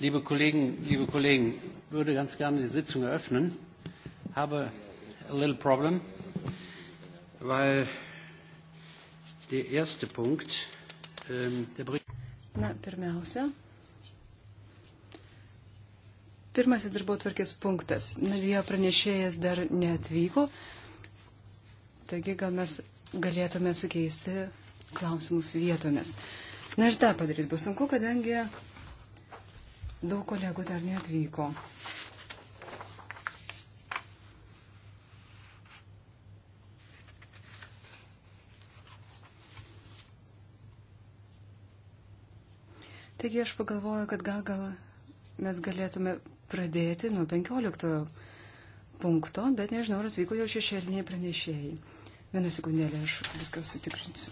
Liebe Kollegen, liebe Kollegen, würde ganz gerne die Sitzung eröffnen. Habe a little problem, weil der erste Punkt ähm, der Bericht. Na, pirmiausia. Pirmasis darbo tvarkės punktas. Navijo pranešėjas dar neatvyko, taigi gal mes galėtume sukeisti klausimus vietomis. Na ir tą padaryti bus sunku, kadangi Daug kolegų dar neatvyko. Taigi aš pagalvoju, kad gal, gal mes galėtume pradėti nuo 15 punkto, bet nežinau, ar atvyko jau šešėliniai pranešėjai. Vieną sekundėlę aš viską sutikrinsiu.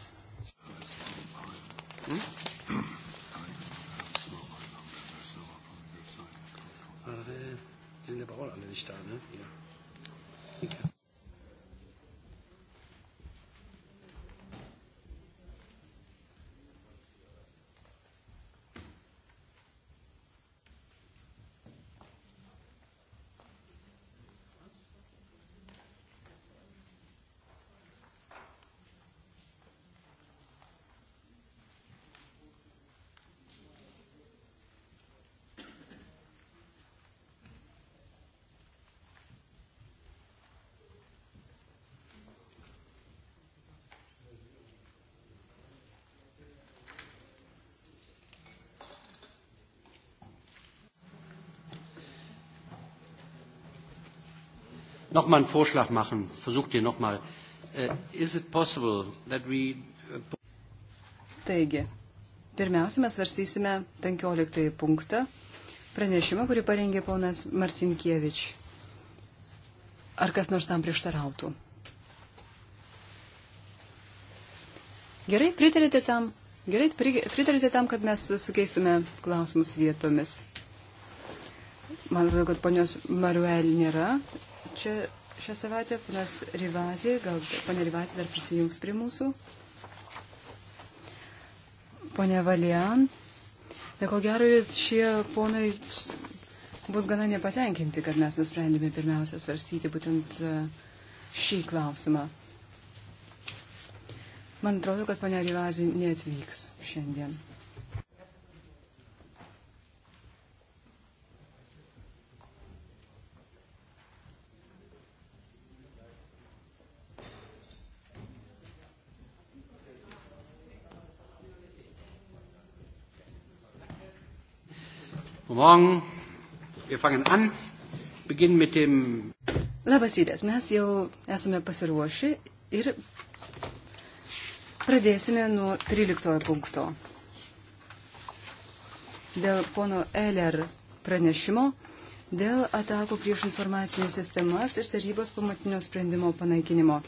Hmm? parola alle Lichtane. Ja. nochmal einen Vorschlag machen. Versucht ihr nochmal. Uh, äh, is it possible that we... Äh, Taigi, pirmiausia, mes varstysime 15 punktą pranešimą, kurį parengė ponas Marcinkievič. Ar kas nors tam prieštarautų? Gerai, pritarėte tam? Gerai, pritarėte tam, kad mes sukeistume klausimus vietomis. Man atrodo, kad ponios Maruel nėra čia šią savaitę, panas Rivazė, gal ponė Rivazė dar prisijungs prie mūsų. Pone Valian, na ko gero, šie ponai bus gana nepatenkinti, kad mes nusprendėme pirmiausia svarstyti būtent e, šį klausimą. Man atrodo, kad ponia Rivazė neatvyks šiandien. Morgen. Wir fangen an. Beginnen mit dem. Labas rytas. Mes jau esame pasiruošę ir pradėsime nuo 13 punkto. Dėl pono Eller pranešimo, dėl atakų prieš informacinės sistemas ir tarybos pamatinio sprendimo panaikinimo.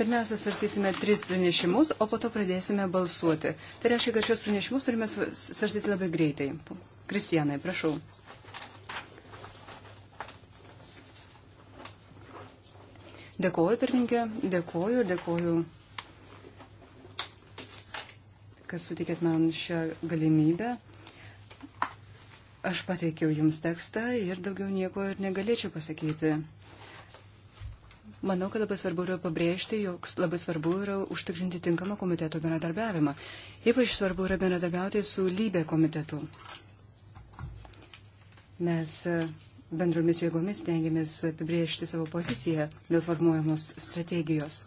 Pirmiausia, svarstysime tris pranešimus, o po to pradėsime balsuoti. Tai reiškia, kad šios pranešimus turime svarstyti labai greitai. Kristijanai, prašau. Dėkoju, pirmininkė, dėkoju ir dėkoju, kad sutikėt man šią galimybę. Aš pateikiau jums tekstą ir daugiau nieko ir negalėčiau pasakyti. Manau, kad labai svarbu yra pabrėžti, jog labai svarbu yra užtikrinti tinkamą komiteto bendradarbiavimą. Ypač svarbu yra bendradarbiauti su lybė komitetu. Mes e, bendromis jėgomis tengiamės apibrėžti savo poziciją dėl formuojamos strategijos.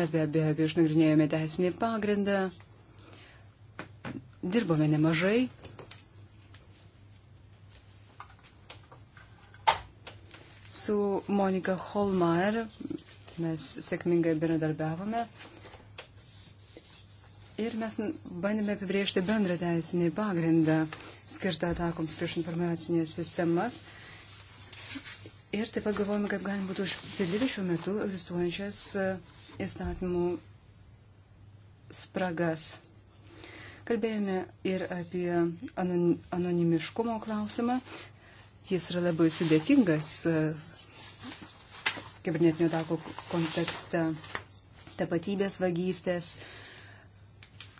Mes be abejo išnagrinėjome teisinį pagrindą, dirbome nemažai, su Monika Holmar mes sėkmingai bendradarbiavome ir mes bandėme apibriežti bendrą teisinį pagrindą skirtą atakoms prieš informacinės sistemas. Ir taip pat galvojame, kaip galima būtų užpildyti šiuo metu egzistuojančias e, įstatymų spragas. Kalbėjome ir apie anonimiškumo klausimą. Jis yra labai sudėtingas e, kibernetinio atako kontekste tapatybės vagystės,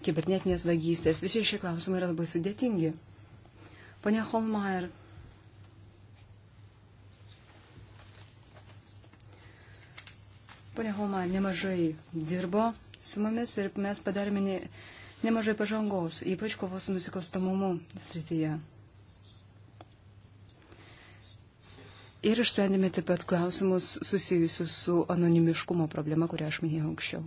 kibernetinės vagystės. Visi šie klausimai yra labai sudėtingi. Pone Holmeier, Pone Holma nemažai dirbo su mumis ir mes padarėme nemažai pažangos, ypač kovos su nusikalstamumu srityje. Ir išsprendėme taip pat klausimus susijusius su anonimiškumo problema, kurią aš minėjau anksčiau.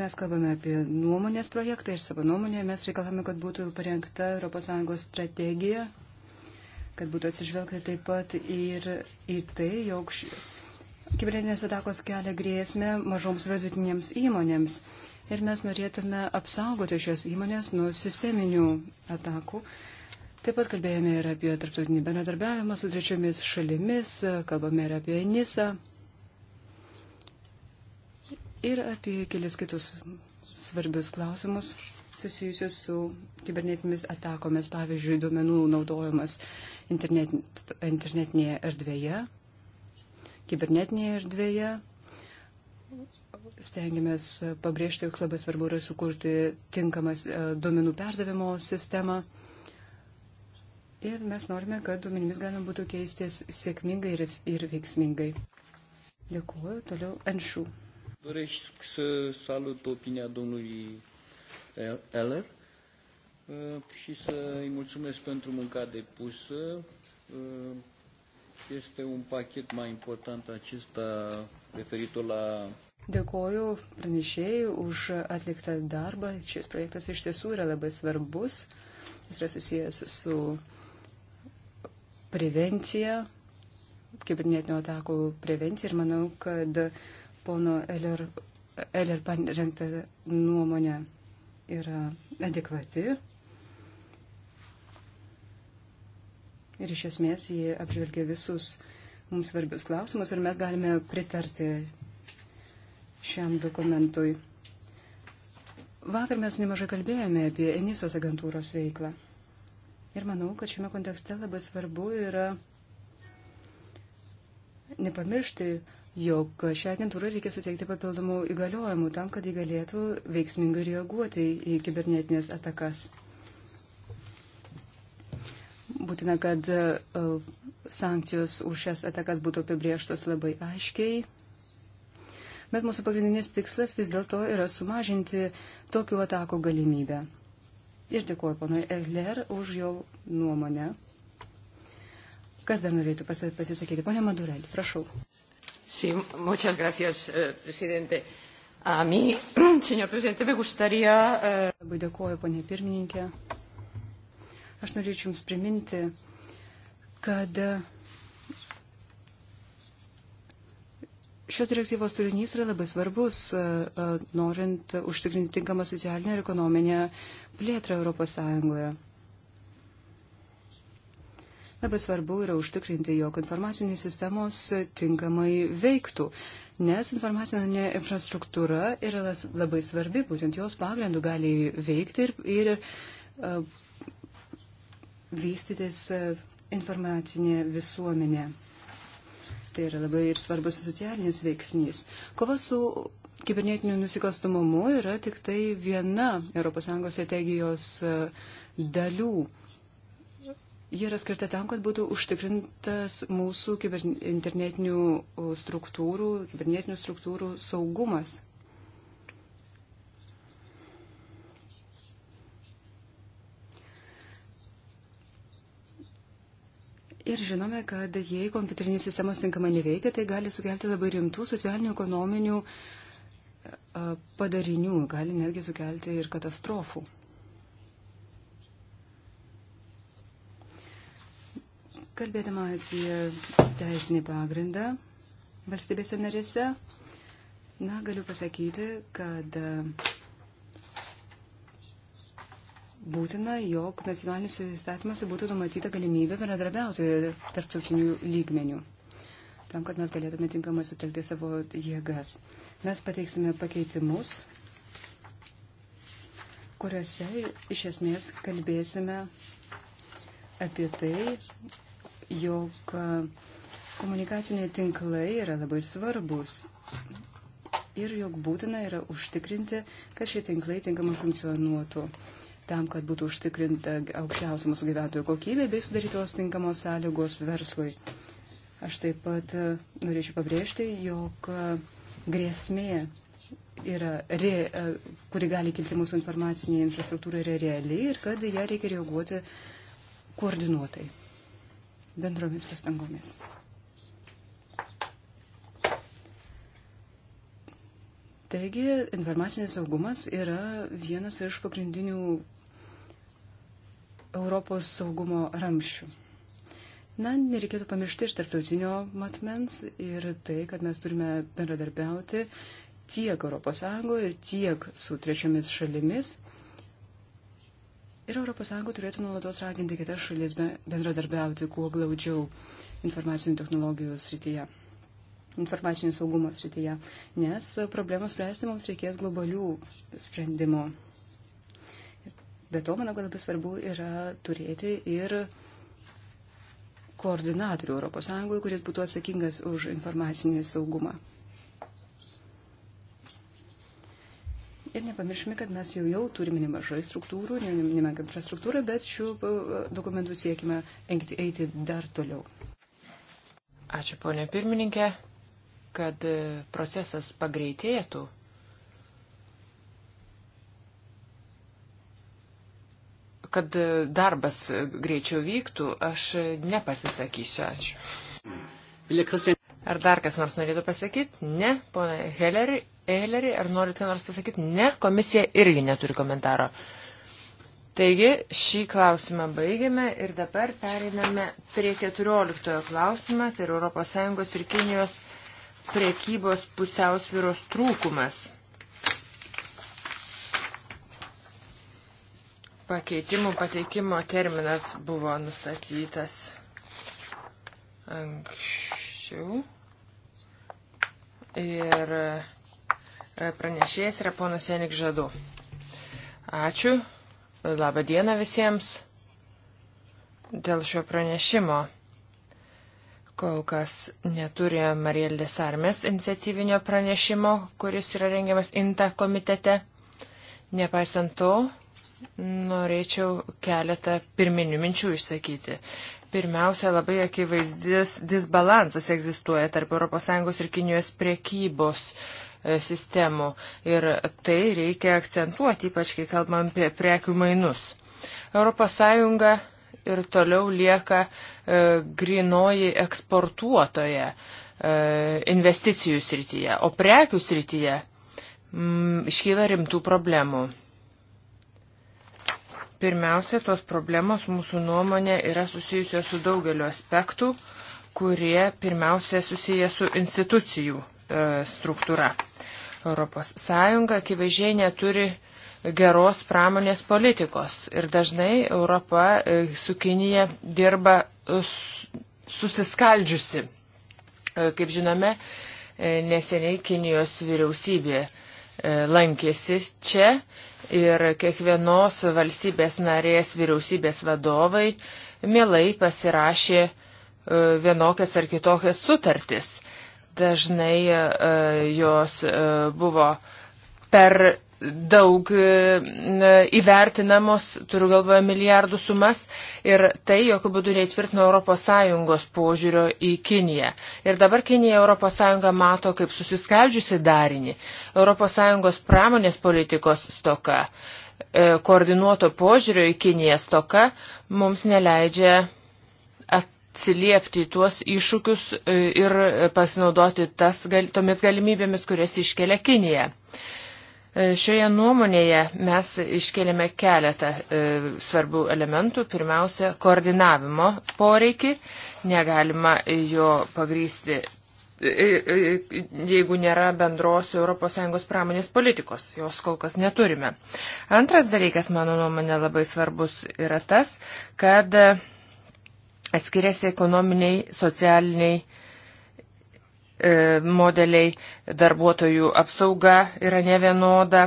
Mes kalbame apie nuomonės projektą ir savo nuomonę mes reikalavome, kad būtų parengta ES strategija, kad būtų atsižvelgta taip pat ir į tai, jog kibernetinės atakos kelia grėsmę mažoms vidutinėms įmonėms ir mes norėtume apsaugoti šios įmonės nuo sisteminių atakų. Taip pat kalbėjome ir apie tarptautinį bendradarbiavimą su trečiomis šalimis, kalbame ir apie NISA ir apie kelis kitus svarbius klausimus susijusius su kibernetinėmis atakomis, pavyzdžiui, duomenų naudojimas internet, internetinėje erdvėje, kibernetinėje erdvėje, stengiamės pabrėžti, jog labai svarbu yra sukurti tinkamas e, duomenų perdavimo sistemą. Ir mes norime, kad duomenimis galima būtų keistis sėkmingai ir, ir veiksmingai. Dėkuoju. Toliau Anšų. Doresc să salut opinia domnului e, Eller e, și să îi mulțumesc pentru munca depusă. Este un pachet mai important acesta referitor la Dėkoju pranešėjai už atliktą darbą. Šis projektas iš tiesų yra labai svarbus. Jis yra susijęs su prevencija, kibernetinio atako prevencija. Ir manau, kad pono Eller, Eller parengta nuomonė yra adekvati. Ir iš esmės jie apžvelgia visus mums svarbius klausimus ir mes galime pritarti šiam dokumentui. Vakar mes nemažai kalbėjome apie Enisos agentūros veiklą. Ir manau, kad šiame kontekste labai svarbu yra nepamiršti, jog šią agentūrą reikia suteikti papildomų įgaliojimų tam, kad jį galėtų veiksmingai reaguoti į kibernetinės atakas. Būtina, kad e, sankcijos už šias atakas būtų apibrieštos labai aiškiai bet mūsų pagrindinis tikslas vis dėlto yra sumažinti tokių atakų galimybę. Ir dėkuoju ponui Egler už jo nuomonę. Kas dar norėtų pasisakyti? Pone Madurelį, prašau. Sí, muchas gracias, eh, presidente. A mí, señor presidente, me gustaría. Uh... Labai dėkuoju, ponė pirmininkė. Aš norėčiau Jums priminti, kad uh, Šios direktyvos turinys yra labai svarbus, e, e, norint užtikrinti tinkamą socialinę ir ekonominę plėtrą ES. Labai svarbu yra užtikrinti, jog informacinės sistemos tinkamai veiktų, nes informacinė infrastruktūra yra labai svarbi, būtent jos pagrindų gali veikti ir, ir uh, vystytis informacinė visuomenė. Tai yra labai ir svarbus socialinis veiksnys. Kova su kibernetiniu nusikalstamumu yra tik tai viena ES strategijos e, dalių. Jie yra skirta tam, kad būtų užtikrintas mūsų internetinių struktūrų, kibernetinių struktūrų saugumas. Ir žinome, kad jei kompiuterinės sistemos tinkamai neveikia, tai gali sukelti labai rimtų socialinių, ekonominių padarinių, gali netgi sukelti ir katastrofų. Kalbėdama apie teisinį pagrindą valstybėse narėse, na, galiu pasakyti, kad uh, būtina, jog nacionaliniuose įstatymuose būtų numatyta galimybė bendradarbiauti tarptautinių lygmenių, tam, kad mes galėtume tinkamai sutelkti savo jėgas. Mes pateiksime pakeitimus, kuriuose iš esmės kalbėsime apie tai, jog komunikaciniai tinklai yra labai svarbus ir jog būtina yra užtikrinti, kad šie tinklai tinkamai funkcionuotų tam, kad būtų užtikrinta aukščiausia mūsų gyventojų kokybė bei sudarytos tinkamos sąlygos verslui. Aš taip pat e, norėčiau pabrėžti, jog e, grėsmė, yra, re, e, kuri gali kilti mūsų informacinė infrastruktūra, yra reali ir kad ją reikia reaguoti koordinuotai, bendromis pastangomis. Taigi, informacinis saugumas yra vienas iš pagrindinių Europos saugumo ramščių. Na, nereikėtų pamiršti ir tarptautinio matmens ir tai, kad mes turime bendradarbiauti tiek ES, tiek su trečiomis šalimis. Ir ES turėtų nuolatos raginti kitas šalis bendradarbiauti kuo glaudžiau informacinių technologijų srityje, informacinio saugumo srityje, nes problemas spręsti mums reikės globalių sprendimų. Bet to, manau, kad labai svarbu yra turėti ir koordinatorių ES, kuris būtų atsakingas už informacinį saugumą. Ir nepamirškime, kad mes jau, jau turime nemažai struktūrų, nemenką infrastruktūrą, bet šių e, dokumentų siekime enkti, eiti dar toliau. Ačiū, ponė pirmininkė, kad e, procesas pagreitėtų kad darbas greičiau vyktų, aš nepasisakysiu. Ačiū. Ar dar kas nors norėtų pasakyti? Ne, pona Helleri, Helleri, ar norit ką nors pasakyti? Ne, komisija irgi neturi komentaro. Taigi, šį klausimą baigėme ir dabar pereiname prie 14 klausimą, tai yra ES ir Kinijos priekybos pusiausvyros trūkumas. Pakeitimų pateikimo terminas buvo nustatytas anksčiau. Ir e, pranešėjas yra ponas Jenik Žadu. Ačiū. Labą dieną visiems. Dėl šio pranešimo kol kas neturi Marielis Armės iniciatyvinio pranešimo, kuris yra rengiamas INTA komitete. Nepaisant to, norėčiau keletą pirminių minčių išsakyti. Pirmiausia, labai akivaizdis disbalansas egzistuoja tarp ES ir Kinijos priekybos e, sistemų ir tai reikia akcentuoti, ypač kai kalbam apie prekių mainus. ES ir toliau lieka e, grinoji eksportuotoja e, investicijų srityje, o prekių srityje m, mm, iškyla rimtų problemų. Pirmiausia, tos problemos mūsų nuomonė yra susijusios su daugeliu aspektų, kurie pirmiausia susiję su institucijų e, struktūra. Europos Sąjunga akivaizdžiai neturi geros pramonės politikos ir dažnai Europa e, su Kinija dirba e, susiskaldžiusi. E, kaip žinome, e, neseniai Kinijos vyriausybė lankėsi čia ir kiekvienos valstybės narės vyriausybės vadovai mielai pasirašė e, vienokias ar kitokias sutartis. Dažnai e, jos e, buvo per daug e, įvertinamos, turiu galvoje, milijardų sumas ir tai jokių būdų neįtvirtino ES požiūrio į Kiniją. Ir dabar Kinija ES mato kaip susiskaldžiusi darinį, ES pramonės politikos stoka, e, koordinuoto požiūrio į Kiniją stoka mums neleidžia atsiliepti tuos iššūkius e, ir pasinaudoti tas, tomis galimybėmis, kurias iškelia Kinija. E, šioje nuomonėje mes iškėlėme keletą e, svarbių elementų. Pirmiausia, koordinavimo poreikį. Negalima jo pagrysti, e, e, jeigu nėra bendros ES pramonės politikos. Jos kol kas neturime. Antras dalykas, mano nuomonė, labai svarbus yra tas, kad skiriasi ekonominiai, socialiniai E, modeliai, darbuotojų apsauga yra nevienoda.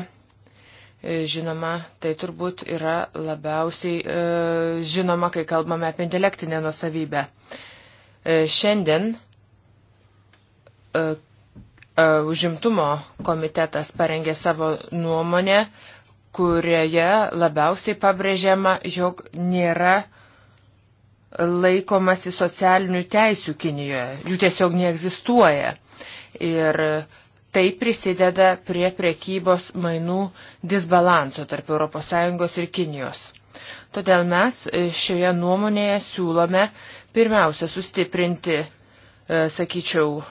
E, žinoma, tai turbūt yra labiausiai e, žinoma, kai kalbame apie intelektinę nusavybę. Šiandien užimtumo komitetas parengė savo nuomonę, kurioje labiausiai pabrėžiama, jog nėra uh, laikomasi socialinių teisių Kinijoje. Jų tiesiog neegzistuoja. Ir tai prisideda prie priekybos mainų disbalanso tarp ES ir Kinijos. Todėl mes e, šioje nuomonėje siūlome pirmiausia sustiprinti, e, sakyčiau,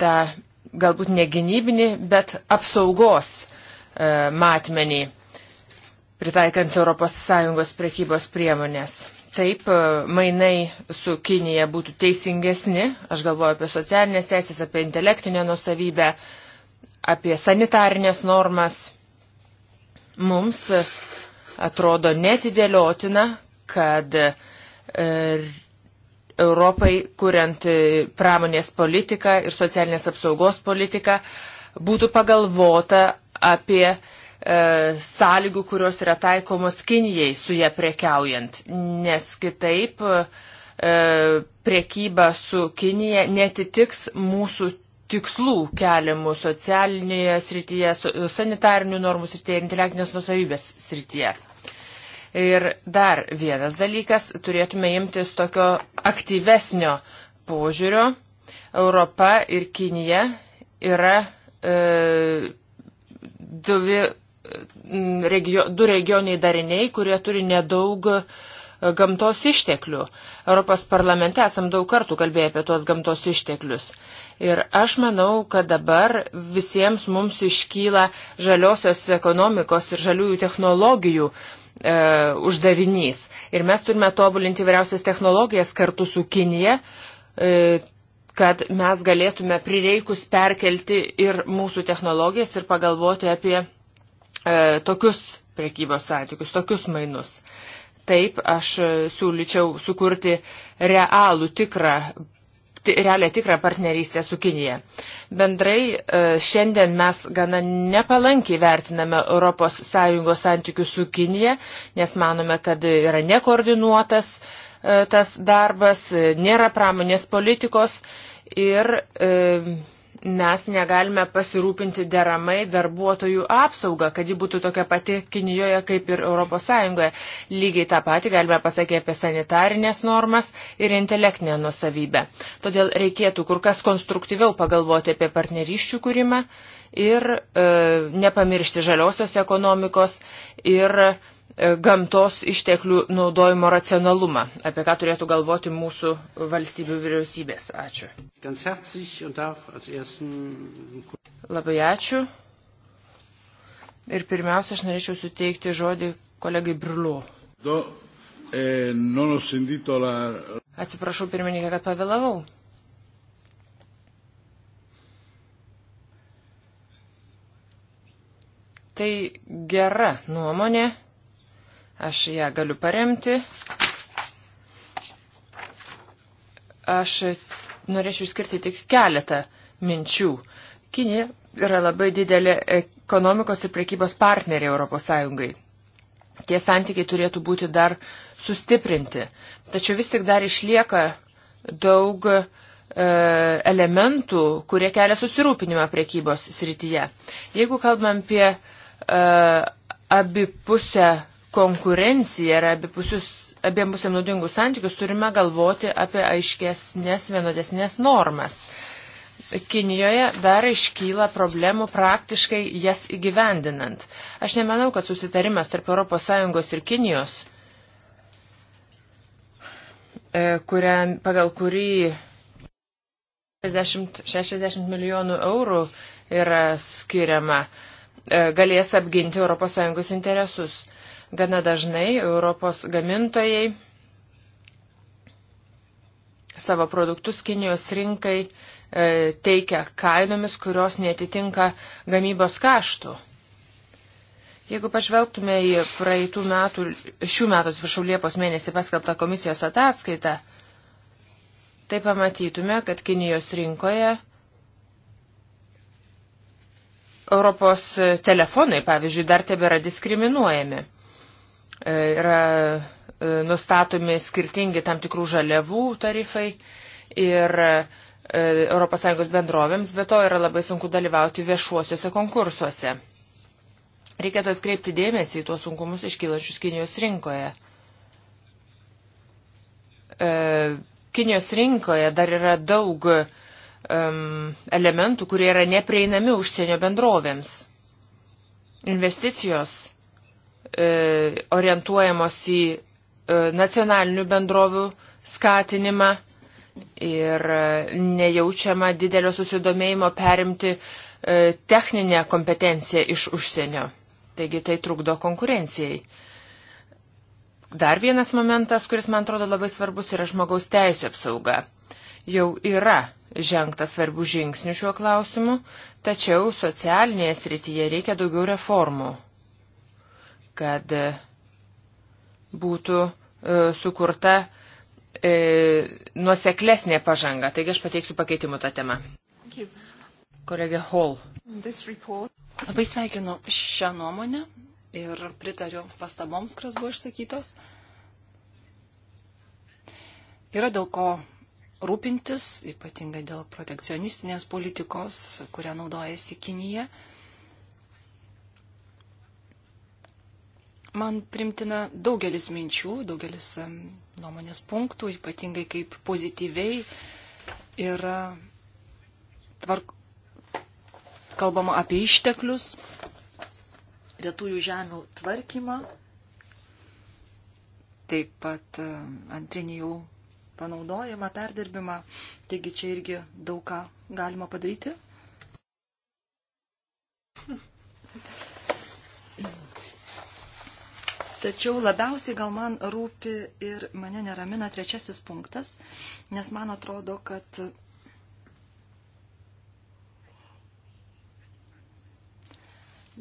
tą galbūt negynybinį, bet apsaugos e, matmenį pritaikant ES prekybos priemonės. Taip, e, mainai su Kinija būtų teisingesni, aš galvoju apie socialinės teisės, apie intelektinę nusavybę, apie sanitarinės normas. Mums e, atrodo netidėliotina, kad e, Europai, kuriant pramonės politiką ir socialinės apsaugos politiką, būtų pagalvota apie E, sąlygų, kurios yra taikomos Kinijai su ją prekiaujant, nes kitaip e, priekyba su Kinija netitiks mūsų tikslų keliamų socialinėje srityje, sanitarinių normų srityje, intelektinės nusavybės srityje. Ir dar vienas dalykas, turėtume imtis tokio aktyvesnio požiūrio. Europa ir Kinija yra e, duvi regio, du regioniai dariniai, kurie turi nedaug e, gamtos išteklių. Europos parlamente esam daug kartų kalbėję apie tuos gamtos išteklius. Ir aš manau, kad dabar visiems mums iškyla žaliosios ekonomikos ir žaliųjų technologijų e, uždavinys. Ir mes turime tobulinti vairiausias technologijas kartu su Kinija, e, kad mes galėtume prireikus perkelti ir mūsų technologijas ir pagalvoti apie e, tokius prekybos santykius, tokius mainus. Taip, aš siūlyčiau sukurti realų tikrą realią tikrą partnerystę su Kinija. Bendrai e, šiandien mes gana nepalankiai vertiname ES santykius su Kinija, nes manome, kad yra nekoordinuotas e, tas darbas, e, nėra pramonės politikos ir e, mes negalime pasirūpinti deramai darbuotojų apsaugą, kad ji būtų tokia pati Kinijoje kaip ir ES. Lygiai tą patį galime pasakyti apie sanitarinės normas ir intelektinę nusavybę. Todėl reikėtų kur kas konstruktyviau pagalvoti apie partneriščių kūrimą ir e, nepamiršti žaliosios ekonomikos ir E, gamtos išteklių naudojimo racionalumą, apie ką turėtų galvoti mūsų valstybių vyriausybės. Ačiū. Labai ačiū. Ir pirmiausia, aš norėčiau suteikti žodį kolegai Brulu. E, Atsiprašau, pirmininkė, kad pavėlavau. Tai gera nuomonė. Aš ją galiu paremti. Aš norėčiau išskirti tik keletą minčių. Kinė yra labai didelė ekonomikos ir prekybos partnerė ES. Tie santykiai turėtų būti dar sustiprinti. Tačiau vis tik dar išlieka daug e, elementų, kurie kelia susirūpinimą prekybos srityje. Jeigu kalbam apie e, abipusę konkurenciją ir abiem pusiam naudingus santykius, turime galvoti apie aiškesnės, vienodesnės normas. Kinijoje dar iškyla problemų praktiškai jas įgyvendinant. Aš nemanau, kad susitarimas tarp ES ir Kinijos, e, kuriam, pagal kurį 60, 60 milijonų eurų yra skiriama, e, galės apginti ES interesus. Gana dažnai Europos gamintojai savo produktus Kinijos rinkai e, teikia kainomis, kurios netitinka gamybos kaštų. Jeigu pažvelgtume į praeitų metų, šių metų, atsiprašau, Liepos mėnesį paskelbtą komisijos ataskaitą, tai pamatytume, kad Kinijos rinkoje Europos telefonai, pavyzdžiui, dar tebėra diskriminuojami. E, yra e, nustatomi skirtingi tam tikrų žaliavų tarifai ir e, ES bendrovėms, bet to yra labai sunku dalyvauti viešuosiuose konkursuose. Reikėtų atkreipti dėmesį į tuos sunkumus iškylančius Kinijos rinkoje. Kinijos rinkoje dar yra daug um, elementų, kurie yra neprieinami užsienio bendrovėms. Investicijos E, orientuojamos į e, nacionalinių bendrovių skatinimą ir e, nejaučiama didelio susidomėjimo perimti techninę kompetenciją iš užsienio. Taigi tai trukdo konkurencijai. Dar vienas momentas, kuris man atrodo labai svarbus, yra žmogaus teisų apsauga. Jau yra žengta svarbių žingsnių šiuo klausimu, tačiau socialinėje srityje reikia daugiau reformų kad e, būtų e, sukurta e, nuoseklesnė pažanga. Taigi aš pateiksiu pakeitimų tą temą. Kolegė Hall. Labai sveikinu šią nuomonę ir pritariu pastaboms, kurios buvo išsakytos. Yra dėl ko rūpintis, ypatingai dėl protekcionistinės politikos, kurią naudojasi Kinija. Man primtina daugelis minčių, daugelis nuomonės punktų, ypatingai kaip pozityviai yra e, tvark... kalbama apie išteklius, retųjų žemių tvarkymą, taip pat e, antrinį jų panaudojimą, perdirbimą. Taigi čia irgi daug ką galima padaryti. Tačiau labiausiai gal man rūpi ir mane neramina trečiasis punktas, nes man atrodo, kad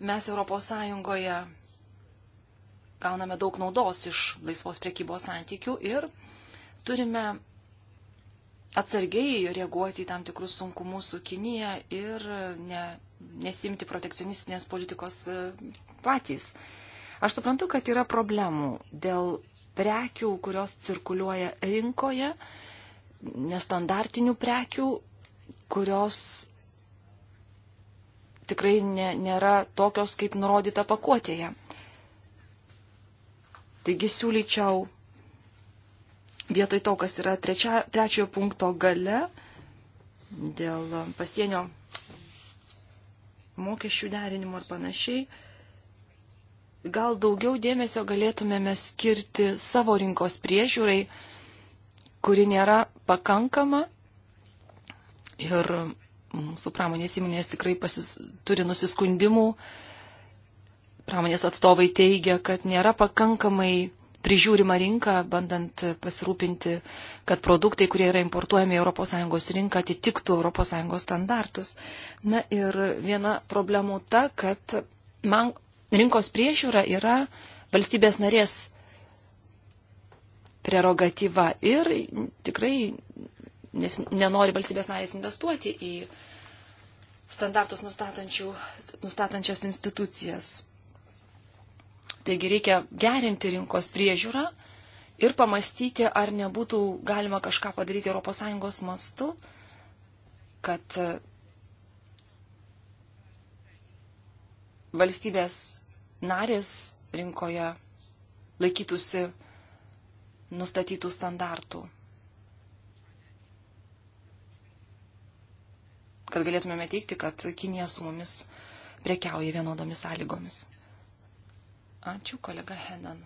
mes ES gauname daug naudos iš laisvos priekybos santykių ir turime atsargiai reaguoti į tam tikrus sunkumus su Kinija ir ne, nesimti protekcionistinės politikos e, patys. Uh, Aš suprantu, kad yra problemų dėl prekių, kurios cirkuliuoja rinkoje, nestandartinių prekių, kurios tikrai ne, nėra tokios, kaip nurodyta pakuotėje. Taigi siūlyčiau vietoj to, kas yra trečia, trečiojo punkto gale dėl pasienio mokesčių derinimo ir panašiai, gal daugiau dėmesio galėtumėme skirti savo rinkos priežiūrai, kuri nėra pakankama ir mūsų pramonės įmonės tikrai pasis, turi nusiskundimų. Pramonės atstovai teigia, kad nėra pakankamai prižiūrima rinka, bandant pasirūpinti, kad produktai, kurie yra importuojami į ES rinką, atitiktų ES standartus. Na ir viena problemų ta, kad man rinkos priežiūra yra valstybės narės prerogatyva ir tikrai nes, nenori valstybės narės investuoti į standartus nustatančias institucijas. Taigi reikia gerinti rinkos priežiūrą ir pamastyti, ar nebūtų galima kažką padaryti ES mastu, kad valstybės narės rinkoje laikytųsi nustatytų standartų. Kad galėtumėme teikti, kad Kinija su mumis prekiauja vienodomis sąlygomis. Ačiū, kolega Henan.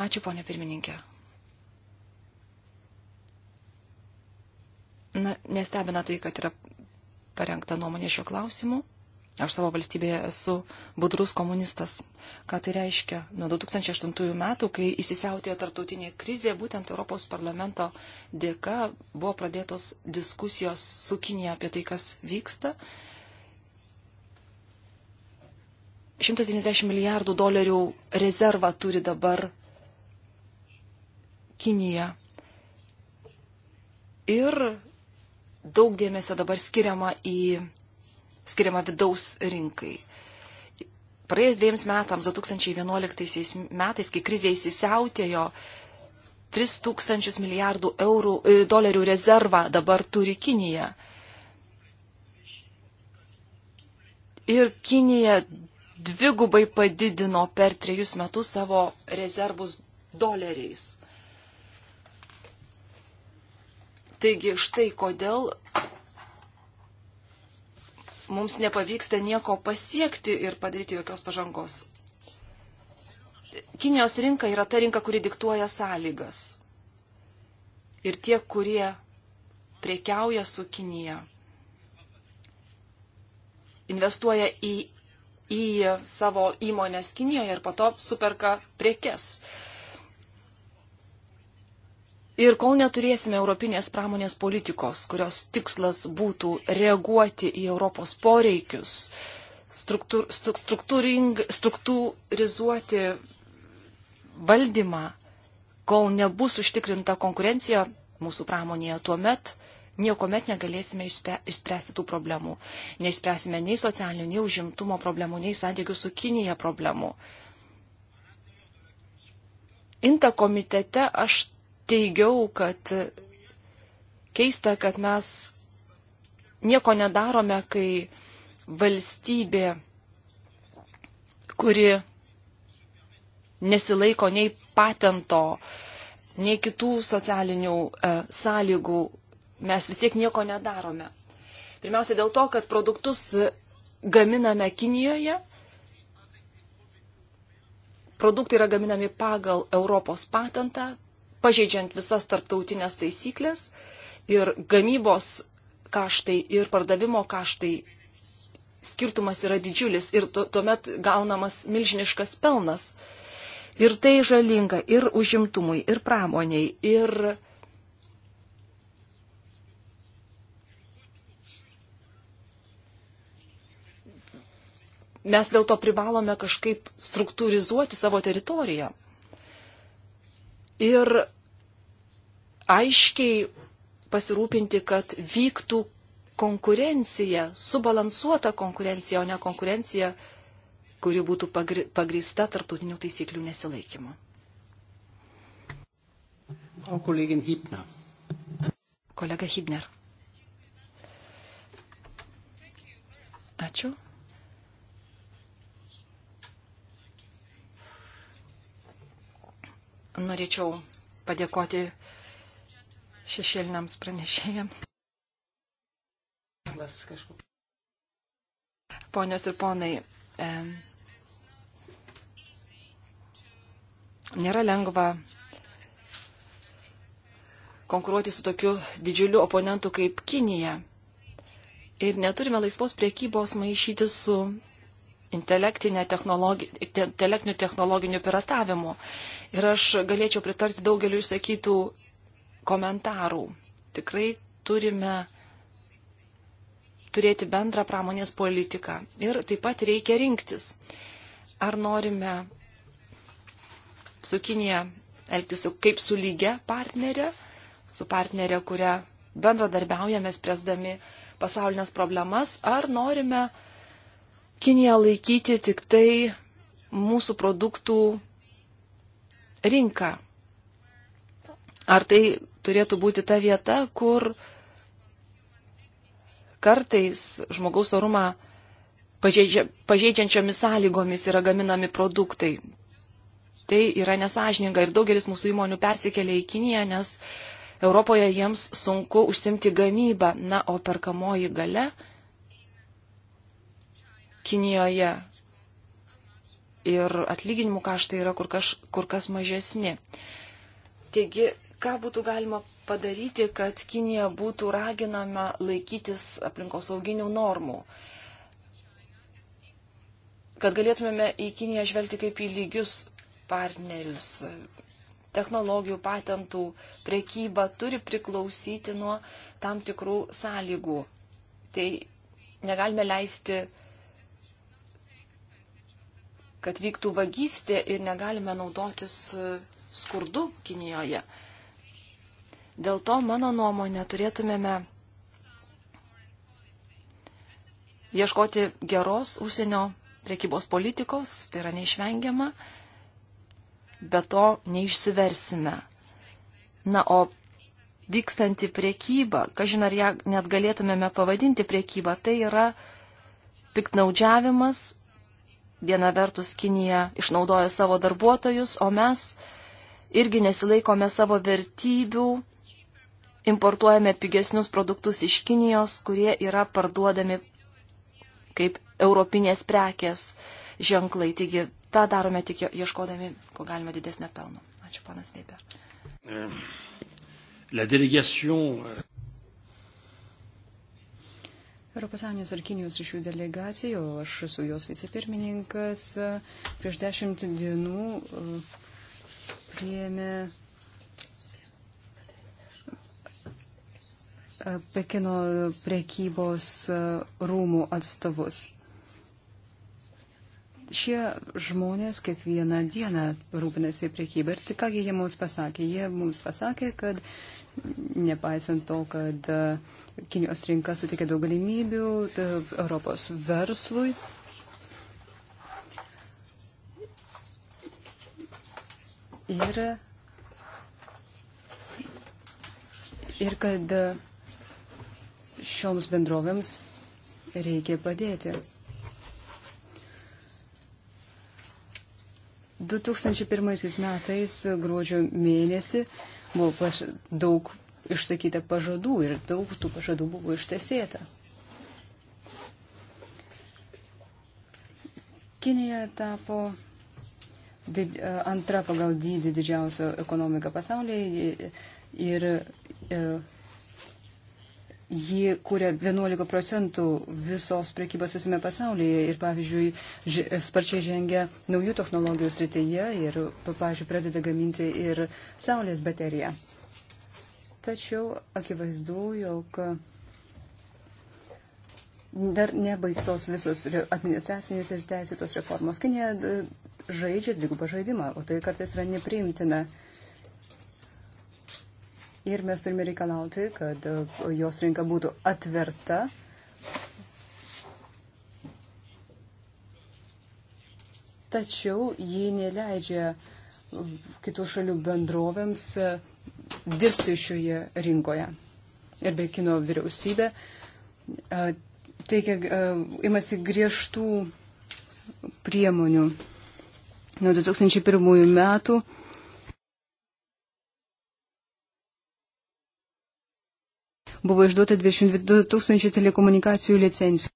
Ačiū, ponė pirmininkė. Na, nestebina tai, kad yra parengta nuomonė šiuo klausimu. Aš savo valstybėje esu budrus komunistas. Ką tai reiškia? Nuo 2008 metų, kai įsisiautėjo tarptautinė krizė, būtent Europos parlamento dėka buvo pradėtos diskusijos su Kinija apie tai, kas vyksta. 190 milijardų dolerių rezervą turi dabar Kinija. Ir daug dėmesio dabar skiriama į skiriama vidaus rinkai. Praėjus dviems metams, 2011 metais, kai krizė įsisiautėjo, 3 tūkstančius milijardų eurų, e, dolerių rezervą dabar turi Kinija. Ir Kinija dvigubai padidino per trejus metus savo rezervus doleriais. Taigi štai kodėl mums nepavyksta nieko pasiekti ir padaryti jokios pažangos. Kinijos rinka yra ta rinka, kuri diktuoja sąlygas. Ir tie, kurie priekiauja su Kinija, investuoja į, į savo įmonės Kinijoje ir po to superka priekes. Uh, Ir kol neturėsime Europinės pramonės politikos, kurios tikslas būtų reaguoti į Europos poreikius, struktūr, struktūrizuoti valdymą, kol nebus užtikrinta konkurencija mūsų pramonėje, tuomet niekuomet negalėsime išspręsti tų problemų. Neišspręsime nei socialinių, nei užimtumo problemų, nei santykių su Kinija problemų. Inta komitete aš teigiau, kad keista, kad mes nieko nedarome, kai valstybė, kuri nesilaiko nei patento, nei kitų socialinių e, sąlygų, mes vis tiek nieko nedarome. Pirmiausia dėl to, kad produktus gaminame Kinijoje, produktai yra gaminami pagal Europos patentą, pažeidžiant visas tarptautinės taisyklės ir gamybos kaštai ir pardavimo kaštai skirtumas yra didžiulis ir tu, tuomet gaunamas milžiniškas pelnas. Ir tai žalinga ir užimtumui, ir pramoniai, ir mes dėl to privalome kažkaip struktūrizuoti savo teritoriją ir aiškiai pasirūpinti, kad vyktų konkurencija, subalansuota konkurencija, o ne konkurencija, kuri būtų pagrįsta tarptautinių taisyklių nesilaikymu. O kolegin Hibner. Kolega Hibner. Ačiū. norėčiau padėkoti šešėliniams pranešėjams. Ponios ir ponai, e, nėra lengva konkuruoti su tokiu didžiuliu oponentu kaip Kinija. Ir neturime laisvos priekybos maišyti su intelektinių technologinių piratavimų. Ir aš galėčiau pritarti daugeliu išsakytų komentarų. Tikrai turime turėti bendrą pramonės politiką. Ir taip pat reikia rinktis, ar norime su Kinėje elgtis kaip su lygia partnerė, su partnerė, kurią bendradarbiaujame spręsdami pasaulinės problemas, ar norime Kiniją laikyti tik tai mūsų produktų rinką. Ar tai turėtų būti ta vieta, kur kartais žmogaus orumą pažeidžia, pažeidžiančiomis sąlygomis yra gaminami produktai. Tai yra nesažininga ir daugelis mūsų įmonių persikelia į Kiniją, nes Europoje jiems sunku užsimti gamybą, na, o perkamoji gale Kinijoje ir atlyginimų kaštai yra kur kas, kur kas mažesni. Taigi, ką būtų galima padaryti, kad Kinija būtų raginama laikytis aplinkosauginių normų? Kad galėtumėme į Kiniją žvelgti kaip į lygius partnerius. Technologijų, patentų, priekyba turi priklausyti nuo tam tikrų sąlygų. Tai negalime leisti kad vyktų vagystė ir negalime naudotis e, skurdu Kinijoje. Dėl to, mano nuomonė, turėtumėme ieškoti geros užsienio priekybos politikos, tai yra neišvengiama, bet to neišsiversime. Na, o vykstanti priekyba, kažin ar ją net galėtumėme pavadinti priekybą, tai yra piknaudžiavimas Viena vertus Kinija išnaudoja savo darbuotojus, o mes irgi nesilaikome savo vertybių, importuojame pigesnius produktus iš Kinijos, kurie yra parduodami kaip europinės prekės ženklai. Taigi tą darome tik ieškodami, ko galima didesnio pelno. Ačiū, panas Weber. La délégation ES ir Kinijos ryšių delegacijų, aš esu jos vicepirmininkas, prieš dešimt dienų e, priėmė e, Pekino prekybos e, rūmų atstovus. Šie žmonės kiekvieną dieną rūpinasi prekybą ir tik kągi jie mums pasakė. Jie mums pasakė, kad nepaisant to, kad uh, Kinijos rinka suteikia daug galimybių ta, Europos verslui. Ir, ir kad šioms bendrovėms reikia padėti. 2001 metais gruodžio mėnesį buvo daug išsakyta pažadų ir daug tų pažadų buvo ištesėta. Kinija tapo did, e, antra pagal dydį didžiausią ekonomiką pasaulyje ir e, ji kūrė 11 procentų visos prekybos visame pasaulyje ir, pavyzdžiui, sparčiai žengia naujų technologijų srityje ir, pavyzdžiui, pradeda gaminti ir saulės bateriją. Tačiau akivaizdu, jog dar nebaigtos visos administracinės ir teisėtos reformos. Kinė e, žaidžia dvigubą žaidimą, o tai kartais yra nepriimtina. Ir mes turime reikalauti, kad e, jos rinka būtų atverta. Tačiau ji neleidžia kitų šalių bendrovėms e, dirbti šioje rinkoje. Ir Pekino vyriausybė teikia, imasi griežtų priemonių. Nuo 2001 metų buvo išduota 22 tūkstančių telekomunikacijų licencijų.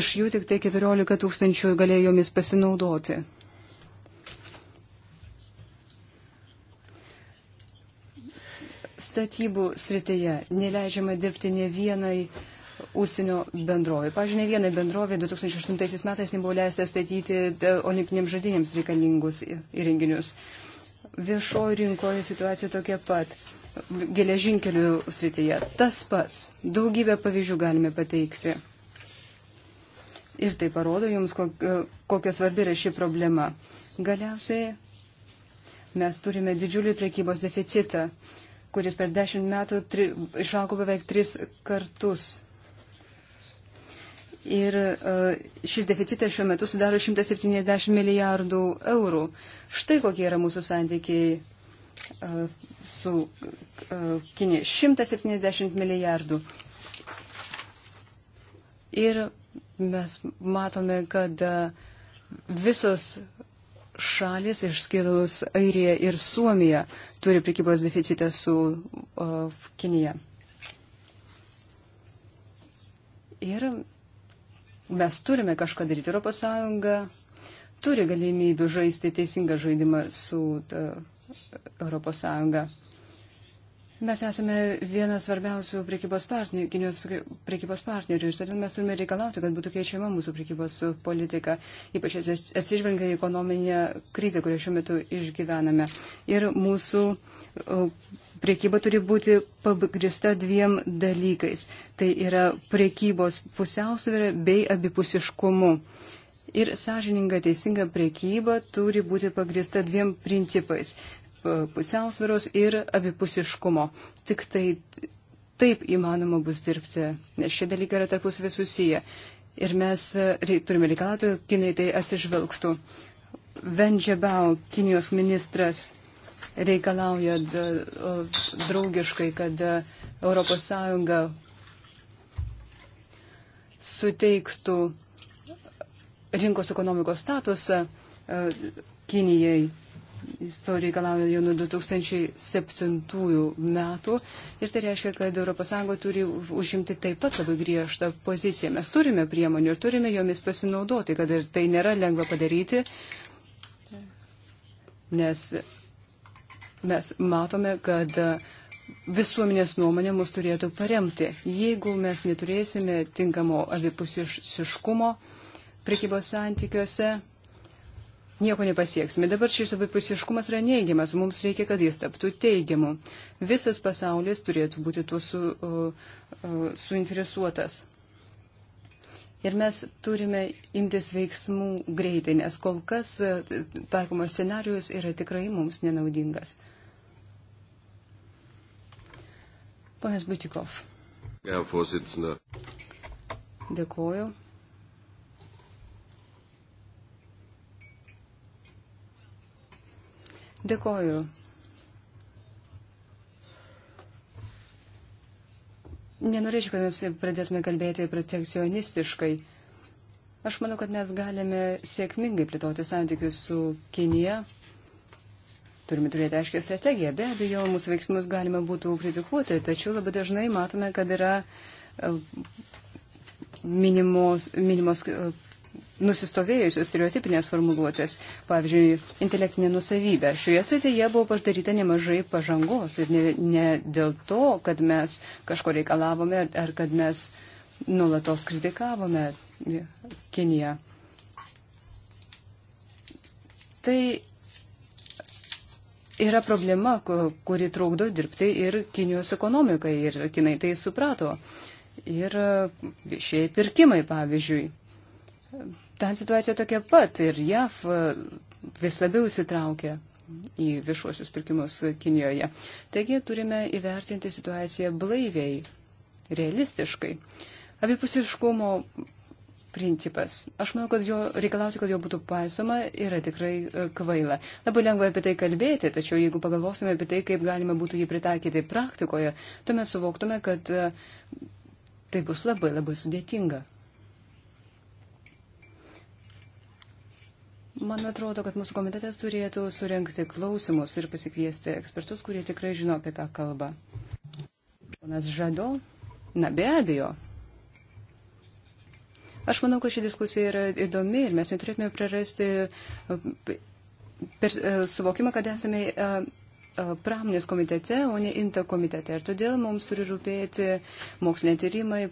Iš jų tik tai 14 tūkstančių galėjo jomis pasinaudoti. statybų srityje neleidžiama dirbti ne vienai ūsinio bendrovė. Pavyzdžiui, ne vienai bendrovė 2008 metais nebuvo leista statyti e, olimpinėms žadinėms reikalingus įrenginius. Viešojo rinkoje situacija tokia pat. Geležinkelių srityje tas pats. Daugybę pavyzdžių galime pateikti. Ir tai parodo jums, e, kokia svarbi yra ši problema. Galiausiai mes turime didžiulį prekybos deficitą kuris per dešimt metų tri, išaugo beveik tris kartus. Ir e, šis deficitas šiuo metu sudaro 170 milijardų eurų. Štai kokie yra mūsų santykiai e, su e, Kinė. 170 milijardų. Ir mes matome, kad visos šalis, išskyrus Airiją ir Suomiją, turi prikybos deficitą su o, Kinija. Ir mes turime kažką daryti. Europos Sąjunga turi galimybių žaisti teisingą žaidimą su ta, Europos Sąjunga. Mes esame vienas svarbiausių prekybos partnerių, Kinijos prekybos partnerių ir todėl mes turime reikalauti, kad būtų keičiama mūsų prekybos politika, ypač atsižvelgia į ekonominę krizę, kurią šiuo metu išgyvename. Ir mūsų prekyba turi būti pagrista dviem dalykais. Tai yra prekybos pusiausvėra bei abipusiškumu. Ir sąžininga teisinga priekyba turi būti pagrista dviem principais. E, pusiausviros ir abipusiškumo. Tik tai taip įmanoma bus dirbti, nes šie dalykai yra tarpusavį susiję. Ir mes e, turime reikalauti, kinai tai atsižvelgtų. Vendžiabau, Kinijos ministras, reikalauja draugiškai, kad ES suteiktų rinkos ekonomikos statusą e, Kinijai Jis to reikalauja jau nuo 2007 metų ir tai reiškia, kad ES turi užimti taip pat labai griežtą poziciją. Mes turime priemonių ir turime jomis pasinaudoti, kad ir tai nėra lengva padaryti, nes mes matome, kad visuomenės nuomonė mus turėtų paremti. Jeigu mes neturėsime tinkamo abipusiškumo prekybos santykiuose, nieko nepasieksime. Dabar šis abipusiškumas yra neigiamas, mums reikia, kad jis taptų teigiamu. Visas pasaulis turėtų būti tuo su, uh, uh, suinteresuotas. Ir mes turime imtis veiksmų greitai, nes kol kas e, taikomas scenarius yra tikrai mums nenaudingas. Ponas Butikov. Dėkuoju. Dėkoju. Nenorėčiau, kad mes pradėtume kalbėti protekcionistiškai. Aš manau, kad mes galime sėkmingai plėtoti santykius su Kinija. Turime turėti aiškę strategiją. Be abejo, mūsų veiksmus galima būtų kritikuoti, tačiau labai dažnai matome, kad yra e, minimos, minimos e, nusistovėjusios stereotipinės formuluotės, pavyzdžiui, intelektinė nusavybė. Šioje srityje buvo padaryta nemažai pažangos ir ne, ne dėl to, kad mes kažko reikalavome ar kad mes nulatos kritikavome Kiniją. Tai yra problema, kuri trukdo dirbti ir Kinijos ekonomikai ir Kinai tai suprato. Ir viešieji pirkimai, pavyzdžiui ten situacija tokia pat ir JAV e, vis labiau įsitraukia į viešuosius pirkimus Kinijoje. Taigi turime įvertinti situaciją blaiviai, realistiškai. Abipusiškumo principas. Aš manau, kad jo reikalauti, kad jo būtų paisoma, yra tikrai e, kvaila. Labai lengva apie tai kalbėti, tačiau jeigu pagalvosime apie tai, kaip galima būtų jį pritaikyti praktikoje, tuomet suvoktume, kad e, tai bus labai labai sudėtinga. Man atrodo, kad mūsų komitetas turėtų surenkti klausimus ir pasikviesti ekspertus, kurie tikrai žino, apie ką kalba. Ponas Žado? Na, be abejo. Aš manau, kad ši diskusija yra įdomi ir mes neturėtume prarasti per, e, suvokimą, kad esame e, e, pramonės komitete, o ne INTA komitete. Ir todėl mums turi rūpėti moksliniai tyrimai,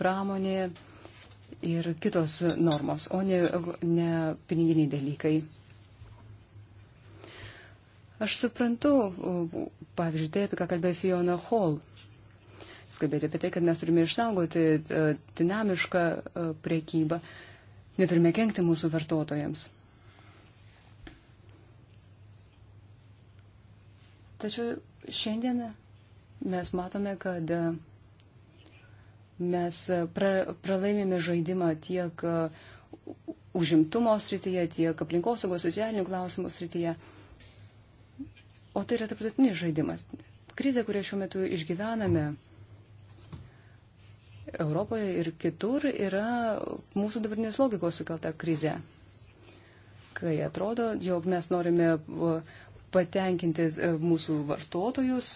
pramonė ir kitos normos, o ne, ne piniginiai dalykai. Aš suprantu, pavyzdžiui, tai, apie ką kalbėjo Fiona Hall. Skalbėti apie tai, kad mes turime išsaugoti e, dinamišką e, priekybą, neturime kenkti mūsų vartotojams. Tačiau šiandien mes matome, kad e, mes e, pra, pralaimėme žaidimą tiek e, užimtumo srityje, tiek aplinkosaugos socialinių klausimų srityje. O tai yra tarptautinis žaidimas. Krizė, kurią šiuo metu išgyvename Europoje ir kitur, yra mūsų dabartinės logikos sukelta krizė. Kai atrodo, jog mes norime e, patenkinti mūsų vartotojus,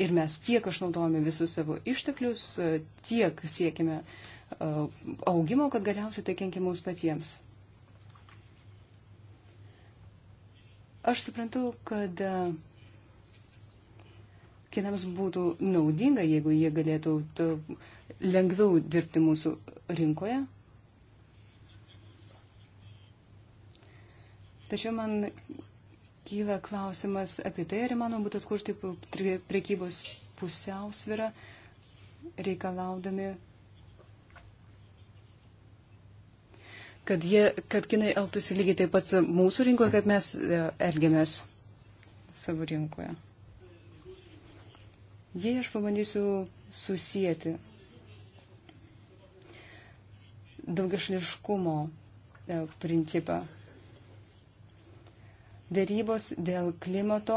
Ir mes tiek išnaudojame visus savo išteklius, tiek siekime e, augimo, kad galiausiai tai kenkia mums patiems. Aš suprantu, kad e, kinams būtų naudinga, jeigu jie galėtų lengviau dirbti mūsų rinkoje. Tačiau man kyla klausimas apie tai, ar įmanoma būtų atkurti priekybos pusiausvirą, reikalaudami, kad, jie, kad kinai elgtųsi lygiai taip pat mūsų rinkoje, kaip mes e, elgiamės savo rinkoje. Jei aš pabandysiu susijęti daugiašališkumo e, principą dėrybos dėl klimato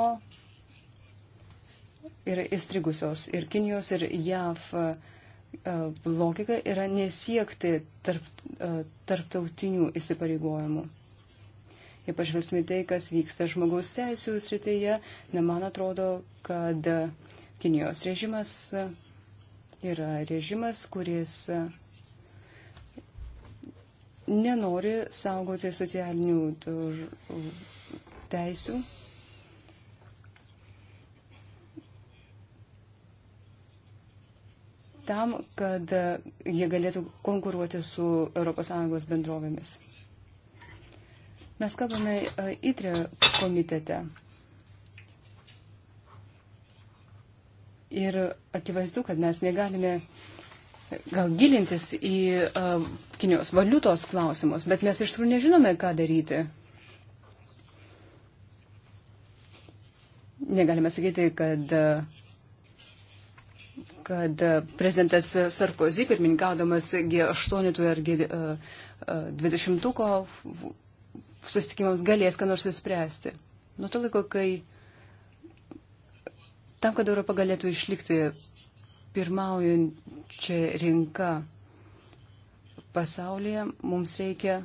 yra įstrigusios ir Kinijos ir JAV e, logika yra nesiekti tarp, e, tarptautinių įsipareigojimų. Jei pažvelgsime tai, kas vyksta žmogaus teisų srityje, na, man atrodo, kad Kinijos režimas yra režimas, kuris nenori saugoti socialinių teisių. tam, kad jie galėtų konkuruoti su ES bendrovėmis. Mes kalbame e, ITRE komitete. Ir akivaizdu, kad mes negalime e, gal gilintis į uh, Kinijos valiutos klausimus, bet mes iš tikrųjų nežinome, ką daryti. negalime sakyti, kad, kad prezidentas Sarkozy, pirmininkaudamas G8 ar G20 e, e, susitikimams galės ką nors įspręsti. Nuo to laiko, kai tam, kad Europa galėtų išlikti pirmaujančią rinką pasaulyje, mums reikia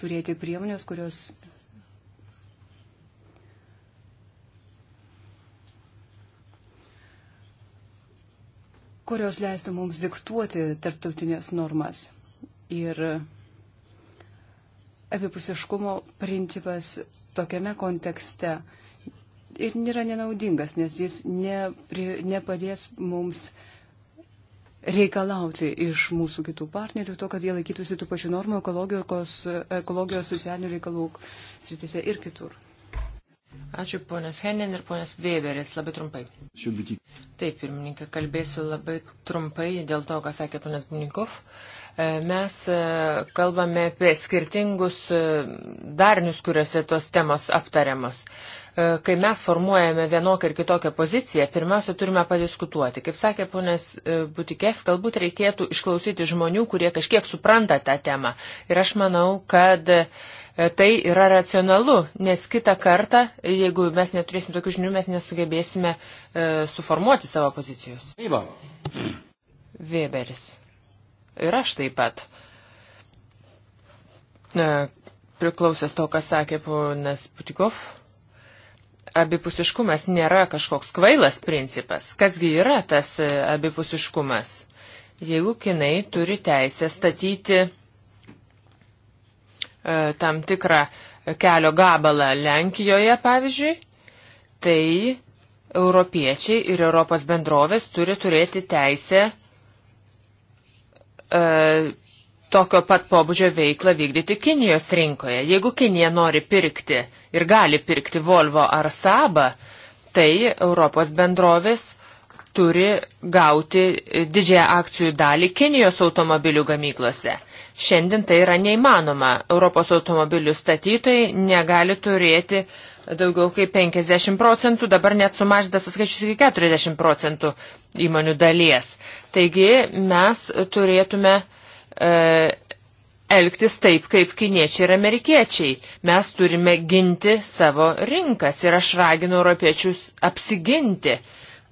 turėti priemonės, kurios kurios leistų mums diktuoti tarptautinės normas. Ir abipusiškumo principas tokiame kontekste ir nėra nenaudingas, nes jis nepri, nepadės mums reikalauti iš mūsų kitų partnerių to, kad jie laikytųsi tų pačių normų ekologijos, ekologijos socialinių reikalų sritise ir kitur. Ačiū ponės Henin ir ponės Weberis, labai trumpai. Taip, pirmininkė, kalbėsiu labai trumpai dėl to, ką sakė ponės Bunikov. Uh, E, mes e, kalbame apie skirtingus e, darnius, kuriuose tos temos aptariamos. Kai mes formuojame vienokią ir kitokią poziciją, pirmiausia, turime padiskutuoti. Kaip sakė ponės Butikėf, galbūt reikėtų išklausyti žmonių, kurie kažkiek supranta tą temą. Ir aš manau, kad tai yra racionalu, nes kitą kartą, jeigu mes neturėsim tokių žinių, mes nesugebėsime suformuoti savo pozicijos. Vyba. Weberis. Ir aš taip pat. E, priklausęs to, ką sakė ponas Putikov, abipusiškumas nėra kažkoks kvailas principas. Kasgi yra tas e, abipusiškumas? Jeigu kinai turi teisę statyti e, tam tikrą kelio gabalą Lenkijoje, pavyzdžiui, tai europiečiai ir Europos bendrovės turi turėti teisę e, tokio pat pobūdžio veiklą vykdyti Kinijos rinkoje. Jeigu Kinija nori pirkti ir gali pirkti Volvo ar Sabą, tai Europos bendrovės turi gauti didžiąją akcijų dalį Kinijos automobilių gamyklose. Šiandien tai yra neįmanoma. Europos automobilių statytojai negali turėti uh, daugiau kaip 50 procentų, dabar net sumažintas skaičius iki 40 procentų įmonių dalies. Taigi mes turėtume e, elgtis taip, kaip kiniečiai ir amerikiečiai. Mes turime ginti savo rinkas ir aš raginu europiečius apsiginti.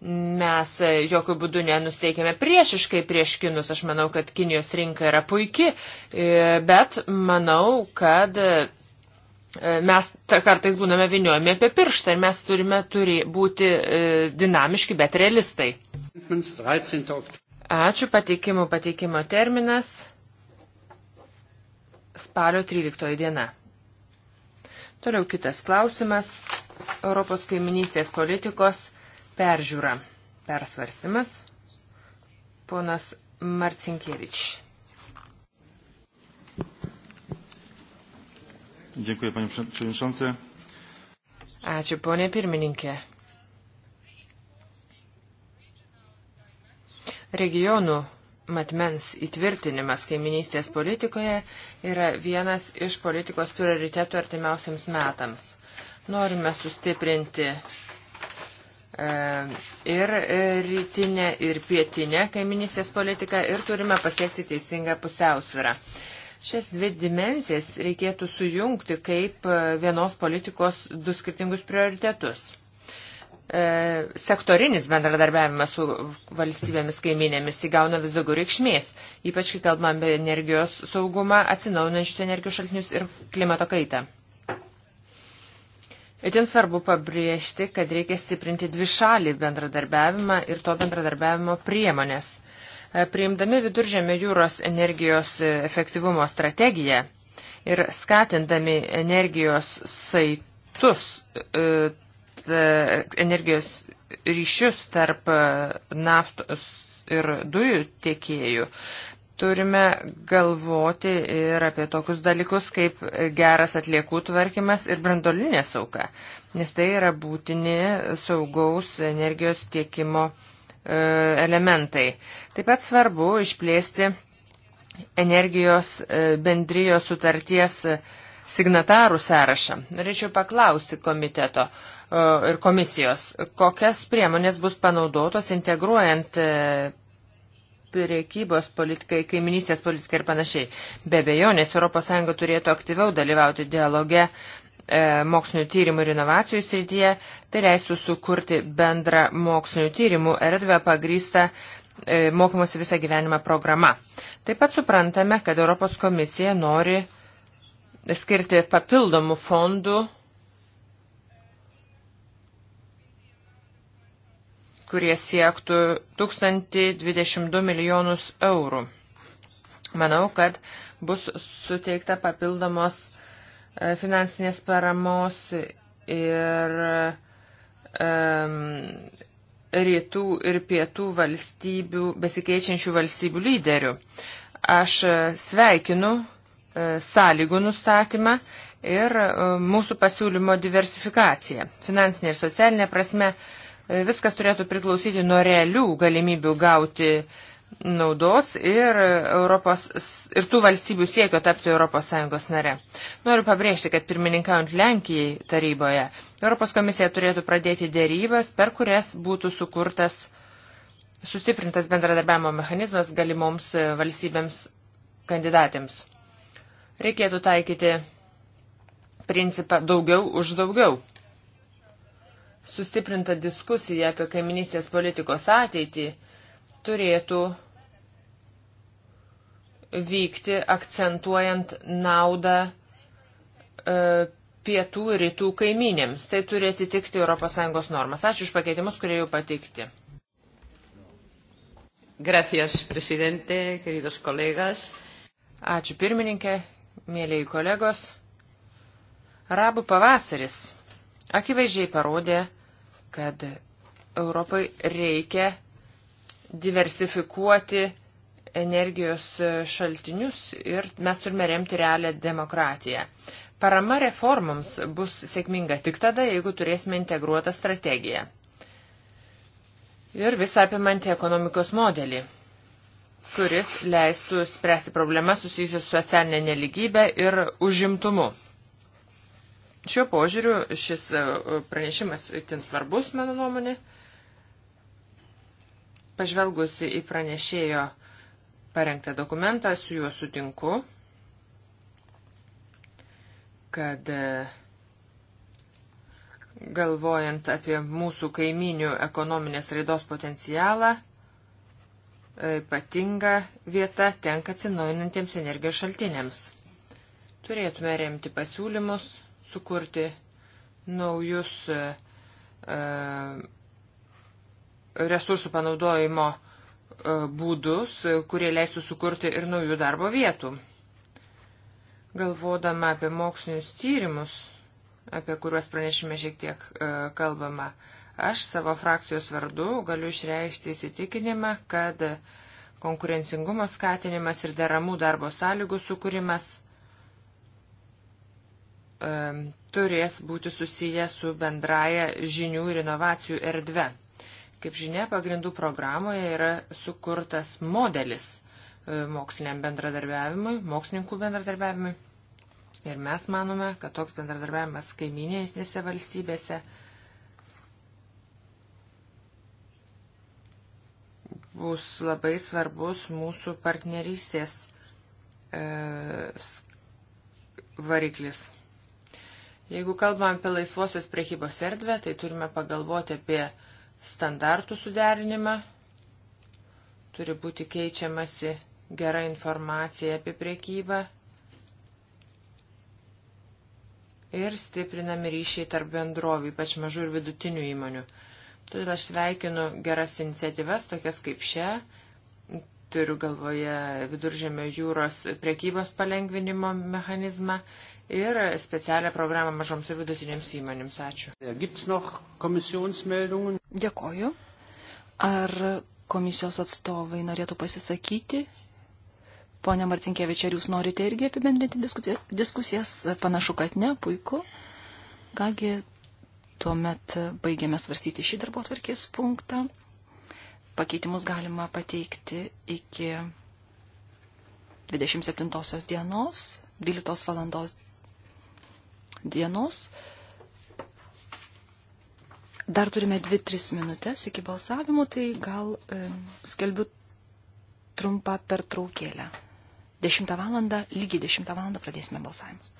Mes e, jokių būdų nenusteikėme priešiškai prieš kinus. Aš manau, kad Kinijos rinka yra puiki, e, bet manau, kad E, mes kartais būname viniojami apie pirštą ir mes turime turi būti e, dinamiški, bet realistai. Ačiū pateikimų pateikimo terminas spalio 13 diena. Toliau kitas klausimas - Europos kaiminystės politikos peržiūra. Persvarstymas. Ponas Marcinkievičius. Dėkui, panie Przewodniczący. Ačiū, ponė pirmininkė. Regionų matmens įtvirtinimas kaiminystės politikoje yra vienas iš politikos prioritetų artimiausiams metams. Norime sustiprinti e, ir rytinę, ir pietinę kaiminystės politiką ir turime pasiekti teisingą pusiausvyrą. E, Šias dvi dimensijas reikėtų sujungti kaip e, vienos politikos du skirtingus prioritetus. E, sektorinis bendradarbiavimas su valstybėmis kaiminėmis įgauna vis daugiau reikšmės, ypač kai kalbam apie energijos saugumą, atsinaujinančius energijos šaltinius ir klimato kaitą. Itin svarbu pabrėžti, kad reikia stiprinti dvišalį bendradarbiavimą ir to bendradarbiavimo priemonės. E, priimdami viduržėmio jūros energijos e, efektyvumo strategiją ir skatindami energijos saitus, e, energijos ryšius tarp naftos ir dujų tiekėjų, turime galvoti ir apie tokius dalykus kaip geras atliekų tvarkymas ir brandolinė sauka, nes tai yra būtini saugaus energijos tiekimo E, elementai. Taip pat svarbu išplėsti energijos e, bendrijos sutarties signatarų sąrašą. Norėčiau paklausti komiteto e, ir komisijos, kokias priemonės bus panaudotos integruojant priekybos politikai, kaiminystės politikai ir panašiai. Be bejonės, ES turėtų aktyviau dalyvauti dialoge E, mokslinių tyrimų ir inovacijų srityje, tai leistų sukurti bendrą mokslinių tyrimų erdvę pagrįstą e, mokymosi visą gyvenimą programa. Taip pat suprantame, kad Europos komisija nori skirti papildomų fondų, kurie siektų 1022 milijonus eurų. Manau, kad bus suteikta papildomos finansinės paramos ir um, rytų ir pietų valstybių, besikeičiančių valstybių lyderių. Aš e, sveikinu e, sąlygų nustatymą ir e, mūsų pasiūlymo diversifikaciją. Finansinė ir socialinė prasme viskas turėtų priklausyti nuo realių galimybių gauti uh, naudos ir, Europos, ir tų valstybių siekio tapti ES nare. Noriu pabrėžti, kad pirmininkaujant Lenkijai taryboje, Europos komisija turėtų pradėti dėrybas, per kurias būtų sukurtas sustiprintas bendradarbiavimo mechanizmas galimoms e, valstybėms kandidatėms. Reikėtų taikyti principą daugiau už daugiau. Sustiprinta diskusija apie kaiminystės politikos ateitį turėtų vykti akcentuojant naudą e, pietų ir rytų kaiminėms. Tai turi atitikti ES normas. Ačiū už pakeitimus, kurie jau pateikti. Gracias, presidente, queridos kolegas. Ačiū pirmininkė, mėlyi kolegos. Arabų pavasaris akivaizdžiai parodė, kad Europai reikia diversifikuoti energijos šaltinius ir mes turime remti realią demokratiją. Parama reformoms bus sėkminga tik tada, jeigu turėsime integruotą strategiją ir visą apimantį ekonomikos modelį, kuris leistų spręsti problemas susijusius su socialinė neligybė ir užimtumu. Šiuo požiūriu šis e, pranešimas itin svarbus, mano nuomonė. Pažvelgusi į pranešėjo parengtą dokumentą, su juo sutinku, kad e, galvojant apie mūsų kaiminių ekonominės raidos potencialą, e, ypatinga vieta tenka atsinaujinantiems energijos šaltiniams. Turėtume remti pasiūlymus, sukurti naujus uh, resursų panaudojimo e, būdus, e, kurie leistų sukurti ir naujų darbo vietų. Galvodama apie mokslinius tyrimus, apie kuriuos pranešime šiek tiek e, kalbama, aš savo frakcijos vardu galiu išreikšti įsitikinimą, kad konkurencingumo skatinimas ir deramų darbo sąlygų sukūrimas turės būti susiję su bendraja žinių ir inovacijų erdve. Kaip žinia, pagrindų programoje yra sukurtas modelis e, moksliniam bendradarbiavimui, mokslininkų bendradarbiavimui. Ir mes manome, kad toks bendradarbiavimas kaiminėse valstybėse bus labai svarbus mūsų partnerystės e, variklis. Jeigu kalbam apie laisvosios priekybos erdvę, tai turime pagalvoti apie standartų suderinimą, turi būti keičiamasi gera informacija apie priekybą ir stiprinami ryšiai tarp bendrovų, ypač mažų ir vidutinių įmonių. Todėl aš sveikinu geras iniciatyvas, tokias kaip šią, turiu galvoje viduržėmio jūros priekybos palengvinimo mechanizmą ir specialią programą mažoms ir vidutinėms įmonėms. Ačiū. Dėkoju. Ar komisijos atstovai norėtų pasisakyti? Pone Marcinkievičia, ar jūs norite irgi apibendrinti diskusijas? Panašu, kad ne, puiku. Kągi, tuomet baigėme svarstyti šį darbo atvarkės punktą. Pakeitimus galima pateikti iki 27 dienos 12 valandos dienos. Dar turime 2-3 minutės iki balsavimo, tai gal e, skelbiu trumpą pertraukėlę. 10 val. lygiai 10 val. pradėsime balsavimus.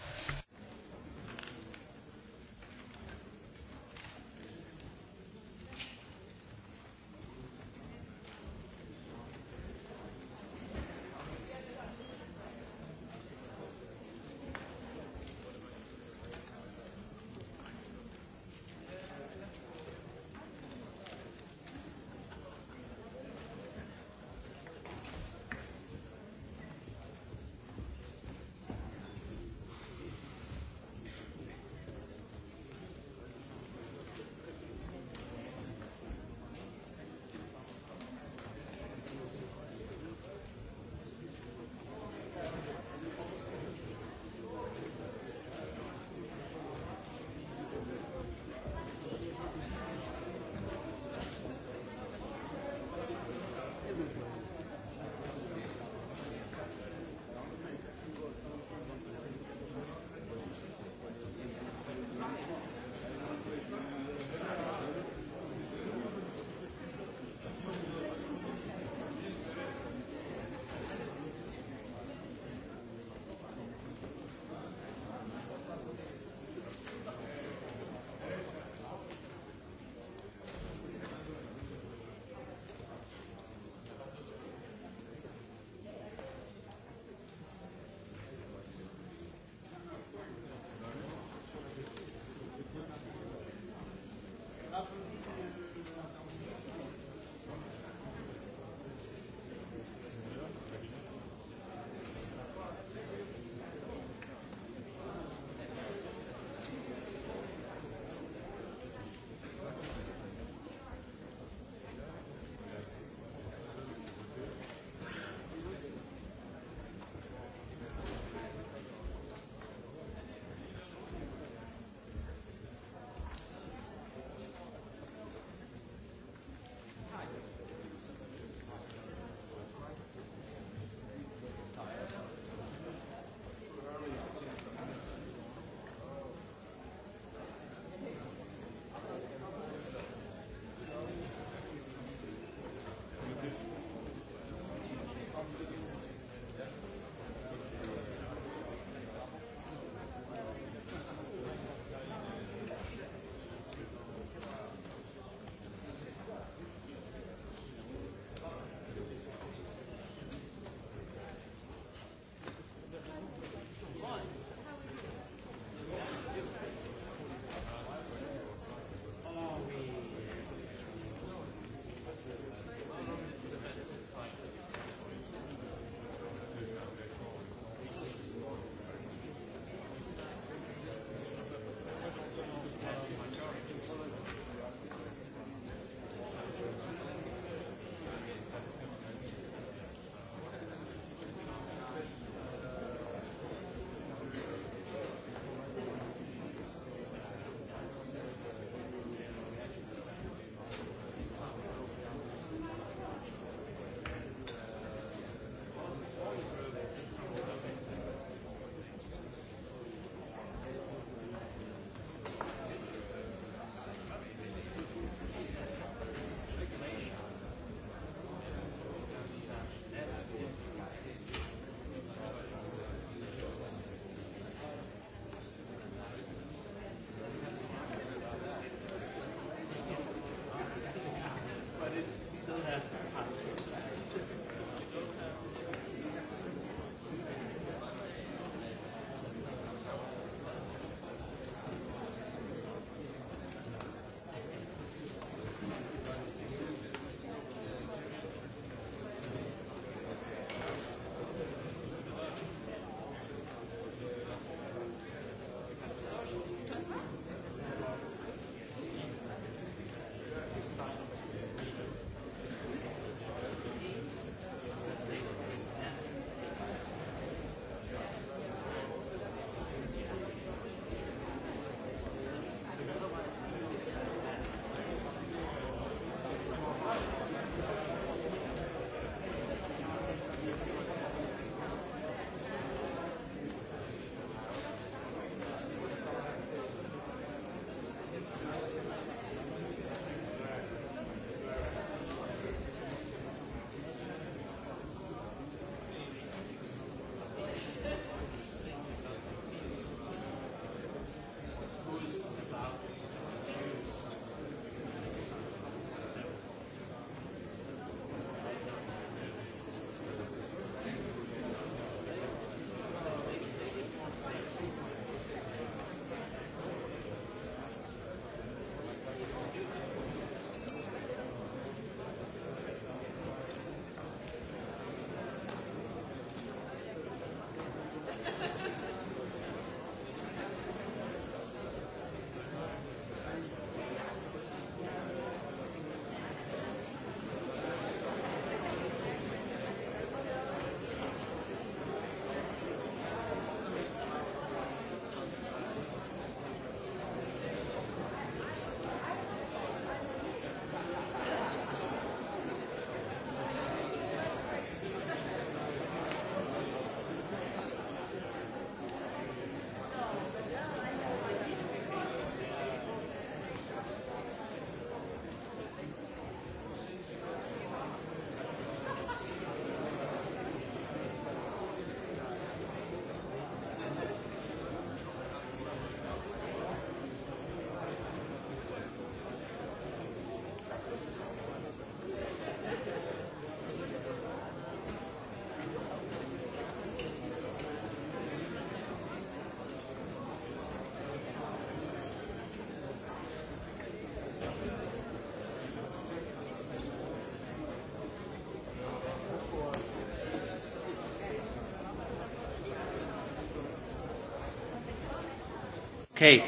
Okay.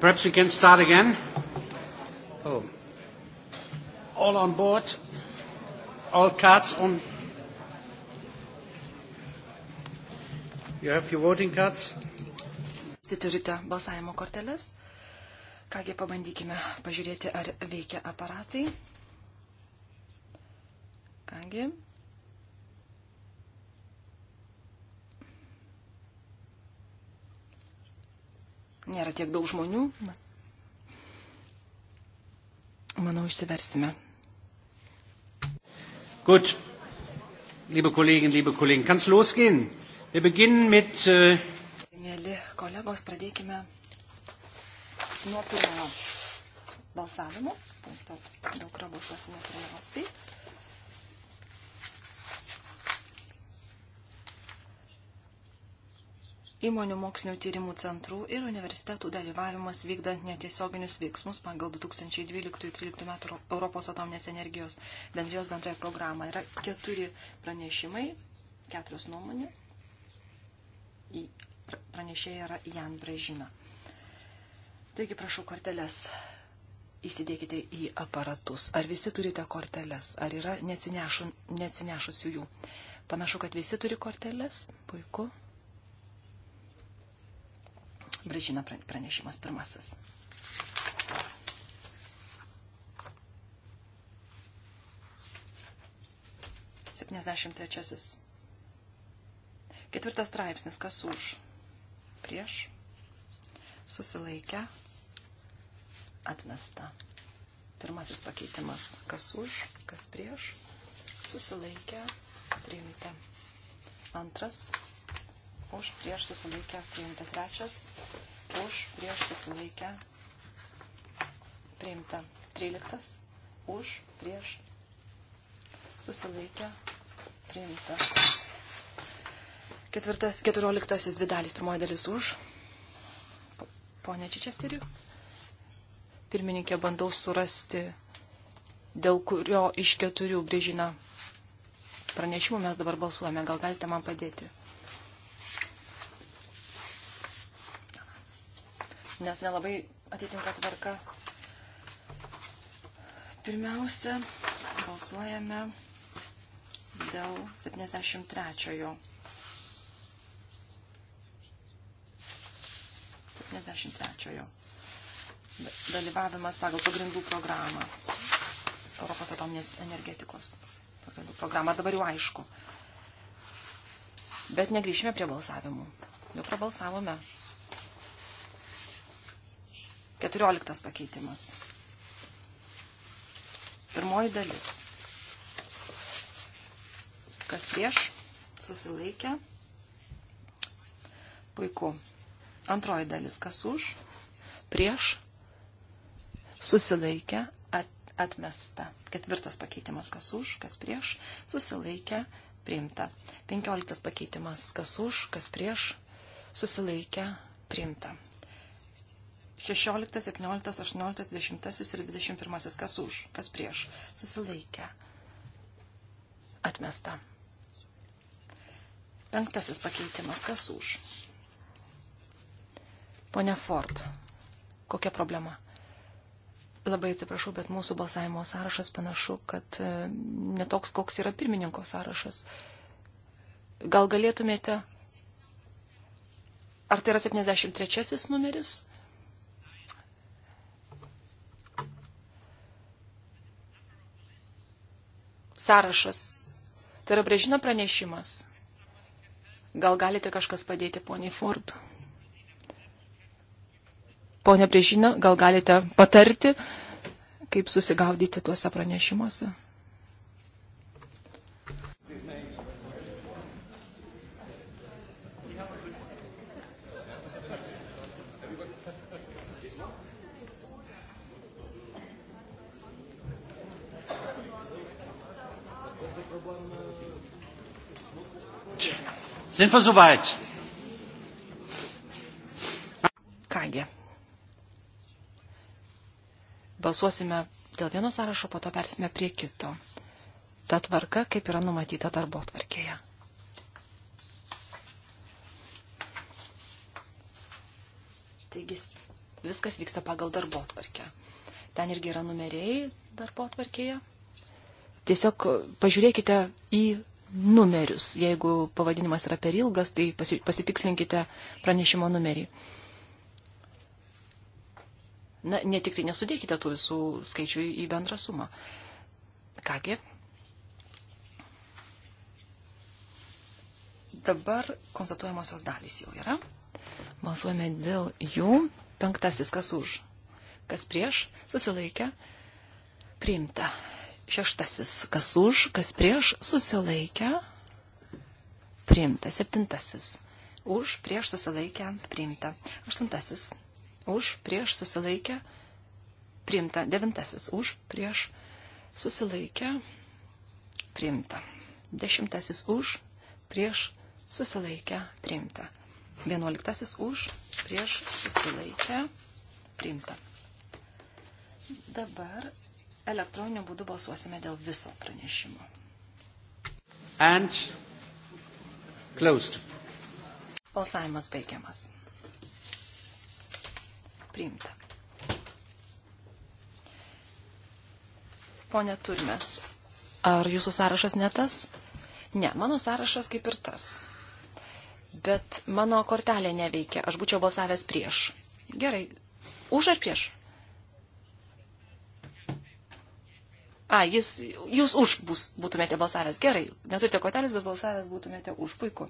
Perhaps we can start again. Oh. All on board? All cards on? You have your voting cards? Visi turite balsavimo korteles. Kągi pabandykime pažiūrėti, ar veikia aparatai. yra tiek daug žmonių. Manau, išsiversime. Gut, liebe Kolleginnen, liebe Kollegen, kann es losgehen? Wir beginnen mit. Äh Mėly kolegos, pradėkime nuo pirmojo balsavimo, punkto, dėl kurio balsuosime pirmiausiai. įmonių mokslinio tyrimų centrų ir universitetų dalyvavimas vykdant netiesioginius veiksmus pagal 2012-2013 metų Europos atominės energijos bendrijos bendroje programą. Yra keturi pranešimai, keturios nuomonės. Pranešėja yra Jan Brežina. Taigi prašau korteles. Įsidėkite į aparatus. Ar visi turite korteles? Ar yra neatsinešusių jų? Panašu, kad visi turi korteles. Puiku. Brežina pranešimas pirmasis. Septyniasdešimt trečiasis. Ketvirtas straipsnis. Kas už? Prieš. Susilaikę. Atmesta. Pirmasis pakeitimas. Kas už? Kas prieš? Susilaikę. Priimta. Antras už prieš susilaikę priimta. Trečias už prieš susilaikę priimta. Tryliktas už prieš susilaikę priimta. Ketvirtas, keturioliktasis dvi dalys. Pirmoji dalis už. Pone Čičestiriu. Pirmininkė bandau surasti, dėl kurio iš keturių brėžina pranešimų mes dabar balsuojame. Gal galite man padėti? nes nelabai atitinka tvarka. Pirmiausia, balsuojame dėl 73-ojo. 73-ojo. Dalyvavimas pagal pagrindų programą. Europos atominės energetikos pagrindų programą. Dabar jau aišku. Bet negrįšime prie balsavimų. Jau prabalsavome. 14 pakeitimas. Pirmoji dalis. Kas prieš? Susilaikė. Puiku. Antroji dalis. Kas už? Prieš? Susilaikė. Atmesta. Ketvirtas pakeitimas. Kas už? Kas prieš? Susilaikė. Priimta. Penkioliktas pakeitimas. Kas už? Kas prieš? Susilaikė. Priimta. 16, 17, 18, 20 ir 21. Kas už, kas prieš. Susilaikę. Atmesta. Penktasis pakeitimas. Kas už? Pone Ford, kokia problema? Labai atsiprašau, bet mūsų balsavimo sąrašas panašu, kad e, netoks, koks yra pirmininko sąrašas. Gal galėtumėte. Ar tai yra 73 numeris? sąrašas. Tai yra Brežino pranešimas. Gal galite kažkas padėti poniai Ford? Pone Brežina, gal galite patarti, kaip susigaudyti tuose pranešimuose? Sind wir soweit? Kągi. Balsuosime dėl vieno sąrašo, po to persime prie kito. Ta tvarka, kaip yra numatyta darbo tvarkėje. Taigi viskas vyksta pagal darbo tvarkę. Ten irgi yra numeriai darbo tvarkėje. Tiesiog pažiūrėkite į numerius. Jeigu pavadinimas yra per ilgas, tai pasitikslinkite pranešimo numerį. Na, ne tik tai nesudėkite tų visų skaičių į bendrą sumą. Kągi. Dabar konstatuojamosios dalys jau yra. Balsuojame dėl jų. Penktasis, kas už, kas prieš, susilaikę, priimta. Šeštasis, kas už, kas prieš, susilaikę, priimta. Septintasis, už, prieš, susilaikę, priimta. Aštuntasis, už, prieš, susilaikę, priimta. Devintasis, už, prieš, susilaikę, priimta. Dešimtasis, už, prieš, susilaikę, priimta. Vienuoliktasis, už, prieš, susilaikę, priimta. Dabar elektroniniu būdu balsuosime dėl viso pranešimo. And closed. Balsavimas baigiamas. Priimta. Pone Turmes, ar jūsų sąrašas ne tas? Ne, mano sąrašas kaip ir tas. Bet mano kortelė neveikia, aš būčiau balsavęs prieš. Gerai, už ar prieš? A, jis, jūs už bus, būtumėte balsavęs. Gerai, neturite kotelės, bet balsavęs būtumėte už. Puiku.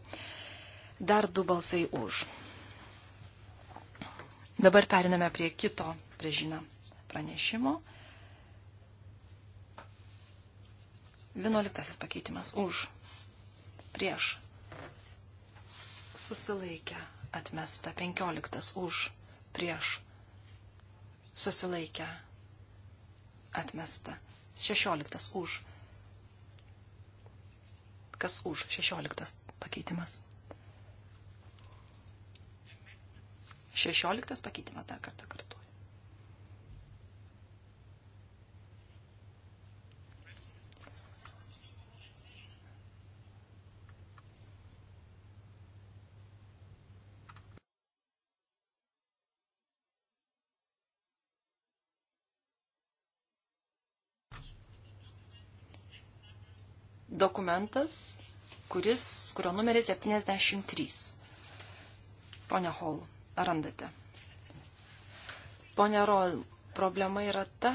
Dar du balsai už. Dabar periname prie kito priežino pranešimo. Vienuoliktasis pakeitimas už. Prieš. Susilaikę. Atmesta. Penkioliktas už. Prieš. Susilaikę. Atmesta. 16 už. Kas už 16 pakeitimas? 16 pakeitimas dar kartą kartu. dokumentas, kuris, kurio numeris 73. Pone Hall, ar randate? Pone Roll, problema yra ta,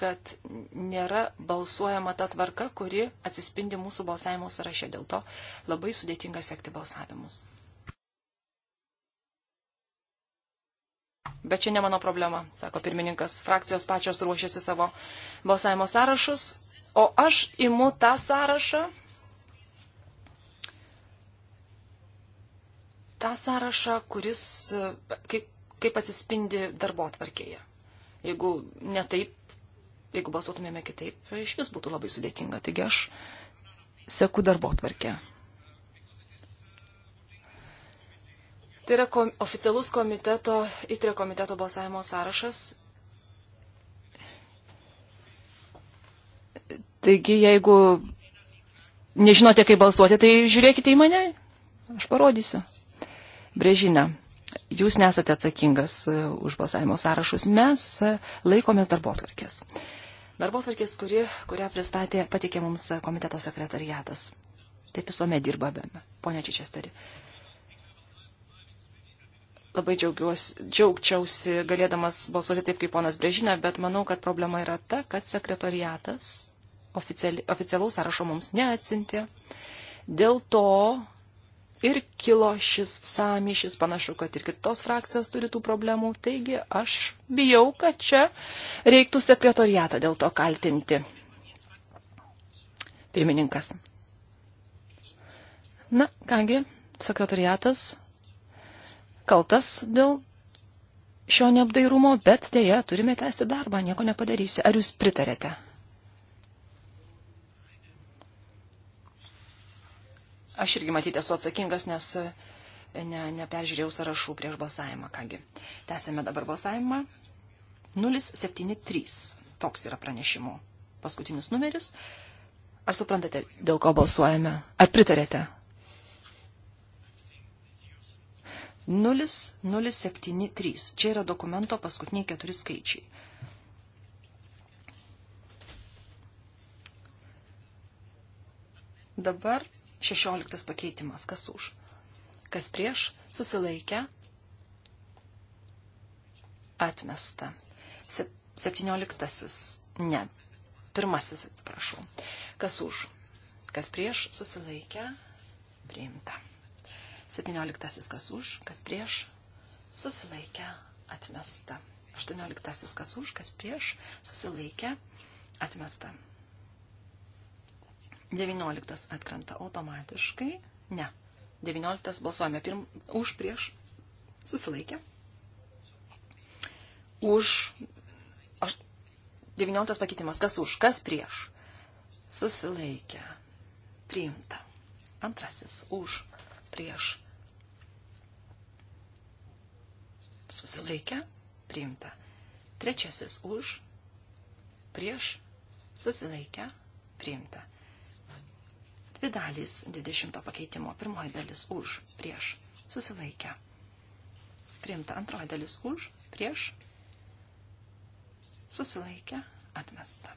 kad nėra balsuojama ta tvarka, kuri atsispindi mūsų balsavimo sąraše. Dėl to labai sudėtinga sekti balsavimus. Bet čia ne mano problema, sako pirmininkas. Frakcijos pačios ruošiasi savo balsavimo sąrašus. O aš imu tą sąrašą, tą sąrašą, kuris kaip, kaip atsispindi darbo atvarkėje. Jeigu netaip, jeigu balsuotumėme kitaip, iš vis būtų labai sudėtinga. Taigi aš seku darbo atvarkę. Tai yra kom, oficialus komiteto, įtrio komiteto balsavimo sąrašas Taigi, jeigu nežinote, kaip balsuoti, tai žiūrėkite į mane, aš parodysiu. Brežina, jūs nesate atsakingas e, už balsavimo sąrašus, mes e, laikomės darbo atvarkės. Darbo atvarkės, kuri, kurią pristatė, patikė mums komiteto sekretariatas. Taip visuomet dirbame, ponia Čičestari labai džiaugiuosi, džiaugčiausi galėdamas balsuoti taip kaip ponas Brežinė, bet manau, kad problema yra ta, kad sekretoriatas oficialaus sąrašo mums neatsinti. Dėl to ir kilo šis samyšis, panašu, kad ir kitos frakcijos turi tų problemų. Taigi aš bijau, kad čia reiktų sekretoriatą dėl to kaltinti. Pirmininkas. Na, kągi, sekretoriatas kaltas dėl šio neapdairumo, bet dėja turime tęsti darbą, nieko nepadarysi. Ar jūs pritarėte? Aš irgi matyti esu atsakingas, nes e, ne, neperžiūrėjau sąrašų prieš balsavimą. Kągi, tęsėme dabar balsavimą. 073. Toks yra pranešimo paskutinis numeris. Ar suprantate, dėl ko balsuojame? Ar pritarėte? 0073. Čia yra dokumento paskutiniai keturi skaičiai. Dabar 16 pakeitimas. Kas už? Kas prieš? Susilaikę? Atmesta. 17. Ne. Pirmasis, atsiprašau. Kas už? Kas prieš? Susilaikę? Priimta. 17. Kas už? Kas prieš? Susilaikę? Atmesta. 18. Kas už? Kas prieš? Susilaikę? Atmesta. 19 atkrenta automatiškai. Ne. 19 balsuojame pirm, už prieš. Susilaikė. Už. Aš, 19 pakeitimas. Kas už, kas prieš. Susilaikė. Priimta. Antrasis. Už. Prieš. Susilaikė. Priimta. Trečiasis. Už. Prieš. Susilaikė. Priimta. Dvi dalys 20 pakeitimo. Pirmoji dalis už, prieš, susilaikę. Priimta antroji dalis už, prieš, susilaikę, atmesta.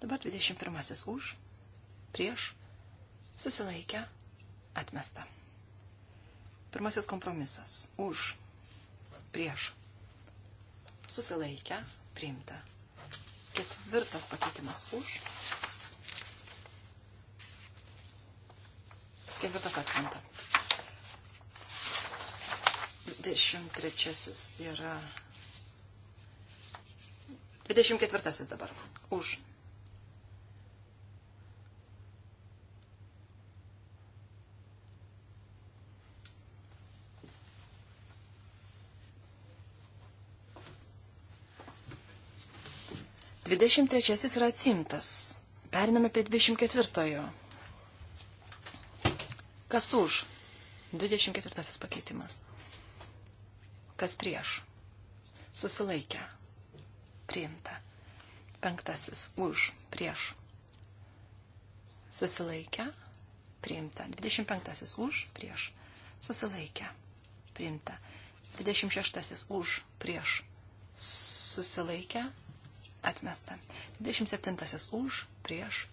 Dabar 21 už, prieš, susilaikę, atmesta. Pirmasis kompromisas už, prieš, susilaikę, priimta. Ketvirtas pakeitimas už, Ketvirtas atkrenta. 23 yra. 24 dabar. Už. Dvidešimt trečiasis yra atsimtas. Periname prie dvidešimt ketvirtojo. Kas už? 24 pakeitimas. Kas prieš? Susilaikę. Priimta. Penktasis. Už. Prieš. Susilaikę. Priimta. 25 už. Prieš. Susilaikę. Priimta. 26 už. Prieš. Susilaikę. Atmesta. 27 už. Prieš.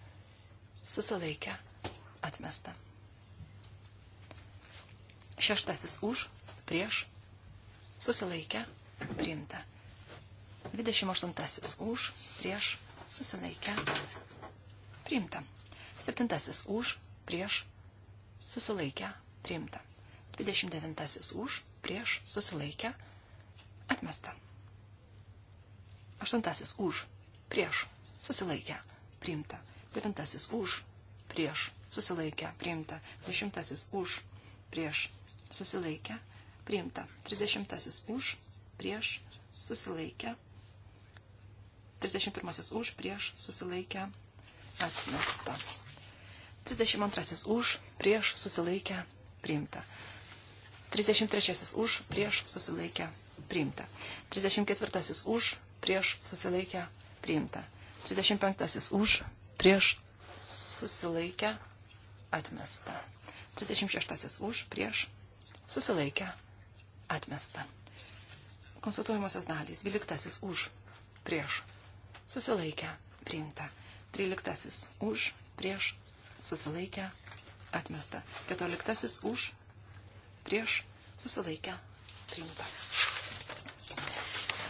Susilaikę. Atmesta. Šeštasis už, prieš, susilaikę, priimta. 28 už, prieš, susilaikę, priimta. 7 už, prieš, susilaikę, priimta. 29 už, prieš, susilaikę, atmesta. 8 už, prieš, susilaikę, priimta. 9 už, prieš, susilaikę, priimta. 10 už, prieš, susilaikę, priimta. 30 už, prieš, susilaikę, 31 už, prieš, susilaikę, atmesta. 32 už, prieš, susilaikę, priimta. 33 už, prieš, susilaikę, priimta. 34 už, prieš, susilaikę, priimta. 35 už, prieš, susilaikę, atmesta. 36 už, prieš, susilaikę, atmesta. Konstatuojamosios dalys, 12 už, prieš, susilaikę, priimta. 13 už, prieš, susilaikę, atmesta. 14 už, prieš, susilaikę, priimta.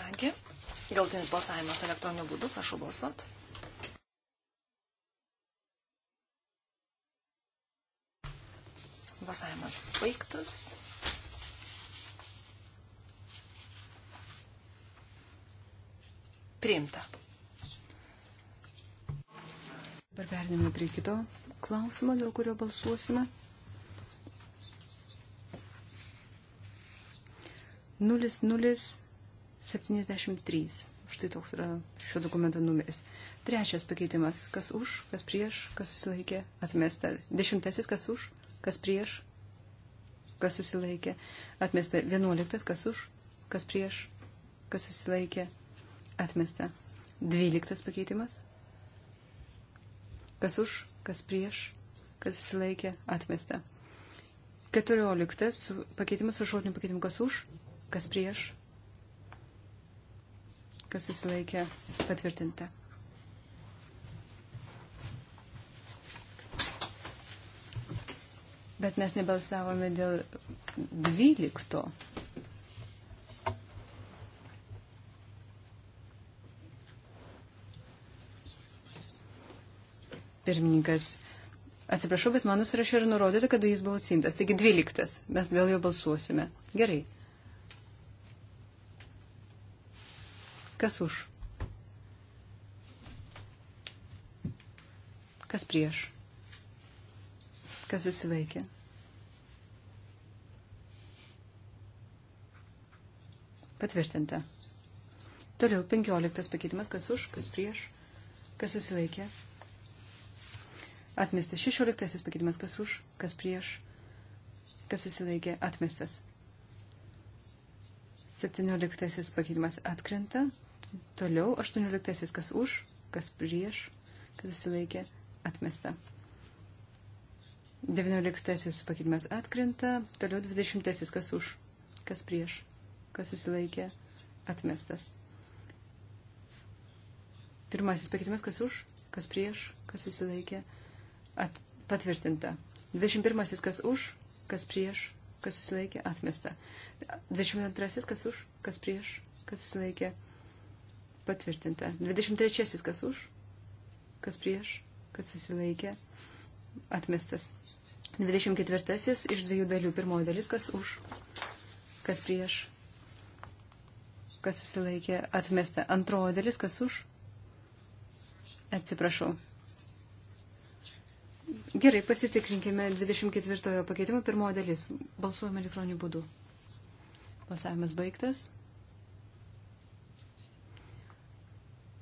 Kągi, galtinis balsavimas elektroniniu būdu, prašau balsuoti. balsavimas baigtas. Priimta. Dabar periname prie kito klausimo, dėl kurio balsuosime. 0073. Štai toks yra šio dokumento numeris. Trečias pakeitimas. Kas už, kas prieš, kas susilaikė, atmesta. Dešimtasis, kas už, kas prieš, kas susilaikė, atmesta. Vienuoliktas, kas už, kas prieš, kas susilaikė, Atmesta. Dvyliktas pakeitimas. Kas už, kas prieš, kas susilaikė, atmesta. Keturioliktas pakeitimas su žodiniu pakeitimu. Kas už, kas prieš, kas susilaikė, patvirtinta. Bet mes nebalsavome dėl dvylikto Pirmininkas. Atsiprašau, bet mano sąraše yra nurodyta, kada jis buvo atsimtas. Taigi 12. Mes dėl jo balsuosime. Gerai. Kas už? Kas prieš? Kas susilaikė? Patvirtinta. Toliau 15 pakeitimas, kas už, kas prieš, kas susilaikė, Atmestas 16 pakeitimas, kas už, kas prieš, kas susilaikė, atmestas. 17 pakeitimas atkrenta, toliau 18 kas už, kas prieš, kas susilaikė, atmesta. 19 pakeitimas atkrenta, toliau 20 kas už, kas prieš, kas susilaikė, atmestas. Pirmasis pakeitimas kas už, kas prieš, kas susilaikė, atmestas. At, patvirtinta. 21. Kas už, kas prieš, kas susilaikė, atmesta. 22. Kas už, kas prieš, kas susilaikė, patvirtinta. 23. Kas už, kas prieš, kas susilaikė, atmestas. 24. Iš dviejų dalių. Pirmoji dalis, kas už, kas prieš, kas susilaikė, atmesta. Antroji dalis, kas už, atsiprašau. Gerai, pasitikrinkime 24 pakeitimo pirmoji dalis. Balsuojame elektroniniu būdu. Balsavimas baigtas.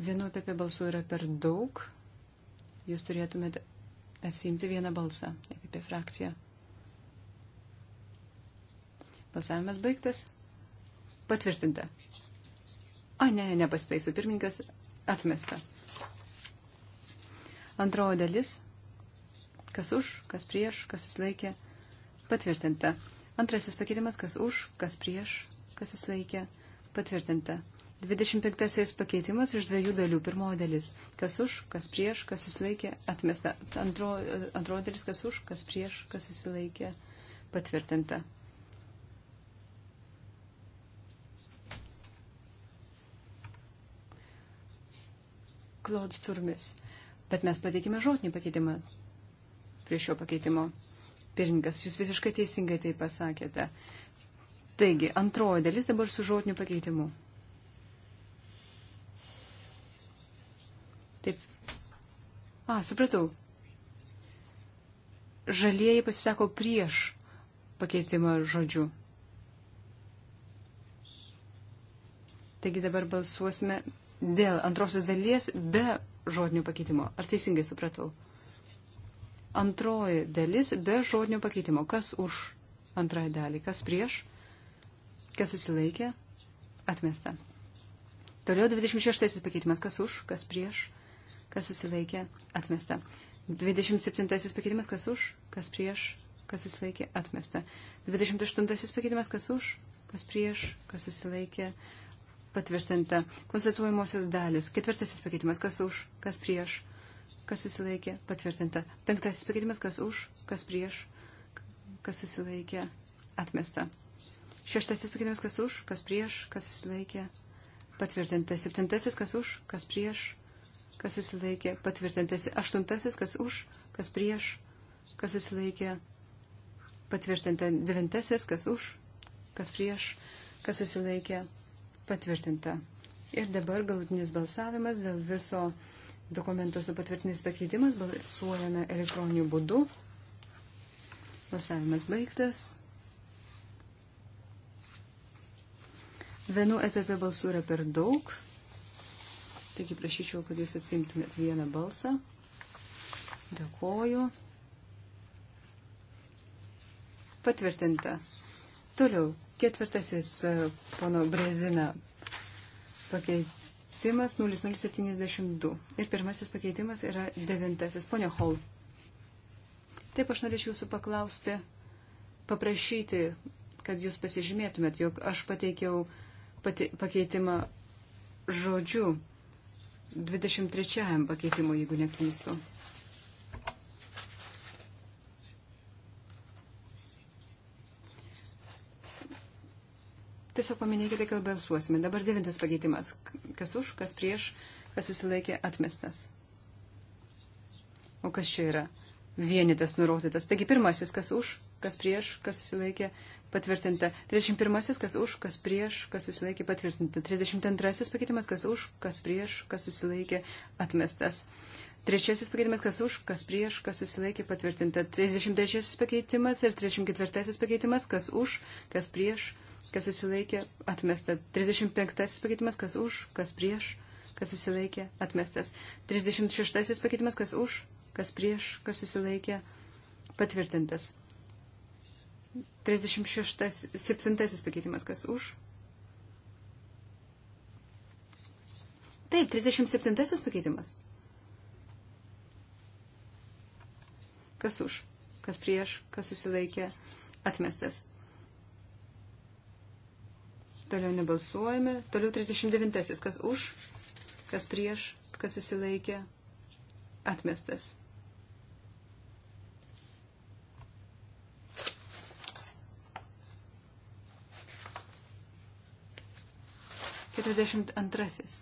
Vienu apie balsų yra per daug. Jūs turėtumėte atsimti vieną balsą apie frakciją. Balsavimas baigtas. Patvirtinta. A, ne, ne, nepasitaiso. Pirmininkas atmesta. Antroji dalis Kas už, kas prieš, kas susilaikė. Patvirtinta. Antrasis pakeitimas, kas už, kas prieš, kas susilaikė. Patvirtinta. 25 pakeitimas iš dviejų dalių. Pirmoji dalis, kas už, kas prieš, kas susilaikė, atmesta. Antro, antroji dalis, kas už, kas prieš, kas susilaikė, patvirtinta. Claude Turmis. Bet mes pateikime žodinį pakeitimą prie šio pakeitimo. Pirmininkas, jūs visiškai teisingai tai pasakėte. Taigi, antroji dalis dabar su žodiniu pakeitimu. Taip. A, supratau. Žalieji pasisako prieš pakeitimą žodžių. Taigi dabar balsuosime dėl antrosios dalies be žodinių pakeitimo. Ar teisingai supratau? Taip. Antroji dalis be žodinio pakeitimo. Kas už antrąją dalį, kas prieš, kas susilaikė, atmesta. Toliau 26 pakeitimas. Kas už, kas prieš, kas susilaikė, atmesta. 27 pakeitimas. Kas už, kas prieš, kas susilaikė, atmesta. 28 pakeitimas. Kas už, kas prieš, kas susilaikė, atmesta patvirtinta konstatuojamosios dalis. Ketvirtasis pakeitimas, kas už, kas prieš, kas susilaikė, patvirtinta. Penktasis pakeitimas, kas už, kas prieš, kas susilaikė, atmesta. Šeštasis pakeitimas, kas už, kas prieš, kas susilaikė, patvirtinta. Septintasis, kas už, kas prieš, kas susilaikė, patvirtintas. Aštuntasis, kas už, kas prieš, kas susilaikė, patvirtinta. Devintasis, kas už, kas prieš, kas susilaikė, patvirtinta. Ir dabar galutinis balsavimas dėl viso dokumento su patvirtinis pakeitimas balsuojame elektroniniu būdu. Balsavimas baigtas. Vienu EPP balsų yra per daug. Taigi prašyčiau, kad jūs atsimtumėt vieną balsą. Dėkoju. Patvirtinta. Toliau, ketvirtasis e, pono Brezina pakeit, pakeitimas 0072. Ir pirmasis pakeitimas yra devintasis. Pone Hall. Taip aš norėčiau jūsų paklausti, paprašyti, kad jūs pasižymėtumėt, jog aš pateikiau pati, pakeitimą žodžiu 23 pakeitimui, jeigu neklystu. tiesiog paminėkite, kad balsuosime. Dabar devintas pakeitimas. Kas už, kas prieš, kas susilaikė atmestas. O kas čia yra? Vienitas nurodytas. Taigi pirmasis, kas už, kas prieš, kas susilaikė patvirtinta. 31. kas už, kas prieš, kas susilaikė patvirtinta. 32. pakeitimas, kas už, kas prieš, kas susilaikė atmestas. Trečiasis pakeitimas, kas už, kas prieš, kas susilaikė patvirtinta. 33 pakeitimas ir 34 pakeitimas, kas už, kas prieš, kas susilaikė, atmesta. 35 pakeitimas, kas už, kas prieš, kas susilaikė, atmestas. 36 pakeitimas, kas už, kas prieš, kas susilaikė, patvirtintas. 36, 7 pakeitimas, kas už. Taip, 37 pakeitimas. Kas už, kas prieš, kas susilaikė, atmestas. Toliau nebalsuojame. Toliau 39. Kas už, kas prieš, kas susilaikė, atmestas. Keturiasdešimt antrasis.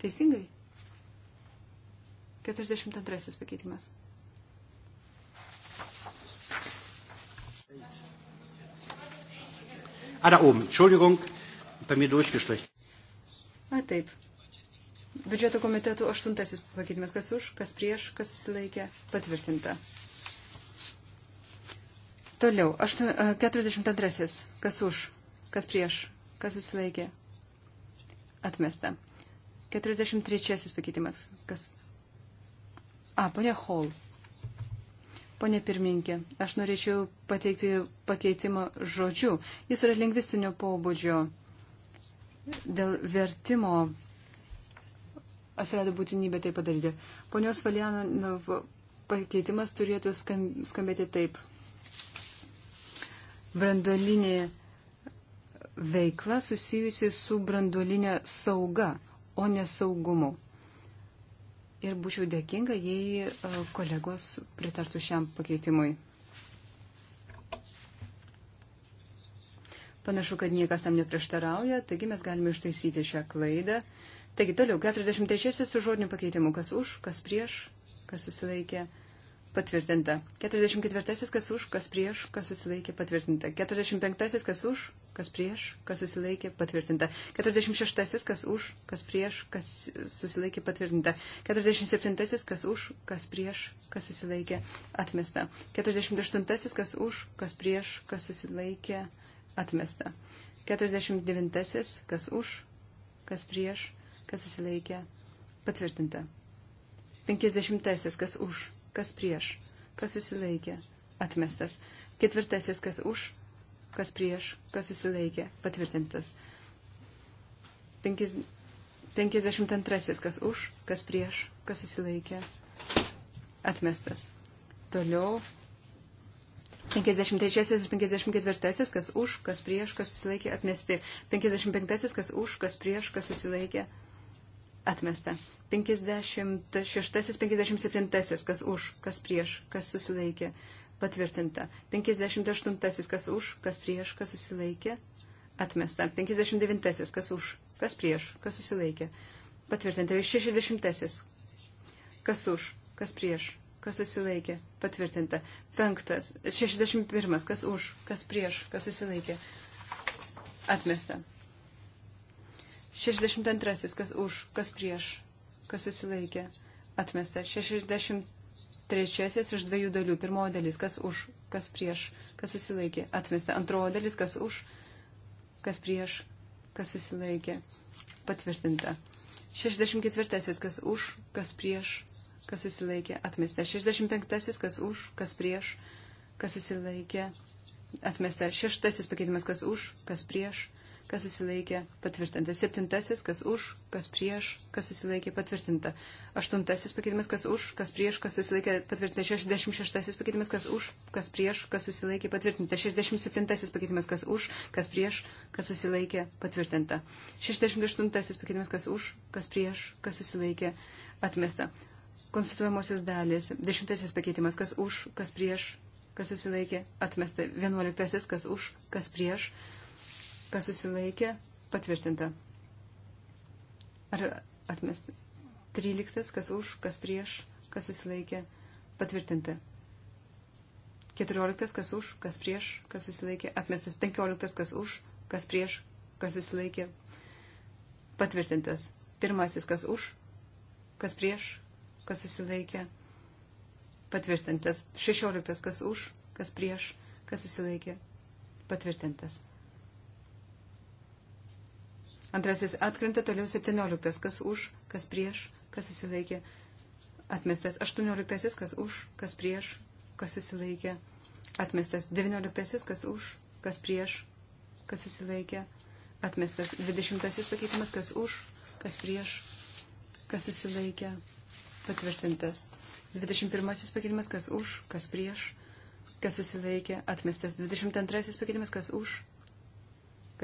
Teisingai? Keturiasdešimt antrasis pakeitimas. Eight. Ah, da oben, Entschuldigung, bei mir durchgestrichen. A, taip. Biudžeto komitetų aštuntasis pakeitimas, kas už, kas prieš, kas susilaikė, patvirtinta. Toliau, aštu, 42. E, kas už, kas prieš, kas susilaikė, atmesta. 43. pakeitimas, kas. A, ponia Hall. Pone pirminkė, aš norėčiau pateikti pakeitimą žodžiu. Jis yra lingvistinio pobūdžio. Dėl vertimo atsirado būtinybė tai padaryti. Ponios Valiano pakeitimas turėtų skambėti taip. Brandolinė veikla susijusi su brandolinė sauga, o ne saugumu ir būčiau dėkinga, jei e, kolegos pritartų šiam pakeitimui. Panašu, kad niekas tam neprieštarauja, taigi mes galime ištaisyti šią klaidą. Taigi toliau, 43 su žodiniu pakeitimu, kas už, kas prieš, kas susilaikė, patvirtinta. 44 kas už, kas prieš, kas susilaikė patvirtinta. 45 kas už, kas prieš, kas susilaikė patvirtinta. 46 kas už, kas prieš, kas susilaikė patvirtinta. 47 kas už, kas prieš, kas susilaikė atmesta. 48 kas už, kas prieš, kas susilaikė atmesta. 49 kas už, kas prieš, kas susilaikė patvirtinta. 50 kas už, kas prieš, kas susilaikė, atmestas. Ketvirtasis, kas už, kas prieš, kas susilaikė, patvirtintas. 52, kas už, kas prieš, kas susilaikė, atmestas. Toliau 53 ir 54, kas už, kas prieš, kas susilaikė, atmesti. 55, kas už, kas prieš, kas susilaikė, atmesti atmesta. 56-57, kas už, kas prieš, kas susilaikė, patvirtinta. 58, kas už, kas prieš, kas susilaikė, atmesta. 59, kas už, kas prieš, kas susilaikė, patvirtinta. 60, kas už, kas prieš, kas susilaikė, patvirtinta. 5, 61, kas už, kas prieš, kas susilaikė, atmesta. 62. Kas už, kas prieš, kas susilaikė. Atmesta. 63. Iš dviejų dalių. Pirmoji dalis. Kas už, kas prieš, kas susilaikė. Atmesta. Antroji dalis. Kas už, kas prieš, kas susilaikė. Patvirtinta. 64. Kas už, kas prieš, kas susilaikė. Atmesta. 65. Kas už, kas prieš, kas susilaikė. Atmesta. Šeštasis pakeitimas. Kas už, kas prieš, kas susilaikė kas susilaikė patvirtinta. Septintasis, kas už, kas prieš, kas susilaikė patvirtinta. Aštuntasis pakeitimas, kas už, kas prieš, kas susilaikė patvirtinta. Šešdešimt šeštasis pakeitimas, kas už, kas prieš, kas susilaikė patvirtinta. Šešdešimt septintasis pakeitimas, kas už, kas prieš, kas susilaikė patvirtinta. Šešdešimt aštuntasis pakeitimas, kas už, kas prieš, kas susilaikė atmesta. Konstituojamosios dalys. Dešimtasis pakeitimas, kas už, kas prieš, kas susilaikė atmesta. Vienuoliktasis, kas už, kas prieš kas susilaikė, patvirtinta. Ar atmesta? 13, kas už, kas prieš, kas susilaikė, patvirtinta. 14, kas už, kas prieš, kas susilaikė, atmestas. 15, kas už, kas prieš, kas susilaikė, patvirtintas. Pirmasis, kas už, kas prieš, kas susilaikė, patvirtintas. 16, kas už, kas prieš, kas susilaikė, patvirtintas. Antrasis atkrenta toliau 17. Kas už, kas prieš, kas susilaikė. Atmestas 18. Kas už, kas prieš, kas susilaikė. Atmestas 19. Kas už, kas prieš, kas susilaikė. Atmestas 20. pakeitimas, kas už, kas prieš, kas susilaikė. Patvirtintas. 21. pakeitimas, kas už, kas prieš, kas susilaikė. Atmestas 22. pakeitimas, kas už,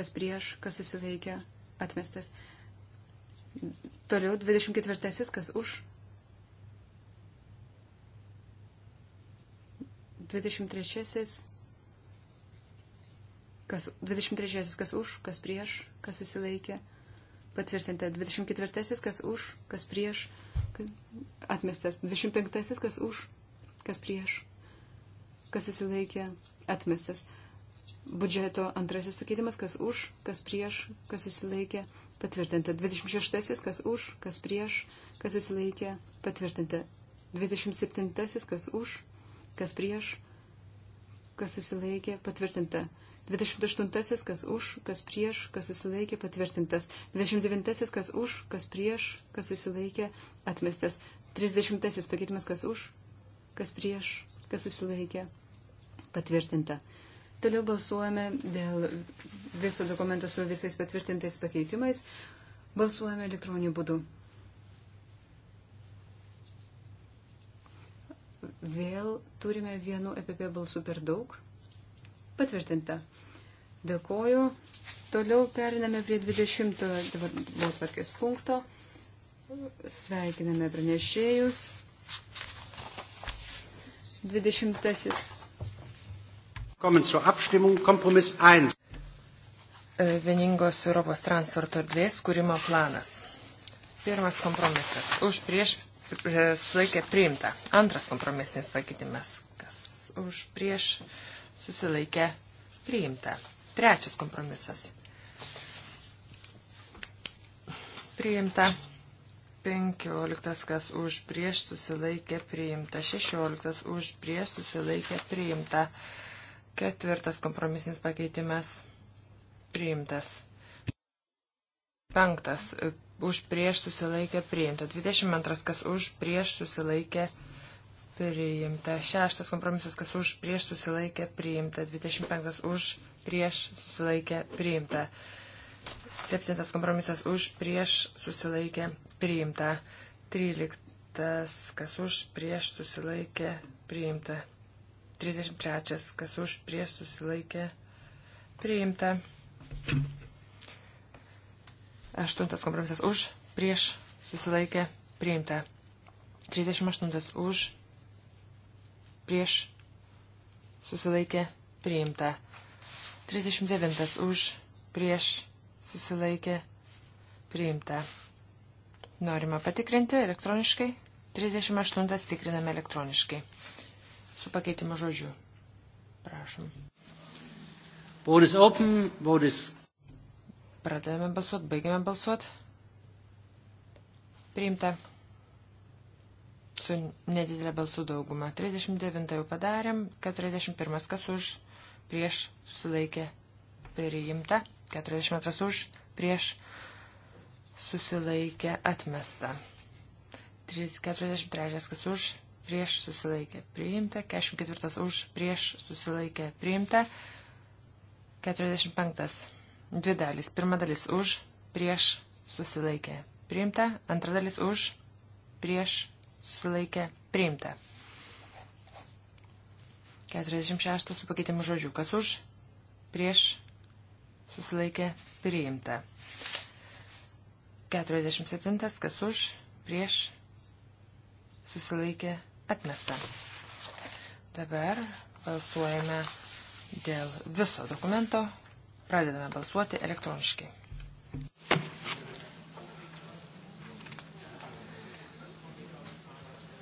kas prieš, kas susilaikė atmestas. Toliau 24. Kas už? 23. Kas, 23. Kas už, kas prieš, kas įsilaikė. Patvirtinta. 24. Kas už, kas prieš. Atmestas. 25. Kas už, kas prieš, kas įsilaikė. Atmestas. Budžeto antrasis pakeitimas, kas už, kas prieš, kas susilaikė, patvirtinta. 26, kas už, kas prieš, kas susilaikė, patvirtinta. 27, kas už, kas prieš, kas susilaikė, patvirtinta. 28, kas už, kas prieš, kas susilaikė, patvirtintas. 29, kas už, kas prieš, kas susilaikė, atmestas. 30 pakeitimas, kas už, kas prieš, kas susilaikė, patvirtinta. Toliau balsuojame dėl viso dokumento su visais patvirtintais pakeitimais. Balsuojame elektroniniu būdu. Vėl turime vienu EPP balsu per daug. Patvirtinta. Dėkoju. Toliau periname prie 20 darbotvarkės punkto. Sveikiname pranešėjus. 20 E, vieningos Europos transporto erdvės kūrimo planas. Pirmas kompromisas. Už prieš e, sulaikė priimta. Antras kompromisinis pakeitimas. Kas už prieš susilaikė priimta. Trečias kompromisas. Priimta. 15, kas už prieš susilaikė priimta. 16, už prieš susilaikė priimta. 17, Ketvirtas kompromisinis pakeitimas priimtas. Penktas už prieš susilaikę priimta. 22 kas už prieš susilaikę priimta. Šeštas kompromisas kas už prieš susilaikę priimta. 25 už prieš susilaikę priimta. Septintas kompromisas už prieš susilaikę priimta. 13 kas už prieš susilaikę priimta. 33, kas už prieš susilaikė priimta. Aštuntas kompromisas už prieš susilaikė priimta. 38 už prieš susilaikė priimta. 39 už prieš susilaikė priimta. Norima patikrinti elektroniškai. 38 tikriname elektroniškai su pakeitimu žodžiu. Prašom. Vote is open, vote is... Pradedame balsuoti, baigiame balsuoti. Priimta. Su nedidelė balsų dauguma. 39 jau padarėm, 41 kas už, prieš susilaikė priimta, 42 už, prieš susilaikė atmesta. 43 kas už, prieš susilaikę priimta, 44 už, prieš susilaikę priimta, 45 dvi dalis, pirma dalis už, prieš susilaikę priimta, antra dalis už, prieš susilaikę priimta. 46 su pakeitimu žodžiu, kas už, prieš susilaikė priimta. 47 kas už, prieš susilaikė priimta Atmesta. Dabar balsuojame dėl viso dokumento. Pradedame balsuoti elektroniškai.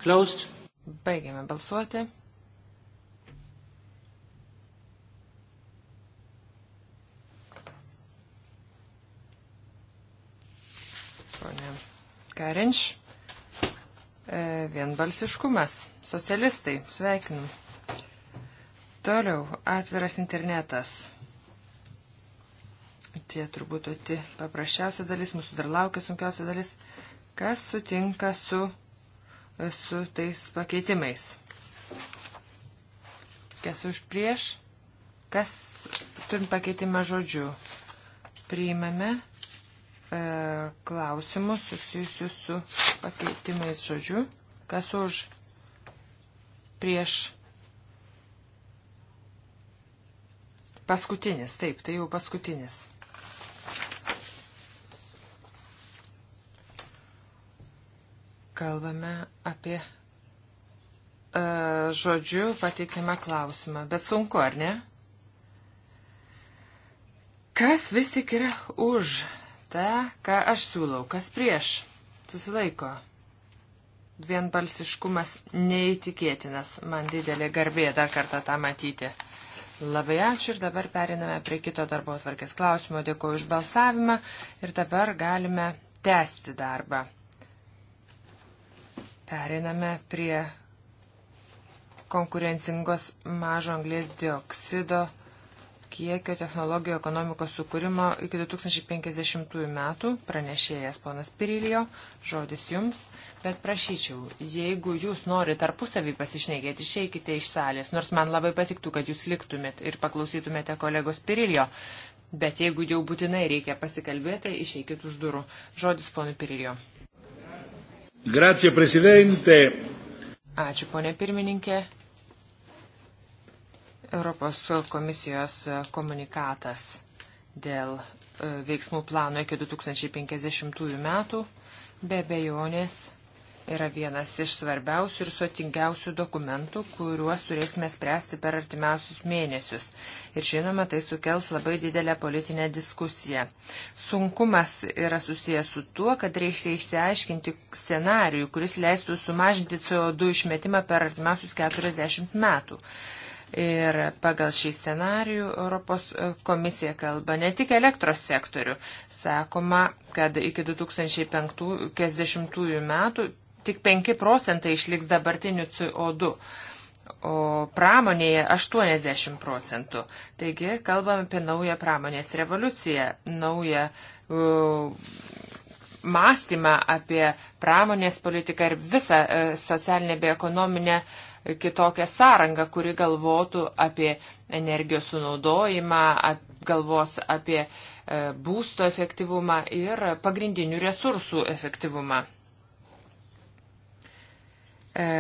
Closed. Baigiame balsuoti. Ponia Karinč. E, vienbalsiškumas. Socialistai, sveikinu. Toliau, atviras internetas. Čia turbūt pati paprasčiausia dalis, mūsų dar laukia sunkiausia dalis. Kas sutinka su, e, su tais pakeitimais? Kas už prieš? Kas turim pakeitimą žodžiu? Priimame e, klausimus susijusius su pakeitimais žodžiu, kas už prieš paskutinis, taip, tai jau paskutinis. Kalbame apie e, žodžių pateikimą klausimą, bet sunku, ar ne? Kas vis tik yra už tą, ką aš siūlau, kas prieš? susilaiko. Vienbalsiškumas neįtikėtinas. Man didelė garbė dar kartą tą matyti. Labai ačiū ir dabar periname prie kito darbo atvarkės klausimo. Dėkuoju už balsavimą ir dabar galime tęsti darbą. Periname prie konkurencingos mažo anglės dioksido kiekio technologijų ekonomikos sukūrimo iki 2050 metų, pranešėjas ponas Pirilijo, žodis jums, bet prašyčiau, jeigu jūs norite tarpusavį pasišnekėti, išeikite iš salės, nors man labai patiktų, kad jūs liktumėt ir paklausytumėte kolegos Pirilijo, bet jeigu jau būtinai reikia pasikalbėti, išeikit už durų. Žodis ponui Pirilijo. Grazie, prezidente. Ačiū, ponė pirmininkė. Europos komisijos komunikatas dėl e, veiksmų plano iki 2050 metų be bejonės yra vienas iš svarbiausių ir sotingiausių dokumentų, kuriuos turėsime spręsti per artimiausius mėnesius. Ir žinoma, tai sukels labai didelę politinę diskusiją. Sunkumas yra susijęs su tuo, kad reikia išsiaiškinti scenarijų, kuris leistų sumažinti CO2 išmetimą per artimiausius 40 metų. Ir pagal šį scenarių Europos komisija kalba ne tik elektros sektorių. Sakoma, kad iki 2050 metų tik 5 procentai išliks dabartinių CO2 o pramonėje 80 procentų. Taigi kalbam apie naują pramonės revoliuciją, naują uh, mąstymą apie pramonės politiką ir visą uh, socialinę bei ekonominę uh, kitokią sąrangą, kuri galvotų apie energijos sunaudojimą, ap, galvos apie e, būsto efektyvumą ir pagrindinių resursų efektyvumą. E,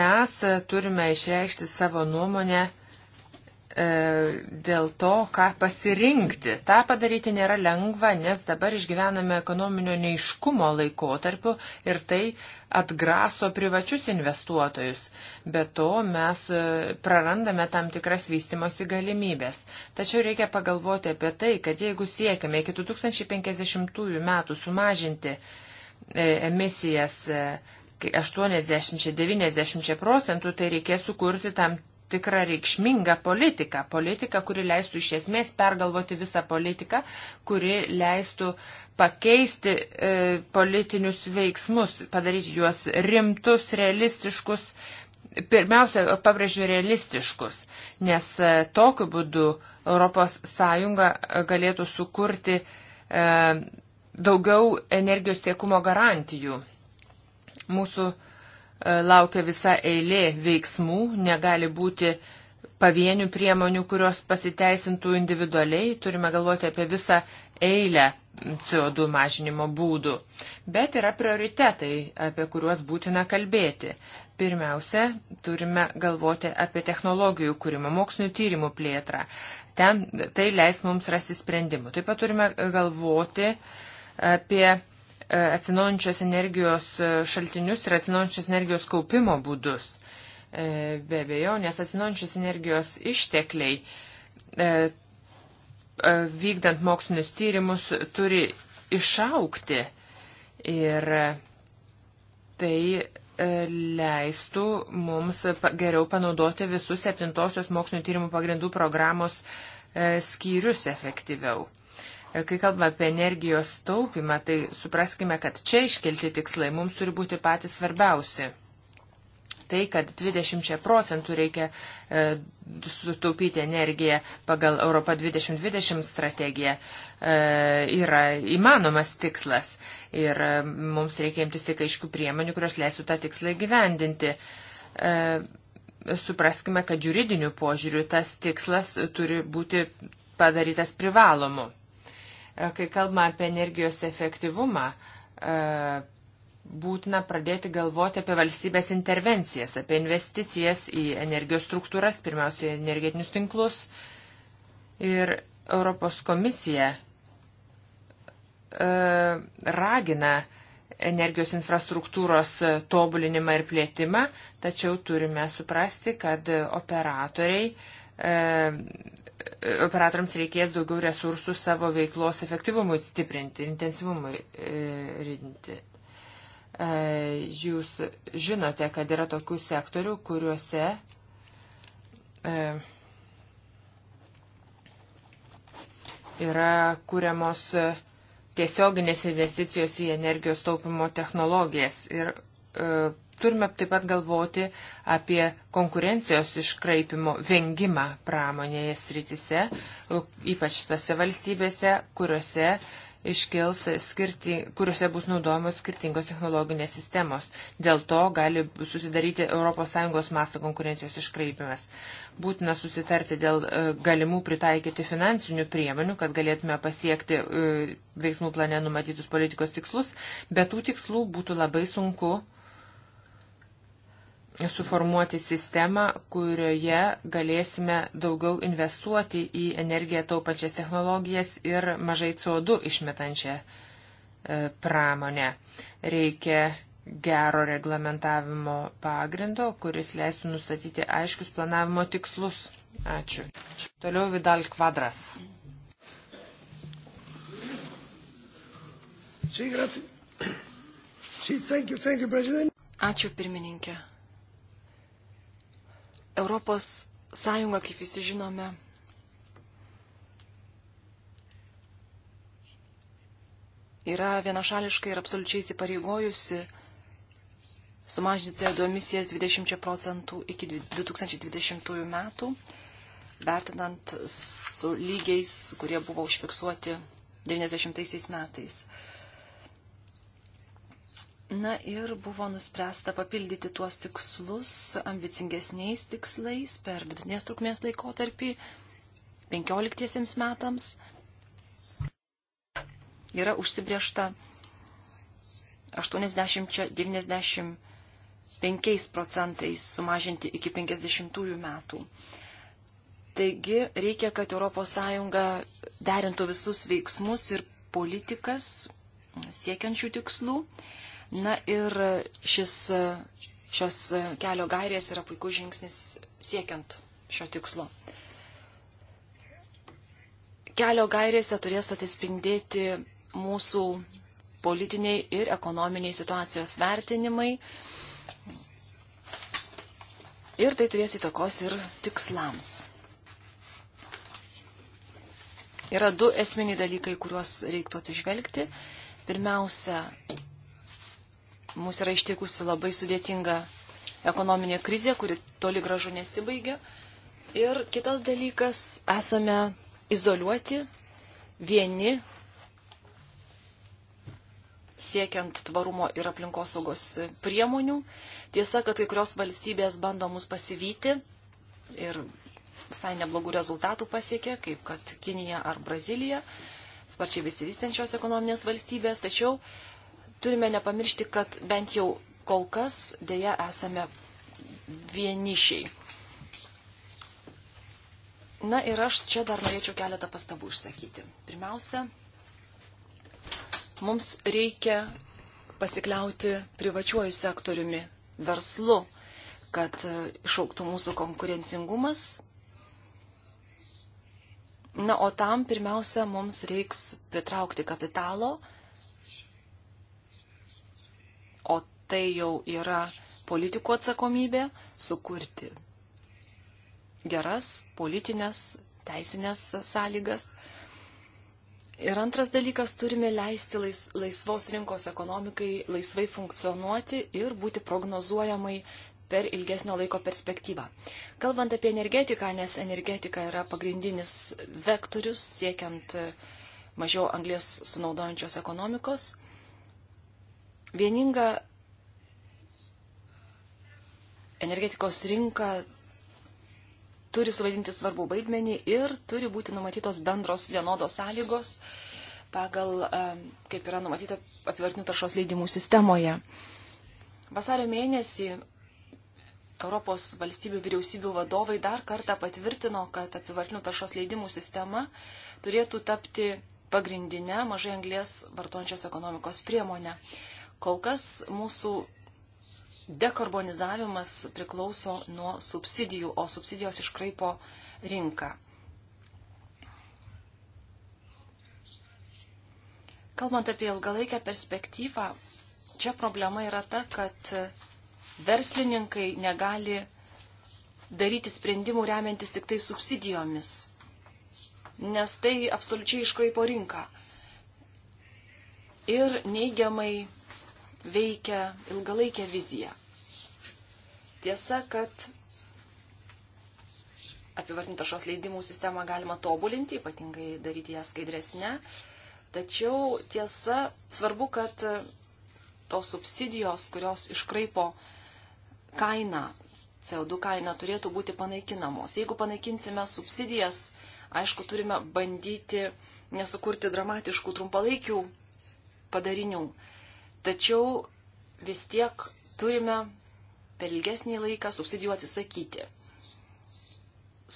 mes turime išreikšti savo nuomonę E, dėl to, ką pasirinkti. Ta padaryti nėra lengva, nes dabar išgyvename ekonominio neiškumo laikotarpiu ir tai atgraso privačius investuotojus. Be to mes e, prarandame tam tikras vystimosi galimybės. Tačiau reikia pagalvoti apie tai, kad jeigu siekime iki 2050 metų sumažinti e, emisijas 80-90 procentų, tai reikės sukurti tam tikrą reikšmingą politiką. Politiką, kuri leistų iš esmės pergalvoti visą politiką, kuri leistų pakeisti e, politinius veiksmus, padaryti juos rimtus, realistiškus. Pirmiausia, pabrėžiu realistiškus, nes e, tokiu būdu ES e, galėtų sukurti e, daugiau energijos tiekumo garantijų. Mūsų e, E, laukia visa eilė veiksmų, negali būti pavienių priemonių, kurios pasiteisintų individualiai, turime galvoti apie visą eilę CO2 mažinimo būdų. Bet yra prioritetai, apie kuriuos būtina kalbėti. Pirmiausia, turime galvoti apie technologijų kūrimą, mokslinių tyrimų plėtrą. Ten tai leis mums rasti sprendimų. Taip pat turime galvoti apie E, atsinaujančios energijos e, šaltinius ir atsinaujančios energijos kaupimo būdus. E, be abejo, nes atsinaujančios energijos ištekliai vykdant mokslinius tyrimus turi išaukti ir tai leistų mums geriau panaudoti visus septintosios mokslinio tyrimų pagrindų programos skyrius efektyviau. Kai kalbame apie energijos taupimą, tai supraskime, kad čia iškelti tikslai mums turi būti patys svarbiausi. Tai, kad 20 procentų reikia e, sutaupyti energiją pagal Europą 2020 strategiją, e, yra įmanomas tikslas ir e, mums reikia imtis tik aiškių priemonių, kurios leisų tą tikslą gyvendinti. E, supraskime, kad juridiniu požiūriu tas tikslas turi būti padarytas privalomu. E, kai kalbame apie energijos efektyvumą, e, būtina pradėti galvoti apie valstybės intervencijas, apie investicijas į energijos struktūras, pirmiausia, energetinius tinklus. Ir Europos komisija e, ragina energijos infrastruktūros tobulinimą ir plėtimą, tačiau turime suprasti, kad operatoriai uh, E, operatoriams reikės daugiau resursų savo veiklos efektyvumui stiprinti, intensyvumui e, ridinti. E, jūs žinote, kad yra tokių sektorių, kuriuose yra kuriamos tiesioginės investicijos į energijos taupimo technologijas ir turime taip pat galvoti apie konkurencijos iškraipimo vengimą pramonėje sritise, ypač tose valstybėse, kuriuose iškils skirti, kuriuose bus naudojamos skirtingos technologinės sistemos. Dėl to gali susidaryti ES masto konkurencijos iškraipimas. Būtina susitarti dėl e, galimų pritaikyti finansinių priemonių, kad galėtume pasiekti e, veiksmų plane numatytus politikos tikslus, bet tų tikslų būtų labai sunku suformuoti sistemą, kurioje galėsime daugiau investuoti į energiją taupančias technologijas ir mažai CO2 išmetančią e, pramonę. Reikia gero reglamentavimo pagrindo, kuris leistų nustatyti aiškius planavimo tikslus. Ačiū. Toliau Vidal Kvadras. Ačiū pirmininkė. Europos Sąjunga, kaip visi žinome, yra vienašališkai ir absoliučiai įsipareigojusi sumažinti CO2 emisijas 20 procentų iki 2020 metų, vertinant su lygiais, kurie buvo užfiksuoti 90 metais. Na ir buvo nuspręsta papildyti tuos tikslus ambicingesniais tikslais per vidutinės trukmės laikotarpį 15 metams. Yra užsibriešta 80-95 procentais sumažinti iki 50 metų. Taigi reikia, kad ES derintų visus veiksmus ir politikas siekiančių tikslų. Na ir šis, šios kelio gairės yra puikus žingsnis siekiant šio tikslo. Kelio gairėse turės atsispindėti mūsų politiniai ir ekonominiai situacijos vertinimai. Ir tai turės įtakos ir tikslams. Yra du esminiai dalykai, kuriuos reiktų atsižvelgti. Pirmiausia, Mūsų yra ištikusi labai sudėtinga ekonominė krizė, kuri toli gražu nesibaigia. Ir kitas dalykas, esame izoliuoti, vieni, siekiant tvarumo ir aplinkosaugos priemonių. Tiesa, kad kai kurios valstybės bando mus pasivyti ir visai neblogų rezultatų pasiekė, kaip kad Kinija ar Brazilija, sparčiai besivystančios ekonominės valstybės, tačiau turime nepamiršti, kad bent jau kol kas dėja esame vienišiai. Na ir aš čia dar norėčiau keletą pastabų išsakyti. Pirmiausia, mums reikia pasikliauti privačiuoju sektoriumi, verslu, kad e, išauktų mūsų konkurencingumas. Na, o tam pirmiausia, mums reiks pritraukti kapitalo, o tai jau yra politikų atsakomybė sukurti geras politinės, teisinės sąlygas. Ir antras dalykas, turime leisti lais, laisvos rinkos ekonomikai laisvai funkcionuoti ir būti prognozuojamai per ilgesnio laiko perspektyvą. Kalbant apie energetiką, nes energetika yra pagrindinis vektorius siekiant mažiau anglės sunaudojančios ekonomikos, Vieninga energetikos rinka turi suvaidinti svarbų vaidmenį ir turi būti numatytos bendros vienodos sąlygos pagal, kaip yra numatyta apivartinių taršos leidimų sistemoje. Vasario mėnesį Europos valstybių vyriausybių vadovai dar kartą patvirtino, kad apivartinių taršos leidimų sistema turėtų tapti pagrindinę mažai anglės vartojančios ekonomikos priemonę. Kol kas mūsų dekarbonizavimas priklauso nuo subsidijų, o subsidijos iškraipo rinką. Kalbant apie ilgalaikę perspektyvą, čia problema yra ta, kad verslininkai negali daryti sprendimų remiantis tik tai subsidijomis, nes tai absoliučiai iškraipo rinką ir neigiamai veikia ilgalaikę viziją. Tiesa, kad apivartinta šios leidimų sistemą galima tobulinti, ypatingai daryti ją skaidresnę. Tačiau tiesa, svarbu, kad tos subsidijos, kurios iškraipo kainą, CO2 kaina turėtų būti panaikinamos. Jeigu panaikinsime subsidijas, aišku, turime bandyti nesukurti dramatiškų trumpalaikių padarinių. Tačiau vis tiek turime per ilgesnį laiką subsidijų atsisakyti.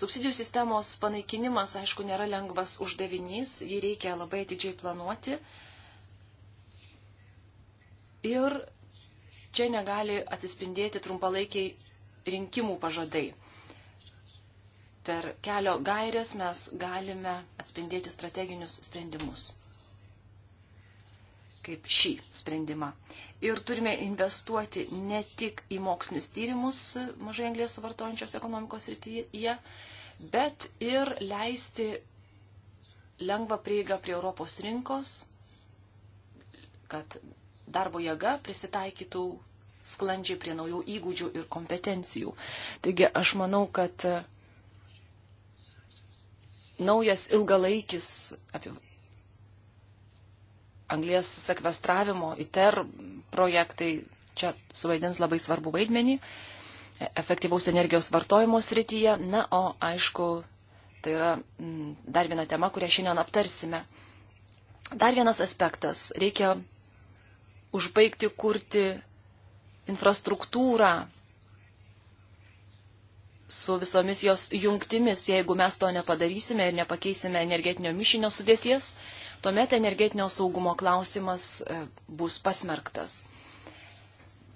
Subsidijų sistemos panaikinimas, aišku, nėra lengvas uždavinys, jį reikia labai atidžiai planuoti. Ir čia negali atsispindėti trumpalaikiai rinkimų pažadai. Per kelio gairės mes galime atspindėti strateginius sprendimus kaip šį sprendimą. Ir turime investuoti ne tik į mokslinius tyrimus mažai anglės suvartojančios ekonomikos rytyje, bet ir leisti lengvą prieigą prie Europos rinkos, kad darbo jėga prisitaikytų sklandžiai prie naujų įgūdžių ir kompetencijų. Taigi aš manau, kad naujas ilgalaikis, apie anglės sekvestravimo, ITER projektai čia suvaidins labai svarbu vaidmenį efektyvaus energijos vartojimo srityje. Na, o aišku, tai yra mm, dar viena tema, kurią šiandien aptarsime. Dar vienas aspektas. Reikia užbaigti kurti infrastruktūrą su visomis jos jungtimis. Jeigu mes to nepadarysime ir nepakeisime energetinio mišinio sudėties, tuomet energetinio saugumo klausimas e, bus pasmerktas.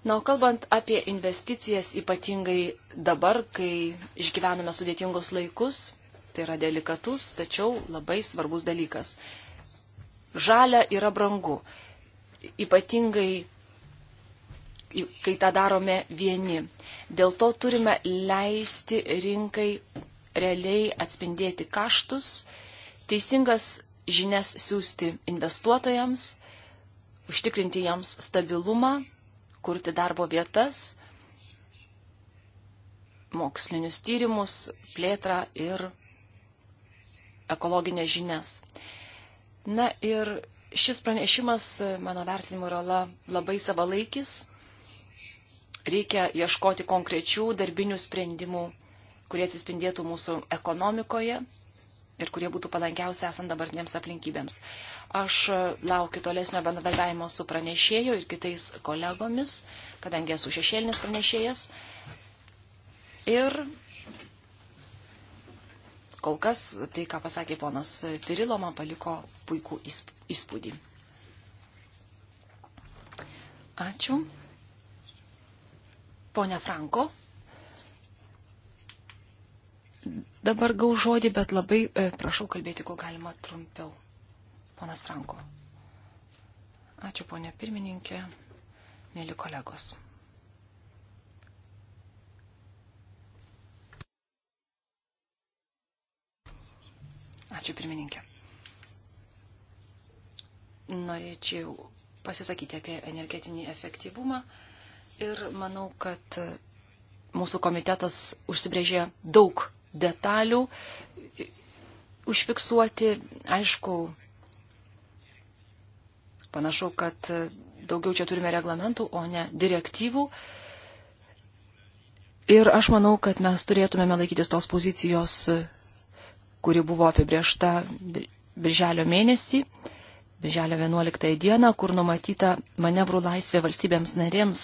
Na, o kalbant apie investicijas, ypatingai dabar, kai išgyvename sudėtingus laikus, tai yra delikatus, tačiau labai svarbus dalykas. Žalia yra brangu, ypatingai kai tą darome vieni Dėl to turime leisti rinkai realiai atspindėti kaštus, teisingas žinias siūsti investuotojams, užtikrinti jiems stabilumą, kurti darbo vietas, mokslinius tyrimus, plėtrą ir ekologinės žinias. Na ir šis pranešimas, mano vertinimu, yra labai savalaikis Reikia ieškoti konkrečių darbinių sprendimų, kurie atsispindėtų mūsų ekonomikoje ir kurie būtų palankiausi esant dabartinėms aplinkybėms. Aš laukiu tolesnio bendradarbiavimo su pranešėju ir kitais kolegomis, kadangi esu šešėlinis pranešėjas. Ir kol kas tai, ką pasakė ponas Pirilo, man paliko puikų įspūdį. Ačiū. Pone Franko. Dabar gau žodį, bet labai e, prašau kalbėti, kuo galima trumpiau. Ponas Franko. Ačiū, ponė pirmininkė, mėly kolegos. Ačiū, pirmininkė. Norėčiau pasisakyti apie energetinį efektyvumą. E, Ir manau, kad mūsų komitetas užsibrėžė daug detalių užfiksuoti. Aišku, panašu, kad daugiau čia turime reglamentų, o ne direktyvų. Ir aš manau, kad mes turėtumėme laikytis tos pozicijos, kuri buvo apibriešta birželio mėnesį. Birželio 11 dieną, kur numatyta manevrų laisvė valstybėms narėms,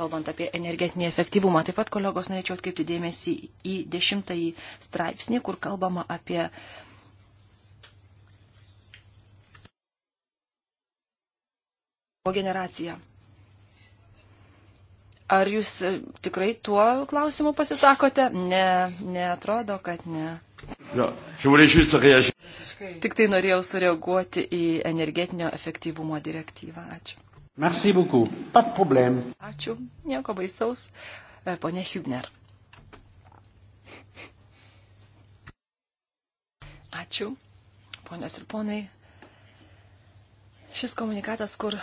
kalbant apie energetinį efektyvumą. Taip pat, kolegos, norėčiau atkreipti dėmesį į 10 straipsnį, kur kalbama apie. generaciją. Ar jūs tikrai tuo klausimu pasisakote? Ne, netrodo, kad ne. No, Tik tai norėjau sureaguoti į energetinio efektyvumo direktyvą. Ačiū. Merci beaucoup. Pas problem. Ačiū. Nieko baisaus. E, pone Hübner. Ačiū. Ponios ir ponai. Šis komunikatas, kur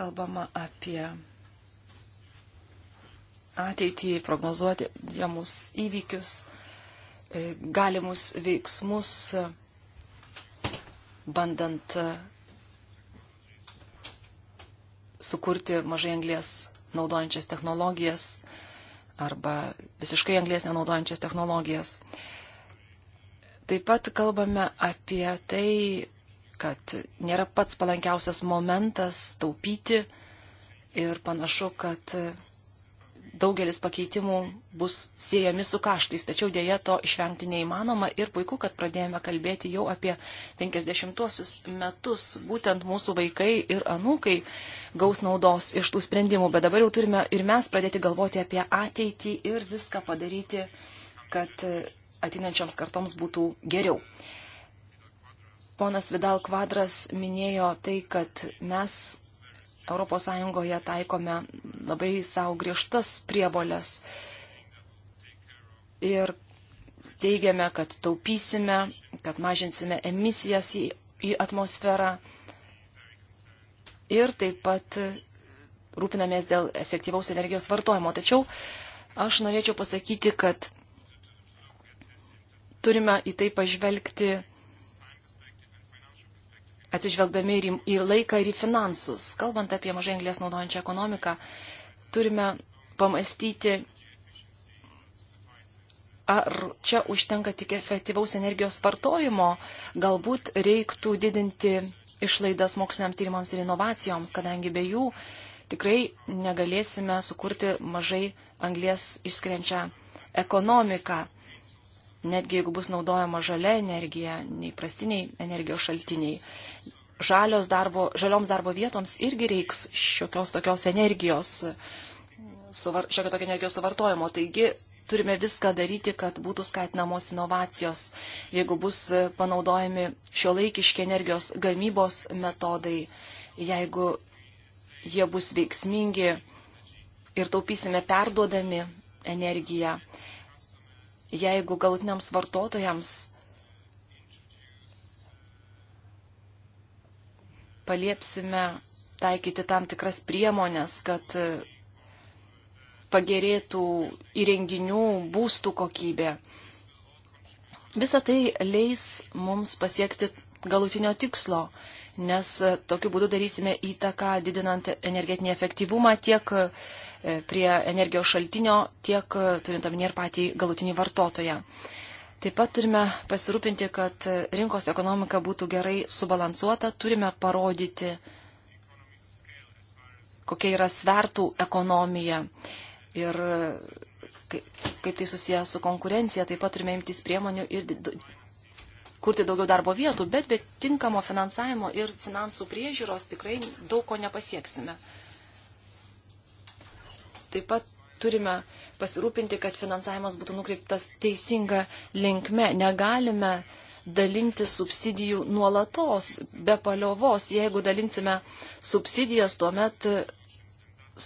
kalbama apie ateitį, prognozuoti jomus įvykius E, galimus veiksmus, e, bandant e, sukurti mažai anglės naudojančias technologijas arba visiškai anglės nenaudojančias technologijas. Taip pat kalbame apie tai, kad nėra pats palankiausias momentas taupyti ir panašu, kad daugelis pakeitimų bus siejami su kaštais, tačiau dėja to išvengti neįmanoma ir puiku, kad pradėjome kalbėti jau apie 50-uosius metus. Būtent mūsų vaikai ir anūkai gaus naudos iš tų sprendimų, bet dabar jau turime ir mes pradėti galvoti apie ateitį ir viską padaryti, kad ateinančioms kartoms būtų geriau. Ponas Vidal Kvadras minėjo tai, kad mes ES taikome labai savo griežtas prievolės ir teigiame, kad taupysime, kad mažinsime emisijas į, į atmosferą ir taip pat rūpinamės dėl efektyvaus energijos vartojimo. Tačiau aš norėčiau pasakyti, kad turime į tai pažvelgti atsižvelgdami ir į, į laiką, ir į finansus. Kalbant apie mažai anglės naudojančią ekonomiką, turime pamastyti, ar čia užtenka tik efektyvaus energijos vartojimo, galbūt reiktų didinti išlaidas moksliniam tyrimams ir inovacijoms, kadangi be jų tikrai negalėsime sukurti mažai anglės išskrenčią ekonomiką netgi jeigu bus naudojama žalia energija, neįprastiniai energijos šaltiniai. Žalios darbo, žalioms darbo vietoms irgi reiks šiokios tokios energijos, suvar, šiokio tokio energijos suvartojimo. Taigi turime viską daryti, kad būtų skatinamos inovacijos, jeigu bus panaudojami šio laikiški energijos gamybos metodai, jeigu jie bus veiksmingi ir taupysime perduodami energiją jeigu galutiniams vartotojams paliepsime taikyti tam tikras priemonės, kad pagerėtų įrenginių, būstų kokybė. Visą tai leis mums pasiekti galutinio tikslo, nes tokiu būdu darysime įtaką didinant energetinį efektyvumą tiek uh, E, prie energijos šaltinio, tiek e, turint omenyje ir patį galutinį vartotoją. Taip pat turime pasirūpinti, kad rinkos ekonomika būtų gerai subalansuota, turime parodyti, kokia yra svertų ekonomija ir e, kaip tai susiję su konkurencija. Taip pat turime imtis priemonių ir kurti daugiau darbo vietų, bet be tinkamo finansavimo ir finansų priežiūros tikrai daug ko nepasieksime taip pat turime pasirūpinti, kad finansavimas būtų nukreiptas teisinga linkme. Negalime dalinti subsidijų nuolatos, be paliovos. Jeigu dalinsime subsidijas, tuomet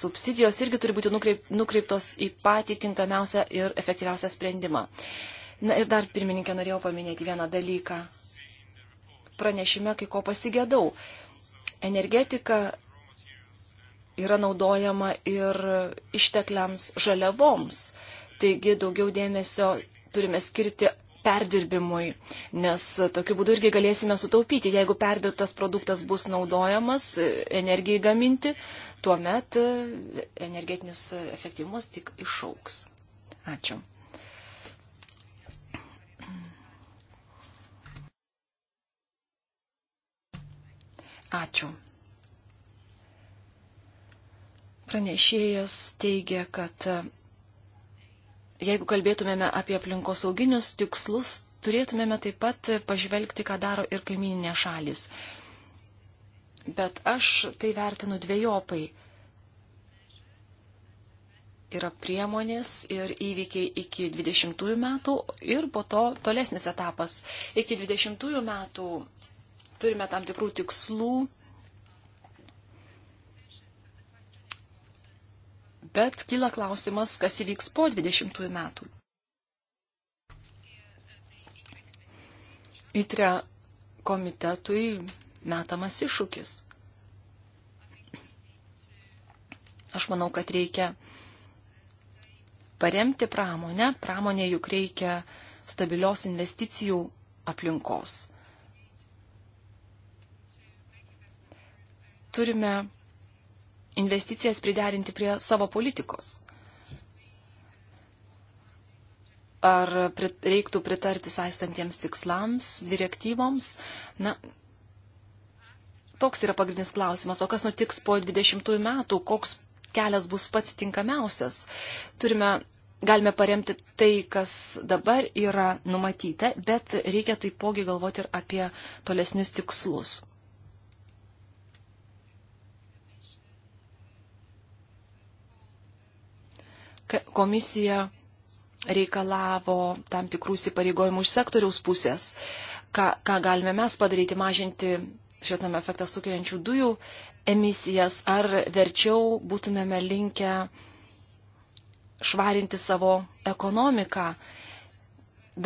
subsidijos irgi turi būti nukreip, nukreiptos į patį tinkamiausią ir efektyviausią sprendimą. Na ir dar, pirmininkė, norėjau paminėti vieną dalyką. Pranešime, kai ko pasigėdau. Energetika yra naudojama ir ištekliams žaliavoms. Taigi daugiau dėmesio turime skirti perdirbimui, nes tokiu būdu irgi galėsime sutaupyti. Jeigu perdirbtas produktas bus naudojamas e, energijai gaminti, tuomet e, energetinis efektyvumas tik išauks. Ačiū. Ačiū. Pranešėjas teigia, kad e, jeigu kalbėtumėme apie aplinkosauginius tikslus, turėtumėme taip pat pažvelgti, ką daro ir kaimininė šalis. Bet aš tai vertinu dviejopai. Yra priemonės ir įvykiai iki 20 metų ir po to tolesnis etapas. Iki 20 metų turime tam tikrų tikslų bet kyla klausimas, kas įvyks po 20 metų. Įtre komitetui metamas iššūkis. Aš manau, kad reikia paremti pramonę. Pramonė juk reikia stabilios investicijų aplinkos. Turime investicijas priderinti prie savo politikos. Ar reiktų pritarti saistantiems tikslams, direktyvoms? Na, toks yra pagrindinis klausimas. O kas nutiks po 20 metų? Koks kelias bus pats tinkamiausias? Turime, galime paremti tai, kas dabar yra numatyta, bet reikia taipogi galvoti ir apie tolesnius tikslus. komisija reikalavo tam tikrų įsipareigojimų iš sektoriaus pusės, ką, ką galime mes padaryti, mažinti šitame efektą sukeliančių dujų emisijas, ar verčiau būtumėme linkę švarinti savo ekonomiką.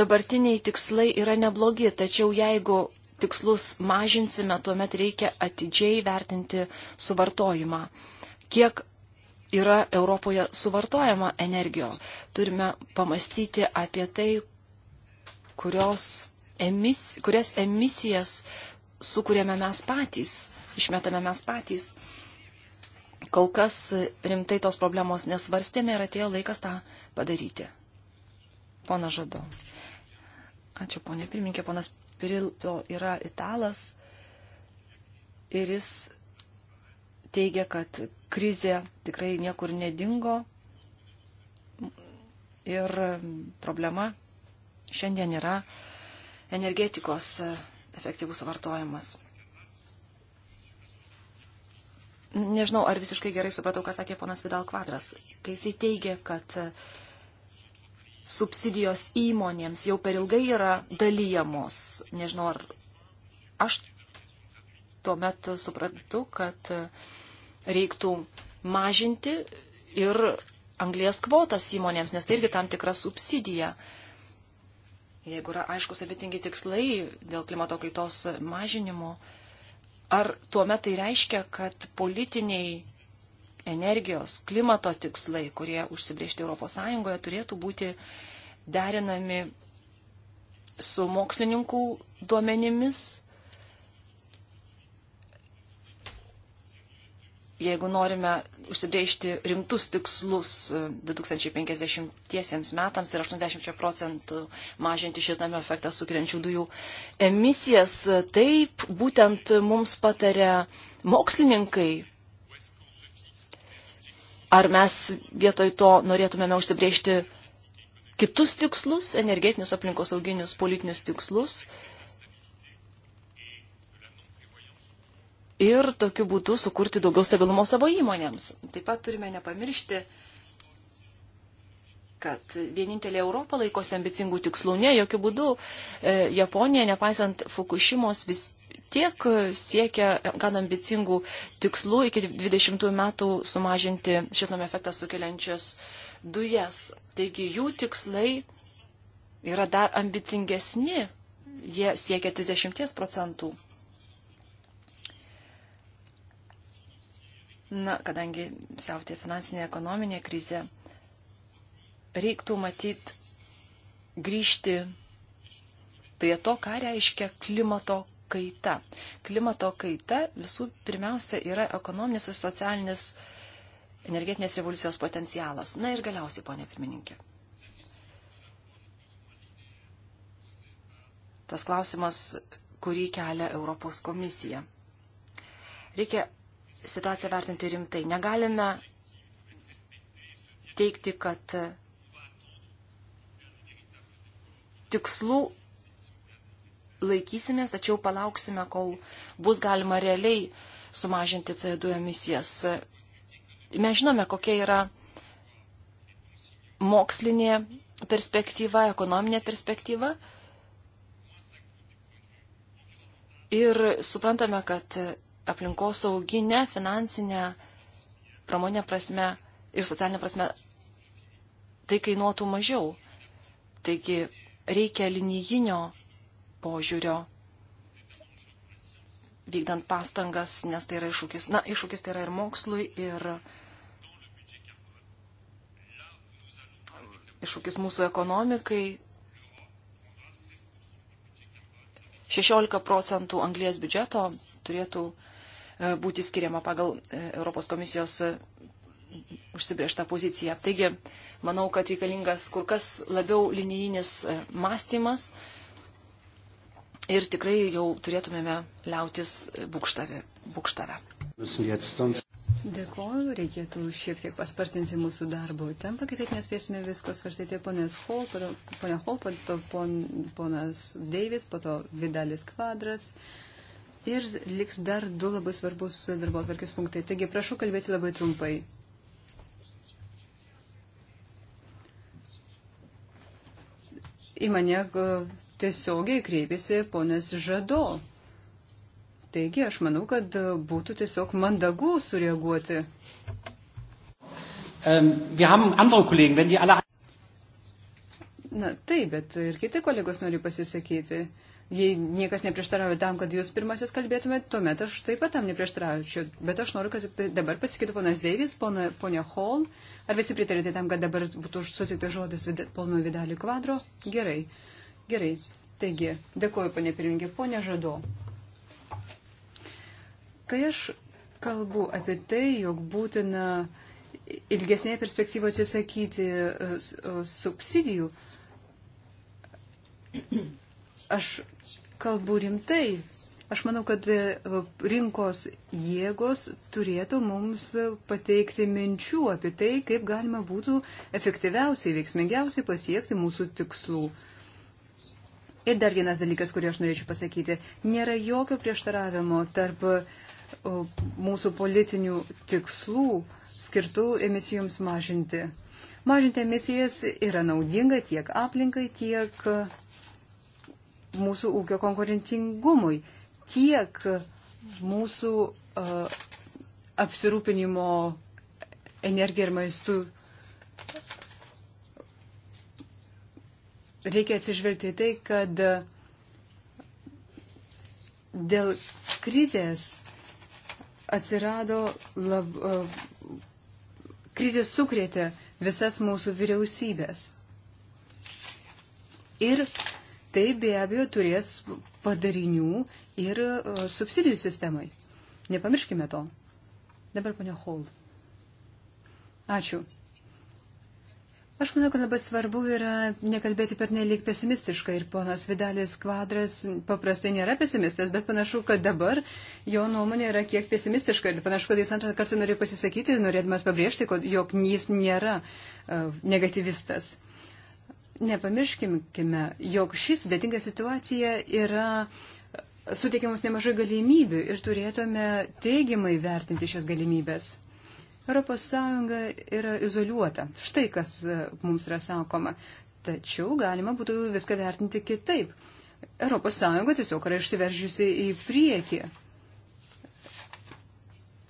Dabartiniai tikslai yra neblogi, tačiau jeigu tikslus mažinsime, tuomet reikia atidžiai vertinti suvartojimą. Kiek yra Europoje suvartojama energijo. Turime pamastyti apie tai, kurios emis, kurias emisijas sukūrėme mes patys, išmetame mes patys. Kol kas rimtai tos problemos nesvarstėme ir atėjo laikas tą padaryti. Pona Žado. Ačiū, ponė pirmininkė. Ponas Pirilo yra italas ir jis teigia, kad krizė tikrai niekur nedingo ir problema šiandien yra energetikos efektyvus vartojimas. Nežinau, ar visiškai gerai supratau, ką sakė ponas Vidal Kvadras, kai jisai teigia, kad subsidijos įmonėms jau per ilgai yra dalyjamos. Nežinau, ar aš tuomet supratau, kad uh, reiktų mažinti ir anglės kvotas įmonėms, nes tai irgi tam tikra subsidija. Jeigu yra aiškus abicingi tikslai dėl klimato kaitos mažinimo, ar tuomet tai reiškia, kad politiniai energijos, klimato tikslai, kurie užsibriežti ES, turėtų būti derinami su mokslininkų duomenimis jeigu norime užsibriežti rimtus tikslus 2050 e, metams ir 80 procentų mažinti šitame efektą sukeliančių dujų emisijas, e, taip būtent mums patarė mokslininkai. Ar mes vietoj to norėtumėme užsibriežti kitus tikslus, energetinius aplinkosauginius politinius tikslus ir tokiu būdu sukurti daugiau stabilumo savo įmonėms. Taip pat turime nepamiršti, kad vienintelė Europa laikosi ambicingų tikslų. Ne, jokių būdų e, Japonija, nepaisant Fukushimos, vis tiek siekia gan ambicingų tikslų iki 20 metų sumažinti šiltnamio efektą sukeliančias dujas. Taigi jų tikslai yra dar ambicingesni. Jie siekia 30 procentų Na, kadangi siautė finansinė ekonominė krizė, reiktų matyti grįžti prie to, ką reiškia klimato kaita. Klimato kaita visų pirmiausia yra ekonominis ir socialinis energetinės revoliucijos potencialas. Na ir galiausiai, ponė pirmininkė. Tas klausimas, kurį kelia Europos komisija. Reikia situaciją vertinti rimtai. Negalime teikti, kad tikslų laikysimės, tačiau palauksime, kol bus galima realiai sumažinti CO2 emisijas. Mes žinome, kokia yra mokslinė perspektyva, ekonominė perspektyva. Ir suprantame, kad aplinkosauginę, finansinę, pramonę prasme ir socialinę prasme tai kainuotų mažiau. Taigi reikia linijinio požiūrio vykdant pastangas, nes tai yra iššūkis. Na, iššūkis tai yra ir mokslui, ir iššūkis mūsų ekonomikai. 16 procentų anglės biudžeto turėtų E, būti skiriama pagal e, Europos komisijos e, užsibriežtą poziciją. Taigi, manau, kad reikalingas kur kas labiau linijinis mąstymas ir tikrai jau turėtumėme liautis būkštavę. būkštavę. Dėkoju, reikėtų šiek tiek paspartinti mūsų darbo tempą, kitaip nespėsime visko svarstyti ponės Ho, ponia Ho, po to pon, ponas Deivis, po to Vidalis Kvadras, ir liks dar du labai svarbus darbo atvarkės punktai. Taigi prašau kalbėti labai trumpai. Į mane e, tiesiogiai kreipėsi ponas Žado. Taigi aš manau, kad e, būtų tiesiog mandagu sureaguoti. Ähm, Na taip, bet ir kiti kolegos nori pasisakyti. Jei niekas neprieštarauja tam, kad jūs pirmasis kalbėtumėte, tuomet aš taip pat tam neprieštaraučiau. Bet aš noriu, kad dabar pasakytų ponas Deivis, ponia Hall. Ar visi pritarėte tam, kad dabar būtų sutiktas žodis ponui Vidaliu Kvadro? Gerai. Gerai. Taigi, dėkuoju, ponė Pirinkė, ponė Žado. Kai aš kalbu apie tai, jog būtina ilgesnėje perspektyvoje atsisakyti e, e, subsidijų, aš kalbu rimtai. Aš manau, kad e, rinkos jėgos turėtų mums pateikti minčių apie tai, kaip galima būtų efektyviausiai, veiksmingiausiai pasiekti mūsų tikslų. Ir dar vienas dalykas, kurį aš norėčiau pasakyti. Nėra jokio prieštaravimo tarp e, mūsų politinių tikslų skirtų emisijoms mažinti. Mažinti emisijas yra naudinga tiek aplinkai, tiek mūsų ūkio konkurencingumui, tiek mūsų uh, apsirūpinimo energiją ir maistų. Reikia atsižvelgti tai, kad dėl krizės atsirado lab, uh, e, krizė sukrėtė visas mūsų vyriausybės. Ir tai be abejo turės padarinių ir e, subsidijų sistemai. Nepamirškime to. Dabar ponia Hall. Ačiū. Aš manau, kad labai svarbu yra nekalbėti per nelik pesimistiškai ir ponas Vidalis kvadras paprastai nėra pesimistas, bet panašu, kad dabar jo nuomonė yra kiek pesimistiška ir panašu, kad jis antrą kartą norėjo pasisakyti, norėdamas pabrėžti, jog jis nėra uh, negativistas. Uh, nepamirškime, jog ši sudėtinga situacija yra suteikiamus nemažai galimybių ir turėtume teigiamai vertinti šias galimybės. ES yra izoliuota. Štai kas e, mums yra sakoma. Tačiau galima būtų viską vertinti kitaip. ES tiesiog yra išsiveržiusi į priekį.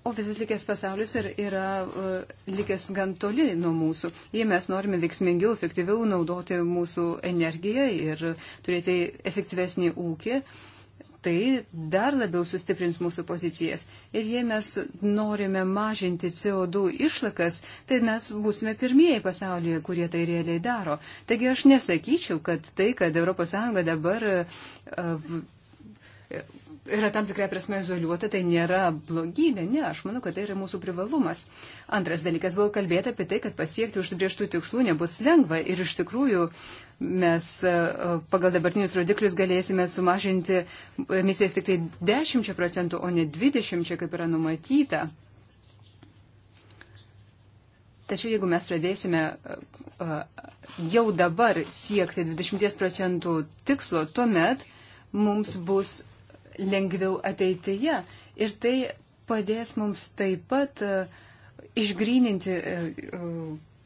O visas likęs pasaulis ir yra e, likęs gan toli nuo mūsų. Jei mes norime veiksmingiau, efektyviau naudoti mūsų energiją ir turėti efektyvesnį ūkį, tai dar labiau sustiprins mūsų pozicijas. Ir jei mes norime mažinti CO2 išlakas, tai mes būsime pirmieji pasaulyje, kurie tai realiai daro. Taigi aš nesakyčiau, kad tai, kad ES dabar. Uh, yra tam tikrai prasme izoliuota, tai nėra blogybė, ne, aš manau, kad tai yra mūsų privalumas. Antras dalykas buvo kalbėti apie tai, kad pasiekti užsibrieštų tikslų nebus lengva ir iš tikrųjų mes e, pagal dabartinius rodiklius galėsime sumažinti emisijas tik tai 10 procentų, o ne 20, kaip yra numatyta. Tačiau jeigu mes pradėsime e, e, jau dabar siekti 20 procentų tikslo, tuomet mums bus lengviau ateityje ir tai padės mums taip pat e, išgryninti, e, e,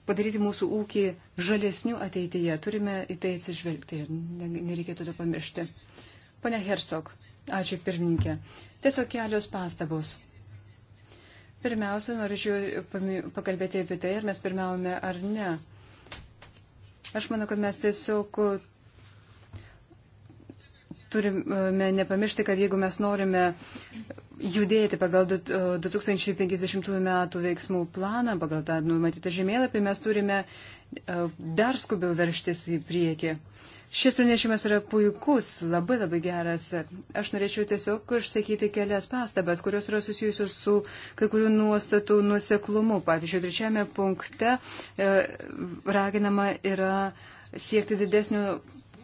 padaryti mūsų ūkį žalesnių ateityje. Turime į tai atsižvelgti ir nereikėtų to pamiršti. Pone Herstok, ačiū pirmininkė. Tiesiog kelios pastabos. Pirmiausia, norėčiau pakalbėti apie tai, ar mes pirmiaujame ar ne. Aš manau, kad mes tiesiog turime nepamiršti, kad jeigu mes norime judėti pagal 2050 metų veiksmų planą, pagal tą numatytą žemėlapį, mes turime e, dar skubiau verštis į priekį. Šis pranešimas yra puikus, labai labai geras. Aš norėčiau tiesiog išsakyti kelias pastabas, kurios yra susijusios su kai kurių nuostatų nuseklumu. Pavyzdžiui, trečiame punkte e, raginama yra siekti didesnio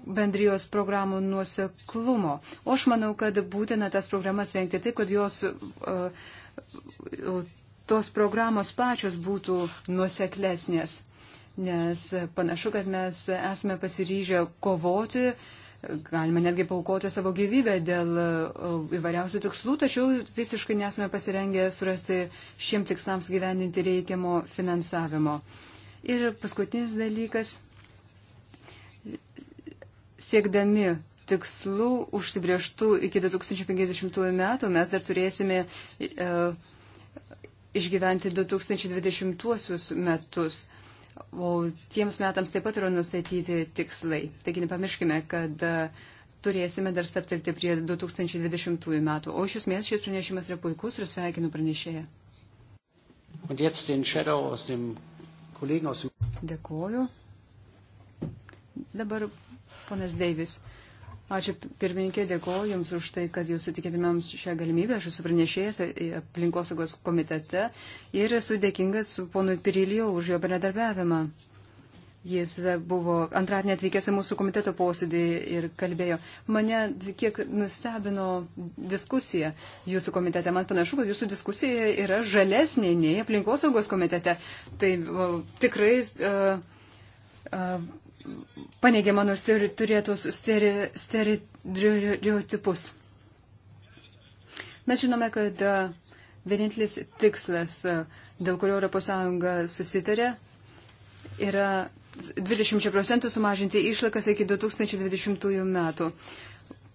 bendrijos programų nuoseklumo. O aš manau, kad būtina tas programas renkti taip, kad jos, e, e, tos programos pačios būtų nuoseklesnės. Nes panašu, kad mes esame pasiryžę kovoti galima netgi paukoti savo gyvybę dėl e, įvairiausių tikslų, tačiau visiškai nesame pasirengę surasti šiem tikslams gyveninti reikiamo finansavimo. Ir paskutinis dalykas siekdami tikslų užsibrieštų iki 2050 metų mes dar turėsime uh, išgyventi 2020 metus. O tiems metams taip pat yra nustatyti tikslai. Taigi nepamirškime, kad uh, turėsime dar staptelti prie 2020 metų. O iš esmės šis pranešimas yra puikus ir sveikinu pranešėją. Dėkoju. Dabar Ponas Deivis. Ačiū pirmininkė, dėkoju Jums už tai, kad Jūs sutikėte mums šią galimybę. Aš esu pranešėjęs aplinkosaugos komitete ir esu dėkingas ponui Pirilijo už jo bendradarbiavimą. Jis buvo antradienį atvykęs į mūsų komiteto posėdį ir kalbėjo. Mane kiek nustebino diskusija jūsų komitete. Man panašu, kad jūsų diskusija yra žalesnė nei aplinkosaugos komitete. Tai o, tikrai. Uh, uh, paneigė mano steri, turėtus stereotipus. Mes žinome, kad vienintelis tikslas, dėl kurio ES susitarė, yra 20 procentų sumažinti išlakas iki 2020 metų.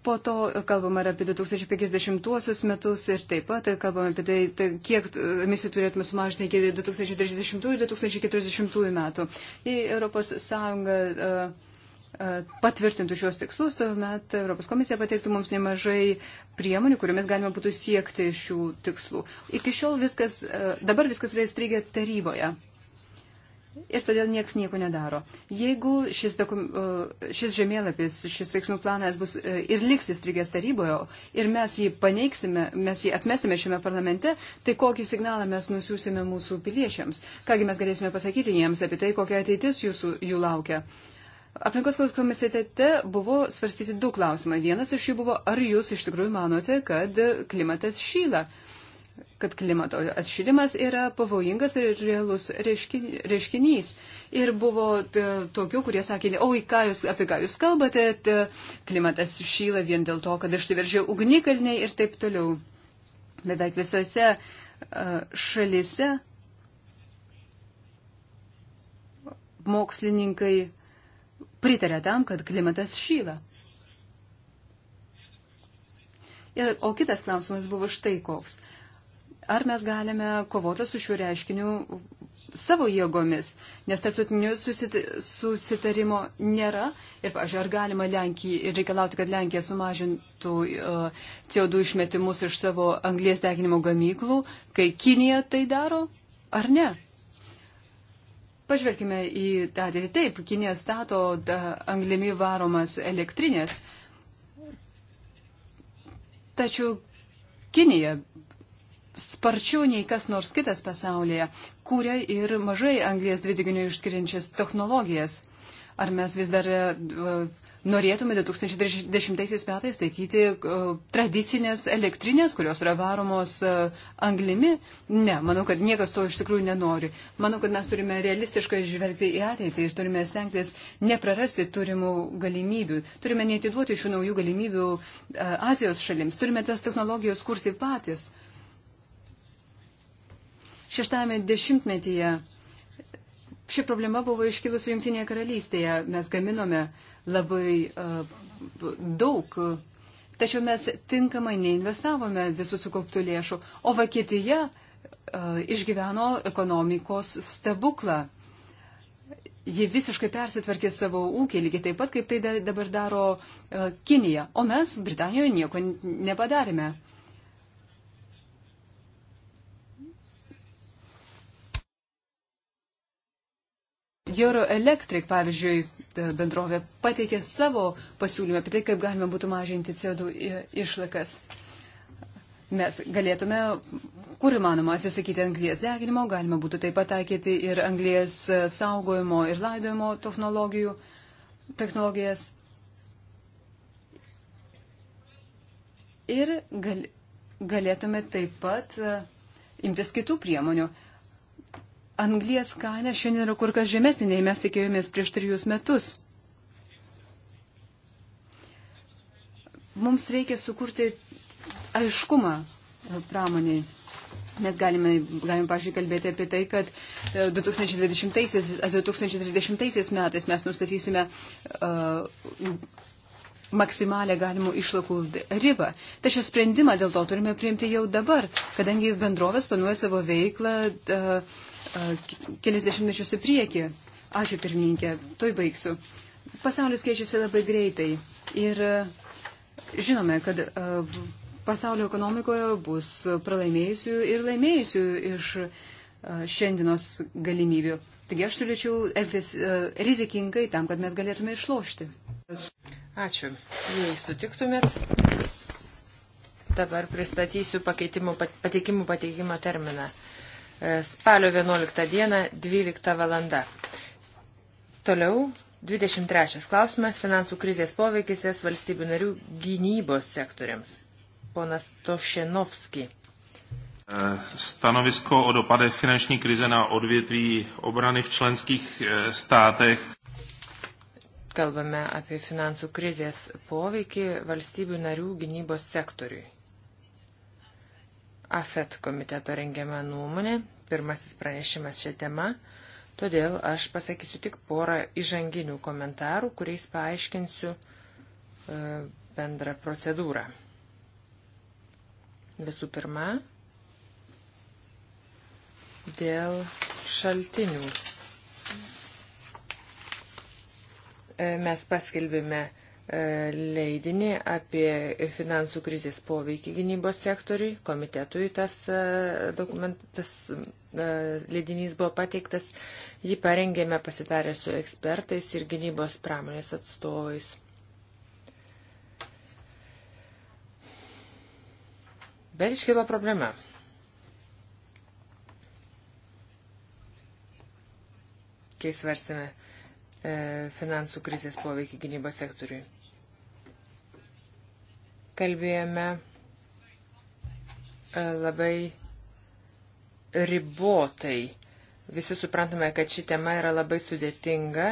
Po to kalbama ir apie 2050 metus ir taip pat kalbama apie tai, tai kiek emisijų turėtume sumažinti iki 2030 ir 2040 metų. Jei ES e, e, patvirtintų šios tikslus, tuomet Europos komisija pateiktų mums nemažai priemonių, kuriomis galima būtų siekti šių tikslų. Iki šiol viskas, e, dabar viskas yra įstrigę taryboje ir todėl niekas nieko nedaro. Jeigu šis, dokum, šis žemėlapis, šis veiksmų planas bus e, ir liks įstrigęs taryboje ir mes jį paneiksime, mes jį atmesime šiame parlamente, tai kokį signalą mes nusiųsime mūsų piliečiams? Kągi mes galėsime pasakyti jiems apie tai, kokia ateitis jūsų, jų laukia? Aplinkos komitete buvo svarstyti du klausimai. Vienas iš jų buvo, ar jūs iš tikrųjų manote, kad klimatas šyla? Uh, kad klimato atšilimas yra pavojingas ir realus reiškinys. Ir buvo tokių, kurie sakė, oi, ką jūs, apie ką jūs kalbate, t, klimatas šyla vien dėl to, kad išsiveržė ugnikalniai ir taip toliau. Beveik visose šalise mokslininkai pritarė tam, kad klimatas šyla. Ir, o kitas klausimas buvo štai koks Ar mes galime kovoti su šiuo reiškiniu savo jėgomis, nes tarptautinių susit susitarimo nėra. Ir, pažiūrėjau, ar galima Lenkijai reikalauti, kad Lenkija sumažintų uh, e, CO2 išmetimus iš savo anglės deginimo gamyklų, kai Kinija tai daro, ar ne? Pažvelkime į ateitį. Taip, Kinija stato e, anglimi varomas elektrinės. Tačiau Kinija sparčiau nei kas nors kitas pasaulyje kūrė ir mažai anglės dvideginio išskiriančias technologijas. Ar mes vis dar e, norėtume 2010 metais statyti e, tradicinės elektrinės, kurios yra varomos e, anglimi? Ne, manau, kad niekas to iš tikrųjų nenori. Manau, kad mes turime realistiškai žvelgti į ateitį ir turime stengtis neprarasti turimų galimybių. Turime neatiduoti šių naujų galimybių Azijos šalims. Turime tas technologijos kurti patys. Šeštame dešimtmetyje ši problema buvo iškilusi Junktinėje karalystėje. Mes gaminome labai uh, daug, tačiau mes tinkamai neinvestavome visų sukauptų lėšų, o Vokietija uh, išgyveno ekonomikos stebuklą. Ji visiškai persitvarkė savo ūkį, lygiai taip pat, kaip tai dabar daro uh, Kinija. O mes Britanijoje nieko nepadarėme. Euro Electric, pavyzdžiui, e, bendrovė pateikė savo pasiūlymą apie tai, kaip galima būtų mažinti CO2 išlakas. Mes galėtume, kur įmanoma, atsisakyti anglies deginimo, galima būtų taip pat taikyti ir anglies e, saugojimo ir laidojimo technologijų, technologijas. Ir gal, galėtume taip pat e, imtis kitų priemonių. Uh, Anglijas kaina šiandien yra kur kas žemesnė, nei mes tikėjomės prieš trijus metus. Mums reikia sukurti aiškumą pramoniai. Mes galime, galime pažiūrėjau, kalbėti apie tai, kad 2020-2030 e, metais mes nustatysime uh, e, maksimalę galimų išlakų ribą. Tačiau sprendimą dėl to turime priimti jau dabar, kadangi bendrovės planuoja savo veiklą uh, kelias dešimtmečius į priekį. Ačiū pirmininkė, toj baigsiu. Pasaulis keičiasi labai greitai ir e, žinome, kad e, pasaulio ekonomikoje bus pralaimėjusių ir laimėjusių iš e, šiandienos galimybių. Taigi aš siūlyčiau elgtis rizikingai tam, kad mes galėtume išlošti. Ačiū. Jei sutiktumėt, dabar pristatysiu pateikimų pateikimo terminą. E, spalio 11 dieną 12 valanda. Toliau 23 klausimas - finansų krizės poveikis es valstybių narių gynybos sektoriams. Ponas Tošenovski. E, stanovisko o dopadech finanční krize na odvětví obrany v členských e, státech. Kalbame apie finansų krizės poveikį valstybių narių gynybos sektoriui. AFET komiteto rengiama nuomonė, pirmasis pranešimas šią temą, todėl aš pasakysiu tik porą įžanginių komentarų, kuriais paaiškinsiu e, bendrą procedūrą. Visų pirma, dėl šaltinių. E, mes paskelbėme E, leidinį apie finansų krizės poveikį gynybos sektoriui. Komitetui tas e, dokumentas, e, leidinys buvo pateiktas. Jį parengėme pasitarę su ekspertais ir gynybos pramonės atstovais. Bet iškilo problema. Kai svarsime finansų krizės poveikį gynybos sektoriui kalbėjome e, labai ribotai. Visi suprantame, kad ši tema yra labai sudėtinga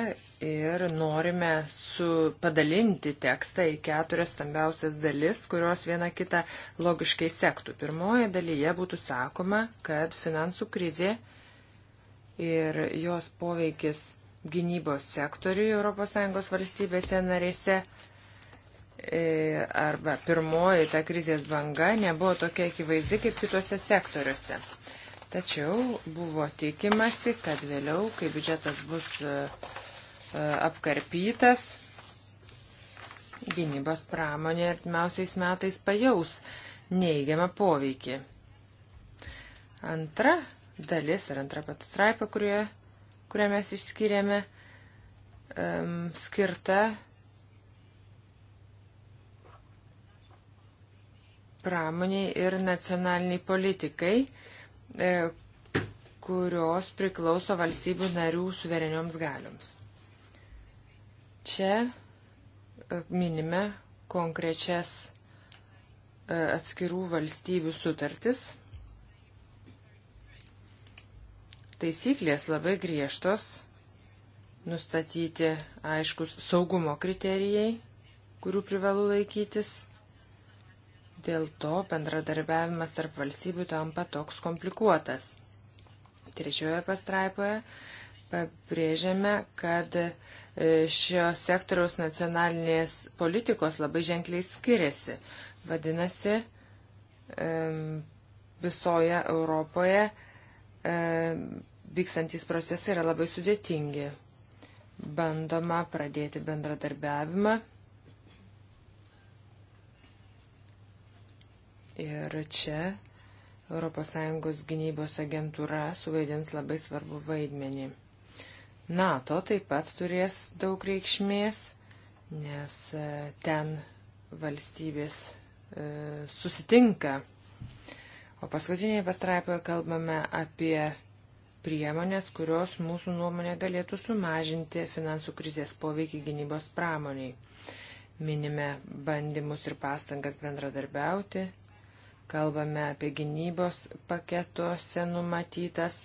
ir norime su, padalinti tekstą į keturias stambiausias dalis, kurios viena kitą logiškai sektų. Pirmoje dalyje būtų sakoma, kad finansų krizė ir jos poveikis gynybos sektoriui ES valstybėse narėse E, arba pirmoji ta krizės banga nebuvo tokia akivaizdi kaip kitose sektoriuose. Tačiau buvo tikimasi, kad vėliau, kai biudžetas bus e, e, apkarpytas, gynybos pramonė artimiausiais metais pajaus neįgiamą poveikį. Antra dalis ir antra pastraipa, kurią mes išskiriame, um, skirta pramoniai ir nacionaliniai politikai, e, kurios priklauso valstybių narių suverenioms galioms. Čia e, minime konkrečias e, atskirų valstybių sutartis. Taisyklės labai griežtos, nustatyti aiškus saugumo kriterijai, kurių privalu laikytis Dėl to bendradarbiavimas tarp valstybių tampa toks komplikuotas. Trečioje pastraipoje pabrėžiame, kad e, šio sektoriaus nacionalinės politikos labai ženkliai skiriasi. Vadinasi, visoje Europoje vykstantis procesai yra labai sudėtingi. Bandoma pradėti bendradarbiavimą Ir čia ES gynybos agentūra suvaidins labai svarbu vaidmenį. NATO taip pat turės daug reikšmės, nes e, ten valstybės e, susitinka. O paskutinėje pastraipoje kalbame apie priemonės, kurios mūsų nuomonė galėtų sumažinti finansų krizės poveikį gynybos pramoniai. Minime bandymus ir pastangas bendradarbiauti, kalbame apie gynybos paketuose numatytas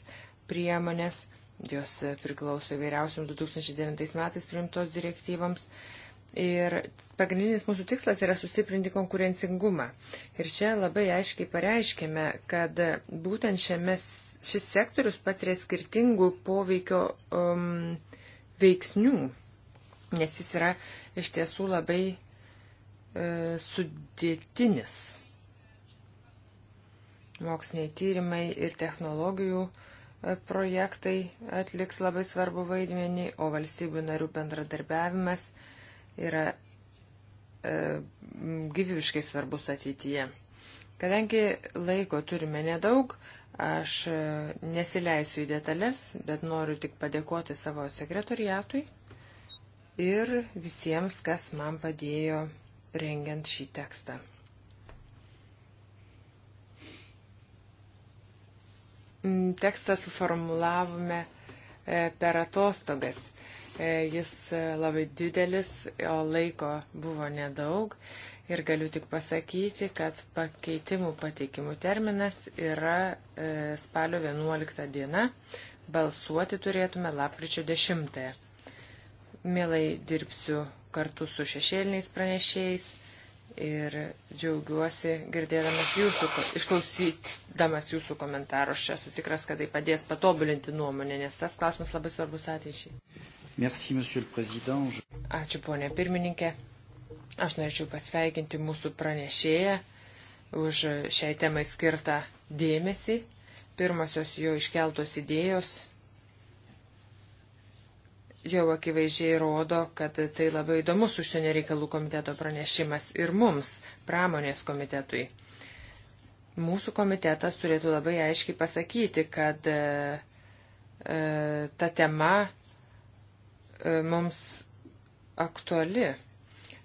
priemonės, jos priklauso vairiausiams 2009 metais priimtos direktyvams. Ir pagrindinis mūsų tikslas yra sustiprinti konkurencingumą. Ir čia labai aiškiai pareiškėme, kad būtent šiame, šis sektorius patiria skirtingų poveikio um, veiksnių, nes jis yra iš tiesų labai e, sudėtinis. Moksliniai tyrimai ir technologijų e, projektai atliks labai svarbu vaidmenį, o valstybių narių bendradarbiavimas yra e, gyvybiškai svarbus ateityje. Kadangi laiko turime nedaug, aš e, nesileisiu į detalės, bet noriu tik padėkoti savo sekretoriatui ir visiems, kas man padėjo rengiant šį tekstą. tekstą suformulavome e, per atostogas. E, jis e, labai didelis, o laiko buvo nedaug ir galiu tik pasakyti, kad pakeitimų pateikimų terminas yra spalio 11 diena, balsuoti turėtume lapkričio 10. Mielai dirbsiu kartu su šešėliniais pranešėjais ir džiaugiuosi girdėdamas jūsų, išklausydamas jūsų komentarus. Aš esu tikras, kad tai padės patobulinti nuomonę, nes tas klausimas labai svarbus ateičiai. Merci, Ačiū, ponė pirmininkė. Aš norėčiau pasveikinti mūsų pranešėją už šiai temai skirtą dėmesį. Pirmosios jo iškeltos idėjos jau akivaizdžiai rodo, kad tai labai įdomus užsienio reikalų komiteto pranešimas ir mums, pramonės komitetui. Mūsų komitetas turėtų labai aiškiai pasakyti, kad e, e ta tema e, mums aktuali.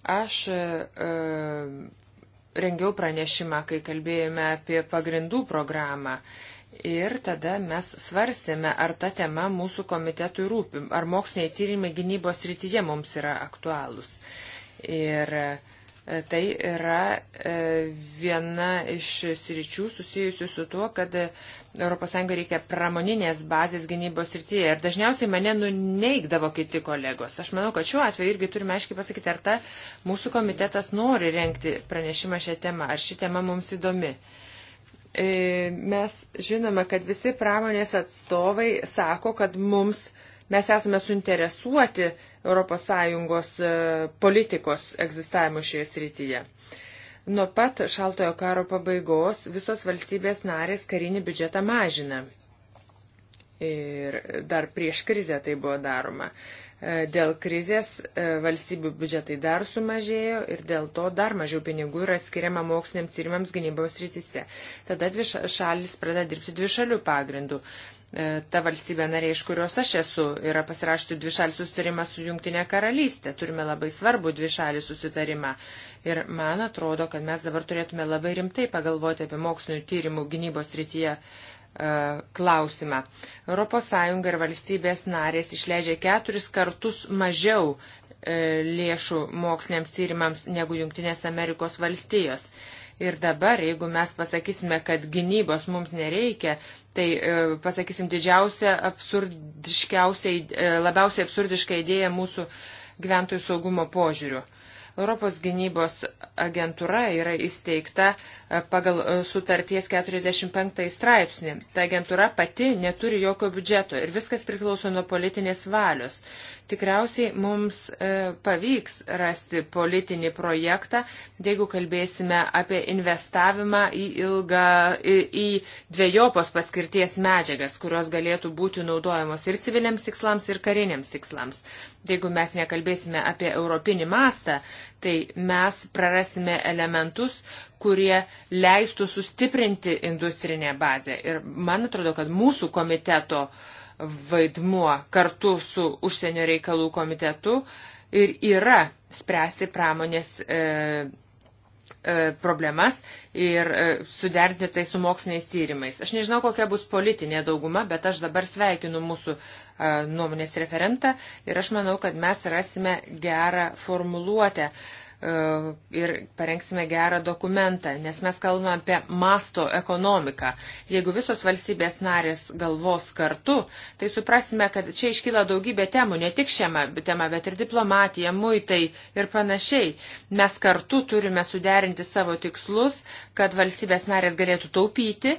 Aš e, e, rengiau pranešimą, kai kalbėjome apie pagrindų programą Ir tada mes svarstėme, ar ta tema mūsų komitetui rūpi, ar moksliniai tyrimai gynybos rytyje mums yra aktualūs. Ir e, tai yra e, viena iš sričių susijusių su tuo, kad ES reikia pramoninės bazės gynybos rytyje. Ir dažniausiai mane nuneigdavo kiti kolegos. Aš manau, kad šiuo atveju irgi turime aiškiai pasakyti, ar ta mūsų komitetas nori renkti pranešimą šią temą, ar ši tema mums įdomi. E, mes žinome, kad visi pramonės atstovai sako, kad mums, mes esame suinteresuoti ES e, politikos egzistavimu šioje srityje. Nuo pat šaltojo karo pabaigos visos valstybės narės karinį biudžetą mažina. Ir dar prieš krizę tai buvo daroma. E, dėl krizės e, valstybių biudžetai dar sumažėjo ir dėl to dar mažiau pinigų yra skiriama moksliniams tyrimams gynybos rytise. Tada dvi šalis pradeda dirbti dvi šalių pagrindų. E, ta valstybė narė, iš kurios aš esu, yra pasirašyti dvi šalį susitarimą su Junktinė karalystė. Turime labai svarbų dvi šalį susitarimą. Ir man atrodo, kad mes dabar turėtume labai rimtai pagalvoti apie mokslinių tyrimų gynybos rytyje uh, E, klausimą. ES ir valstybės narės išleidžia keturis kartus mažiau e, lėšų moksliniams tyrimams negu Junktinės Amerikos valstijos. Ir dabar, jeigu mes pasakysime, kad gynybos mums nereikia, tai e, pasakysim didžiausia, absurdiškiausiai, e, labiausiai absurdiška idėja mūsų gyventojų saugumo požiūrių. Europos gynybos agentūra yra įsteigta e, pagal e, sutarties 45 straipsnį. Ta agentūra pati neturi jokio biudžeto ir viskas priklauso nuo politinės valios. Tikriausiai mums e, pavyks rasti politinį projektą, jeigu kalbėsime apie investavimą į, ilgą, į, į dviejopos paskirties medžiagas, kurios galėtų būti naudojamos ir civiliams tikslams, ir kariniams tikslams. Jeigu mes nekalbėsime apie europinį mastą, tai mes prarasime elementus, kurie leistų sustiprinti industrinę bazę. Ir man atrodo, kad mūsų komiteto vaidmuo kartu su užsienio reikalų komitetu ir yra spręsti pramonės e, e, problemas ir e, suderinti tai su moksliniais tyrimais. Aš nežinau, kokia bus politinė dauguma, bet aš dabar sveikinu mūsų nuomonės referentą ir aš manau, kad mes rasime gerą formuluotę. Uh, E, ir parengsime gerą dokumentą, nes mes kalbame apie masto ekonomiką. Jeigu visos valstybės narės galvos kartu, tai suprasime, kad čia iškyla daugybė temų, ne tik šiame tema, bet ir diplomatija, muitai ir panašiai. Mes kartu turime suderinti savo tikslus, kad valstybės narės galėtų taupyti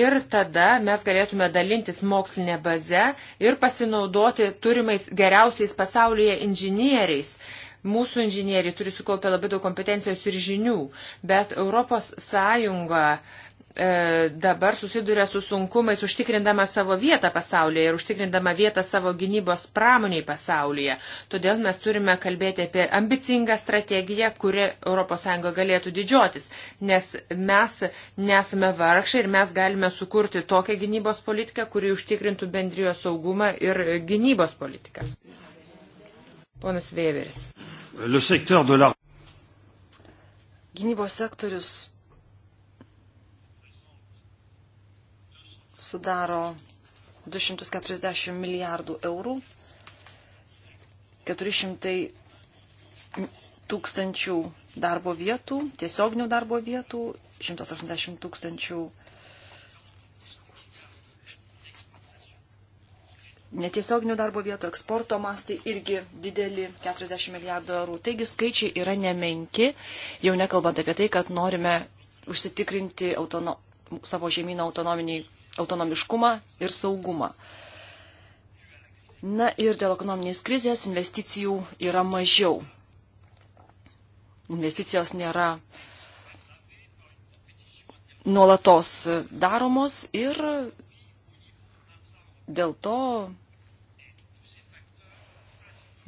ir tada mes galėtume dalintis mokslinę bazę ir pasinaudoti turimais geriausiais pasaulyje inžinieriais Mūsų inžinieriai turi sukaupę labai daug kompetencijos ir žinių, bet ES e, dabar susiduria su sunkumais užtikrindama savo vietą pasaulyje ir užtikrindama vietą savo gynybos pramoniai pasaulyje. Todėl mes turime kalbėti apie ambicingą strategiją, kuri ES galėtų didžiotis, nes mes nesame vargšai ir mes galime sukurti tokią gynybos politiką, kuri užtikrintų bendrijos saugumą ir gynybos politiką. Ponas Vėveris. Gynybos sektorius sudaro 240 milijardų eurų, 400 tūkstančių darbo vietų, tiesioginių darbo vietų, 180 tūkstančių netiesioginių darbo vietų eksporto mastai irgi dideli - 40 milijardų eurų. Taigi skaičiai yra nemenki, jau nekalbant apie tai, kad norime užsitikrinti autono, savo žemyną autonomiškumą ir saugumą. Na ir dėl ekonominės krizės investicijų yra mažiau. Investicijos nėra nuolatos daromos ir dėl to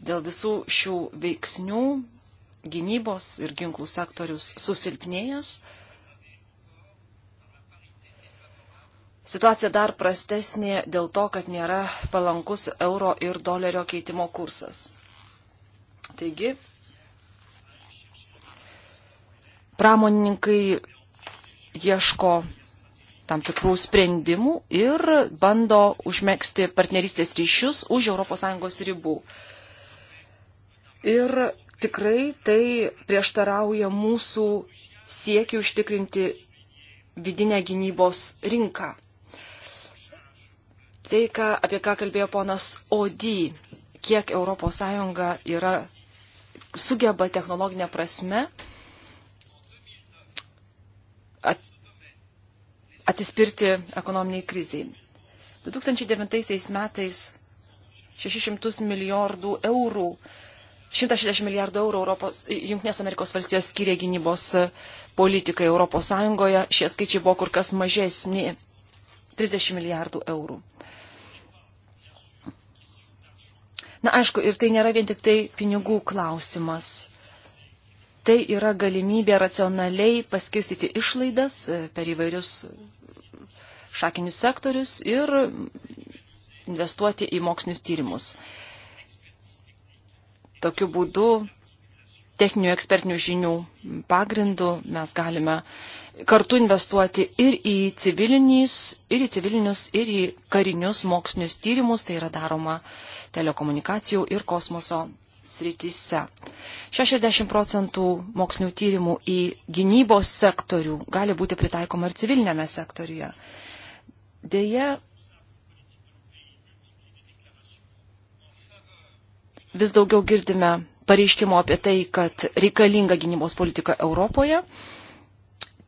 Dėl visų šių veiksnių gynybos ir ginklų sektorius susilpnėjęs. Situacija dar prastesnė dėl to, kad nėra palankus euro ir dolerio keitimo kursas. Taigi, pramonininkai ieško tam tikrų sprendimų ir bando užmėgsti partnerystės ryšius už ES ribų. Ir tikrai tai prieštarauja mūsų siekiu užtikrinti vidinę gynybos rinką. Tai, ką, apie ką kalbėjo ponas Odį, kiek ES yra, sugeba technologinė prasme at, atsispirti ekonominiai kriziai. 2009 metais 600 milijardų eurų 160 milijardų eurų Europos, Junktinės Amerikos valstijos skiria gynybos e, politikai Europos Sąjungoje. Šie skaičiai buvo kur kas mažesni - 30 milijardų eurų. Na aišku, ir tai nėra vien tik tai pinigų klausimas. Tai yra galimybė racionaliai paskirstyti išlaidas e, per įvairius šakinius sektorius ir investuoti į mokslinius tyrimus tokiu būdu techninių ekspertinių žinių pagrindų mes galime kartu investuoti ir į civilinius, ir į, civilinius, ir į karinius mokslinius tyrimus, tai yra daroma telekomunikacijų ir kosmoso srityse. 60 procentų mokslinių tyrimų į gynybos sektorių gali būti pritaikoma ir civilinėme sektoriuje. Deja, vis daugiau girdime pareiškimo apie tai, kad reikalinga gynybos politika Europoje,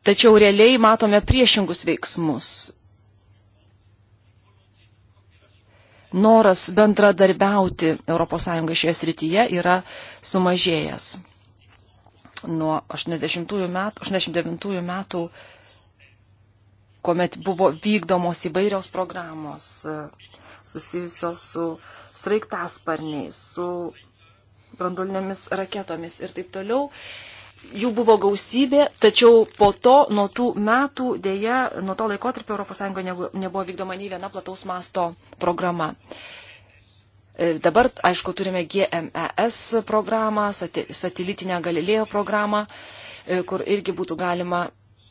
tačiau realiai matome priešingus veiksmus. Noras bendradarbiauti ES šioje srityje yra sumažėjęs. Nuo 80 metų, 89 metų, kuomet buvo vykdomos įvairios programos e, susijusios su sraigtasparniais, su brandulinėmis raketomis ir taip toliau. Jų buvo gausybė, tačiau po to, nuo tų metų, dėja, nuo to laikotarpio ES nebuvo vykdoma nei viena plataus masto programa. E, dabar, aišku, turime GMES programą, satelitinę Galilėjo programą, e, kur irgi būtų galima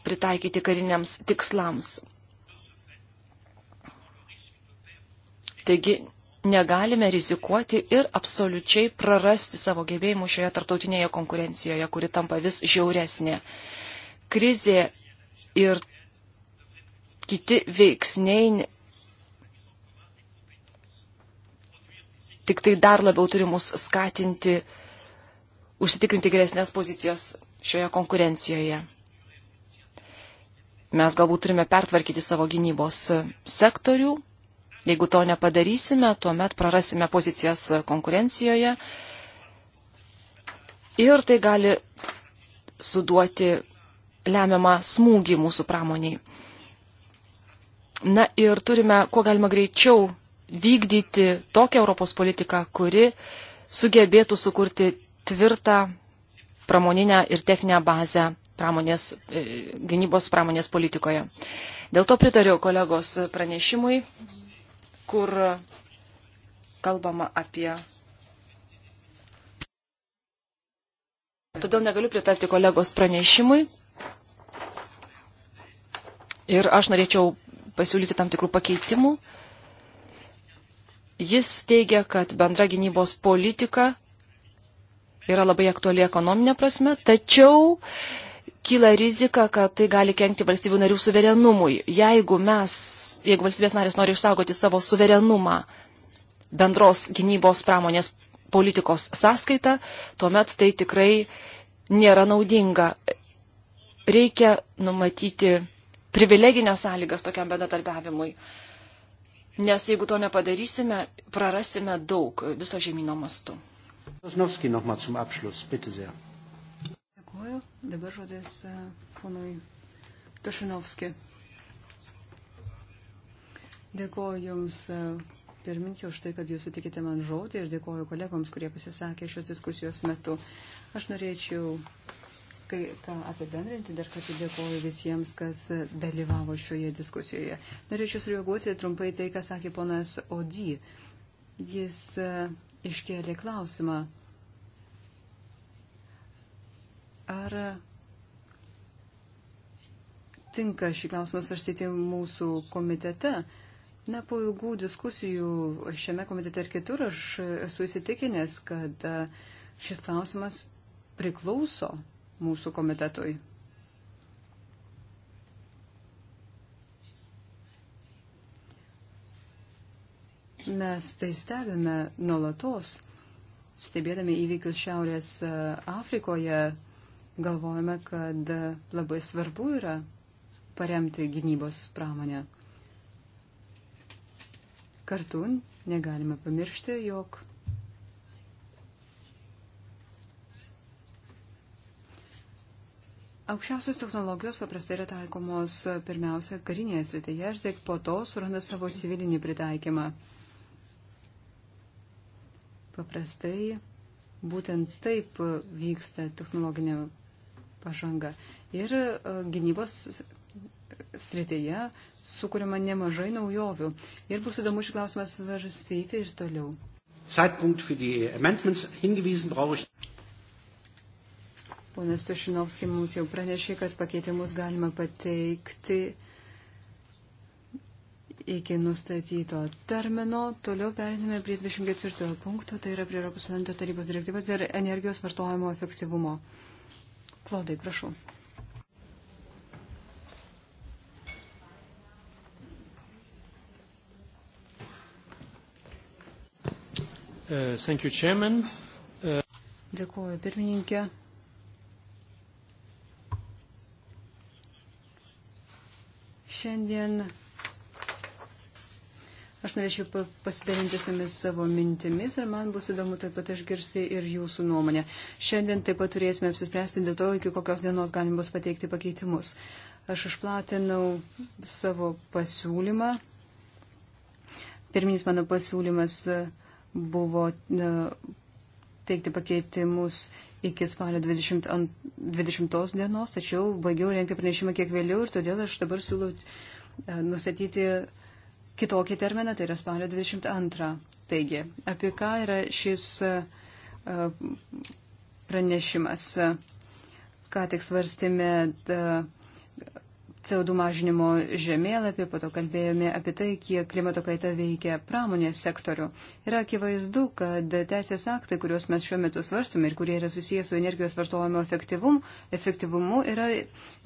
pritaikyti kariniams tikslams. Taigi negalime rizikuoti ir absoliučiai prarasti savo gebėjimų šioje tarptautinėje konkurencijoje, kuri tampa vis žiauresnė. Krizė ir kiti veiksniai tik tai dar labiau turi mus skatinti užsitikrinti geresnės pozicijas šioje konkurencijoje. Mes galbūt turime pertvarkyti savo gynybos sektorių, Jeigu to nepadarysime, tuomet prarasime pozicijas konkurencijoje ir tai gali suduoti lemiamą smūgį mūsų pramoniai. Na ir turime, kuo galima greičiau, vykdyti tokią Europos politiką, kuri sugebėtų sukurti tvirtą pramoninę ir techninę bazę pramonės, e, gynybos pramonės politikoje. Dėl to pritariu kolegos pranešimui kur kalbama apie. Todėl negaliu pritarti kolegos pranešimui. Ir aš norėčiau pasiūlyti tam tikrų pakeitimų. Jis teigia, kad bendra gynybos politika yra labai aktuali ekonominė prasme, tačiau kyla rizika, kad tai gali kenkti valstybių narių suverenumui. Jeigu mes, jeigu valstybės narės nori išsaugoti savo suverenumą bendros gynybos pramonės politikos sąskaita, tuomet tai tikrai nėra naudinga. Reikia numatyti privileginės sąlygas tokiam bendradarbiavimui. Nes jeigu to nepadarysime, prarasime daug viso žemynų mastu. Sosnovski nochmal zum Abschluss, bitte sehr. Dėkuoju. Dabar žodis e, ponui Tošinovski. Dėkuoju Jums, e, pirminkė, už tai, kad Jūs sutikite man žodį ir dėkuoju kolegoms, kurie pasisakė šios diskusijos metu. Aš norėčiau kai ką apibendrinti, dar kartą dėkoju visiems, kas dalyvavo šioje diskusijoje. Norėčiau sureaguoti trumpai tai, ką sakė ponas Odi. Jis e, iškėlė klausimą, Ar tinka šį klausimą svarstyti mūsų komitete? Na, po ilgų diskusijų šiame komitete ir kitur aš esu įsitikinęs, kad šis klausimas priklauso mūsų komitetui. Mes tai stebime nuolatos, stebėdami įvykius Šiaurės Afrikoje, galvojame, kad labai svarbu yra paremti gynybos pramonę. Kartu negalime pamiršti, jog Aukščiausios technologijos paprastai yra taikomos pirmiausia karinėje srityje ir tik po to suranda savo civilinį pritaikymą. Paprastai būtent taip vyksta technologinė pažanga. Ir e, gynybos srityje sukūrima nemažai naujovių. Ir bus įdomu šį klausimą svarstyti ir toliau. Ponas Tušinovskis mums jau pranešė, kad pakeitimus galima pateikti iki nustatyto termino. Toliau periname prie 24 punkto, tai yra prie Europos Parlamento tarybos direktyvos ir energijos vartojimo efektyvumo. Klodai, prašau. Uh, thank you, Chairman. Uh... Dėkuoju, pirmininkė. Šiandien Aš norėčiau pasidalinti su jumis savo mintimis ir man bus įdomu taip pat išgirsti ir jūsų nuomonę. Šiandien taip pat turėsime apsispręsti dėl to, iki kokios dienos galim bus pateikti pakeitimus. Aš išplatinau savo pasiūlymą. Pirminis mano pasiūlymas e, buvo e, teikti pakeitimus iki spalio 20, 20 dienos, tačiau baigiau renkti pranešimą kiek vėliau ir todėl aš dabar siūlau e, nustatyti kitokį terminą, tai yra spalio 22. Taigi, apie ką yra šis e, e, pranešimas? Ką tik svarstėme e, CO2 mažinimo žemėlapį, po to kalbėjome apie tai, kiek klimato kaita veikia pramonės sektorių. Yra akivaizdu, kad teisės aktai, kuriuos mes šiuo metu svarstume ir kurie yra susijęs su energijos vartojimo efektyvum, efektyvumu, yra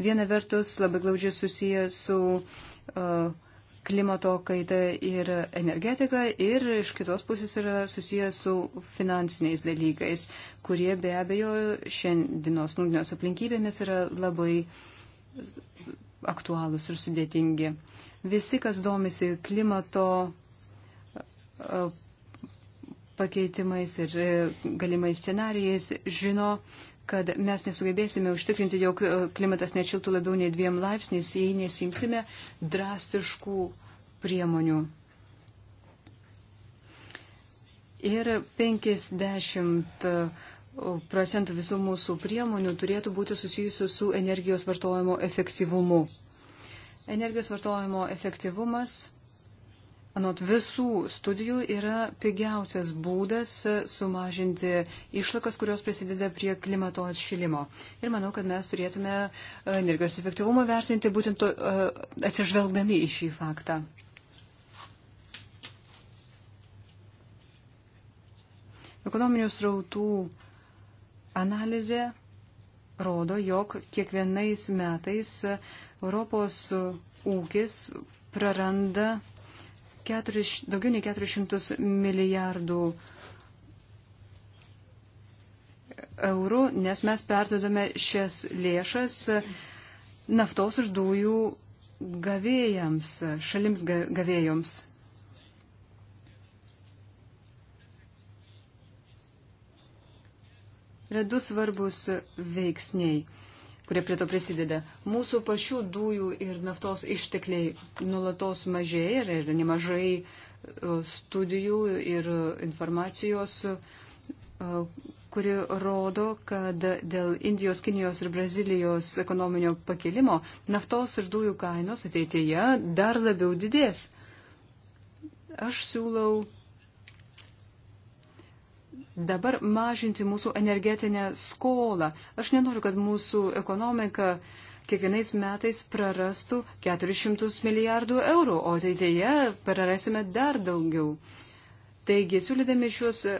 viena vertus labai glaudžiai susiję su uh, klimato kaita ir energetika ir iš kitos pusės yra susijęs su finansiniais dalykais, kurie be abejo šiandienos nūdienos aplinkybėmis yra labai aktualūs ir sudėtingi. Visi, kas domisi klimato pakeitimais ir galimais scenarijais, žino, kad mes nesugebėsime užtikrinti, jog e, klimatas nečiltų labiau nei dviem laipsniais, jei nesimsime drastiškų priemonių. Ir 50 e, procentų visų mūsų priemonių turėtų būti susijusių su energijos vartojimo efektyvumu. Energijos vartojimo efektyvumas anot visų studijų, yra pigiausias būdas sumažinti išlakas, kurios prisideda prie klimato atšilimo. Ir manau, kad mes turėtume e, energijos efektyvumą vertinti būtent to, e, atsižvelgdami į šį faktą. Ekonominių srautų analizė rodo, jog kiekvienais metais Europos ūkis praranda keturis, daugiau nei 400 milijardų eurų, nes mes perdodame šias lėšas naftos ir dujų gavėjams, šalims gavėjoms. Yra du svarbus veiksniai kurie prie to prisideda. Mūsų pačių dujų ir naftos ištekliai nulatos mažėja ir yra nemažai e, studijų ir informacijos, e, kuri rodo, kad dėl Indijos, Kinijos ir Brazilijos ekonominio pakilimo naftos ir dujų kainos ateityje dar labiau didės. Aš siūlau dabar mažinti mūsų energetinę skolą. Aš nenoriu, kad mūsų ekonomika kiekvienais metais prarastų 400 milijardų eurų, o ateityje prarasime dar daugiau. Taigi, siūlydami šios e,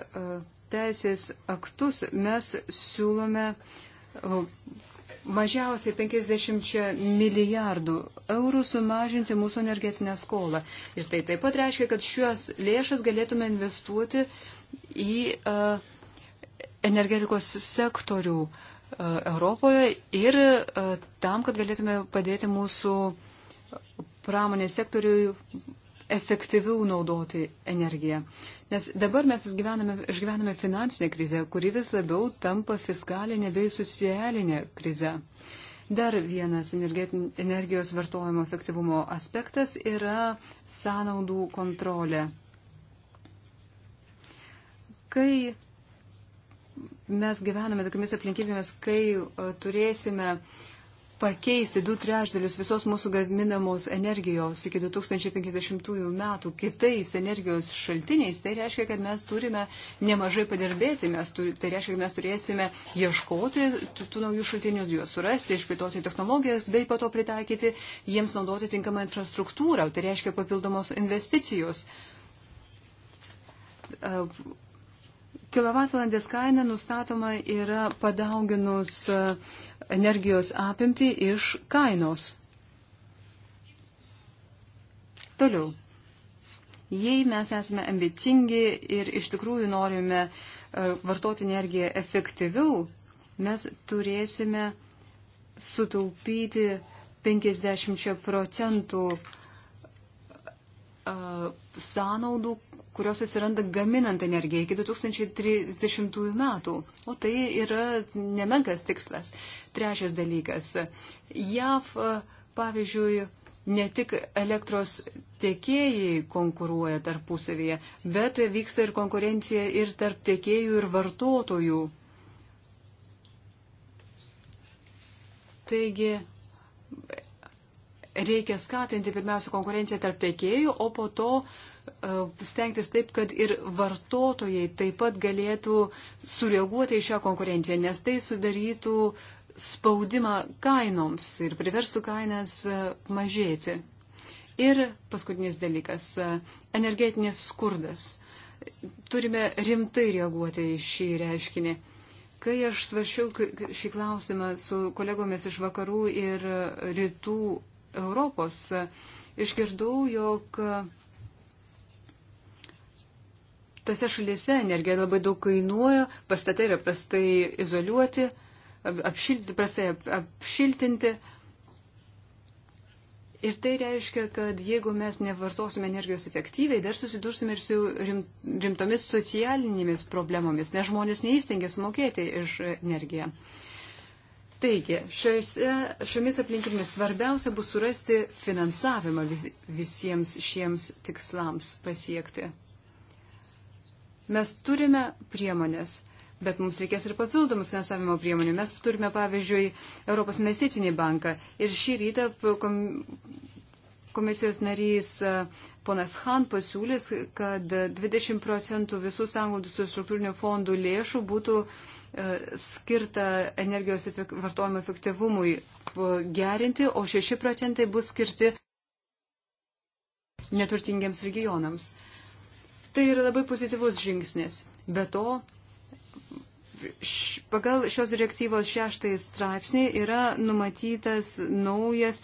teisės aktus, mes siūlome e, mažiausiai 50 milijardų eurų sumažinti mūsų energetinę skolą. Ir tai taip pat reiškia, kad šios lėšas galėtume investuoti uh, į e, energetikos sektorių e, Europoje ir e, tam, kad galėtume padėti mūsų pramonės sektoriui efektyviau naudoti energiją. Nes dabar mes gyvename, išgyvename finansinę krizę, kuri vis labiau tampa fiskalinė bei socialinė krize. Dar vienas energijos vartojimo efektyvumo aspektas yra sąnaudų kontrolė kai mes gyvename tokiamis aplinkybėmis, kai e, turėsime pakeisti du trešdalius visos mūsų gaminamos energijos iki 2050 metų kitais energijos šaltiniais, tai reiškia, kad mes turime nemažai padirbėti, mes turi, tai reiškia, kad mes turėsime ieškoti tų, tų naujų šaltinių, juos surasti, išplėtoti technologijas, bei po to pritaikyti jiems naudoti tinkamą infrastruktūrą, tai reiškia papildomos investicijos e, kilovatvalandės kaina nustatoma yra padauginus e, energijos apimti iš kainos. Toliau. Jei mes esame ambicingi ir iš tikrųjų norime e, vartoti energiją efektyviau, mes turėsime sutaupyti 50 procentų e, sąnaudų, kurios atsiranda gaminant energiją iki 2030 metų. O tai yra nemenkas tikslas. Trečias dalykas. JAV, pavyzdžiui, ne tik elektros tiekėjai konkuruoja tarpusavėje, bet vyksta ir konkurencija ir tarp tiekėjų ir vartotojų. Taigi, reikia skatinti pirmiausia konkurenciją tarp tiekėjų, o po to e, stengtis taip, kad ir vartotojai taip pat galėtų sureaguoti į šią konkurenciją, nes tai sudarytų spaudimą kainoms ir priverstų kainas e, mažėti. Ir paskutinis dalykas e, - energetinės skurdas. Turime rimtai reaguoti į šį reiškinį. Kai aš svaršiau šį klausimą su kolegomis iš vakarų ir rytų Europos. Išgirdau, jog tose šalyse energija labai daug kainuoja, pastatai yra prastai izoliuoti, apšilti, prastai apšiltinti. Ir tai reiškia, kad jeigu mes nevartosime energijos efektyviai, dar susidursime ir su rimtomis socialinėmis problemomis, nes žmonės neįstengia sumokėti iš energiją. Taigi, šiose, šiomis aplinkybėmis svarbiausia bus surasti finansavimą visiems šiems tikslams pasiekti. Mes turime priemonės, bet mums reikės ir papildomų finansavimo priemonių. Mes turime, pavyzdžiui, Europos investicinį banką. Ir šį rytą komisijos narys e, ponas Han pasiūlys, kad 20 procentų visų sąnaudų struktūrinių fondų lėšų būtų uh, E, skirta energijos vartojimo efektyvumui gerinti, o 6 procentai bus skirti neturtingiams regionams. Tai yra labai pozityvus žingsnis. Be to, pagal šios direktyvos šeštąjį straipsnį yra numatytas naujas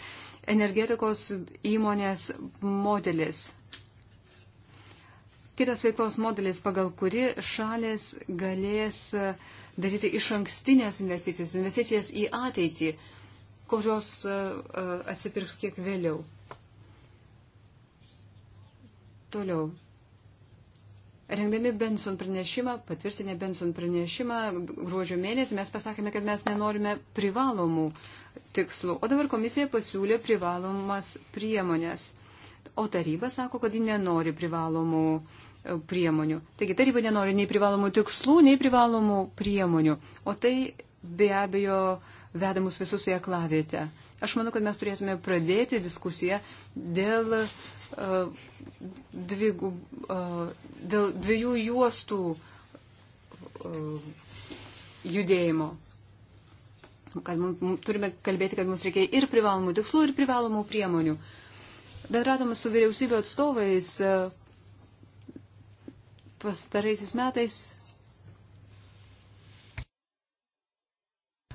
energetikos įmonės modelis. Kitas veiklos modelis, pagal kuri šalis galės uh, daryti iš ankstinės investicijas, investicijas į ateitį, kurios e, e, atsipirks kiek vėliau. Toliau. Rengdami Benson pranešimą, patvirtinę Benson pranešimą gruodžio mėnesį, mes pasakėme, kad mes nenorime privalomų tikslų. O dabar komisija pasiūlė privalomas priemonės. O taryba sako, kad ji nenori privalomų uh, priemonių. Taigi taryba nenori nei privalomų tikslų, nei privalomų priemonių. O tai be abejo veda mus visus į aklavietę. Aš manau, kad mes turėtume pradėti diskusiją dėl, uh, e, dvigų, uh, e, dėl dviejų juostų uh, judėjimo. Kad mums, turime kalbėti, kad mums reikia ir privalomų tikslų, ir privalomų priemonių. Bendradamas su vyriausybė atstovais. Uh, pastaraisiais metais.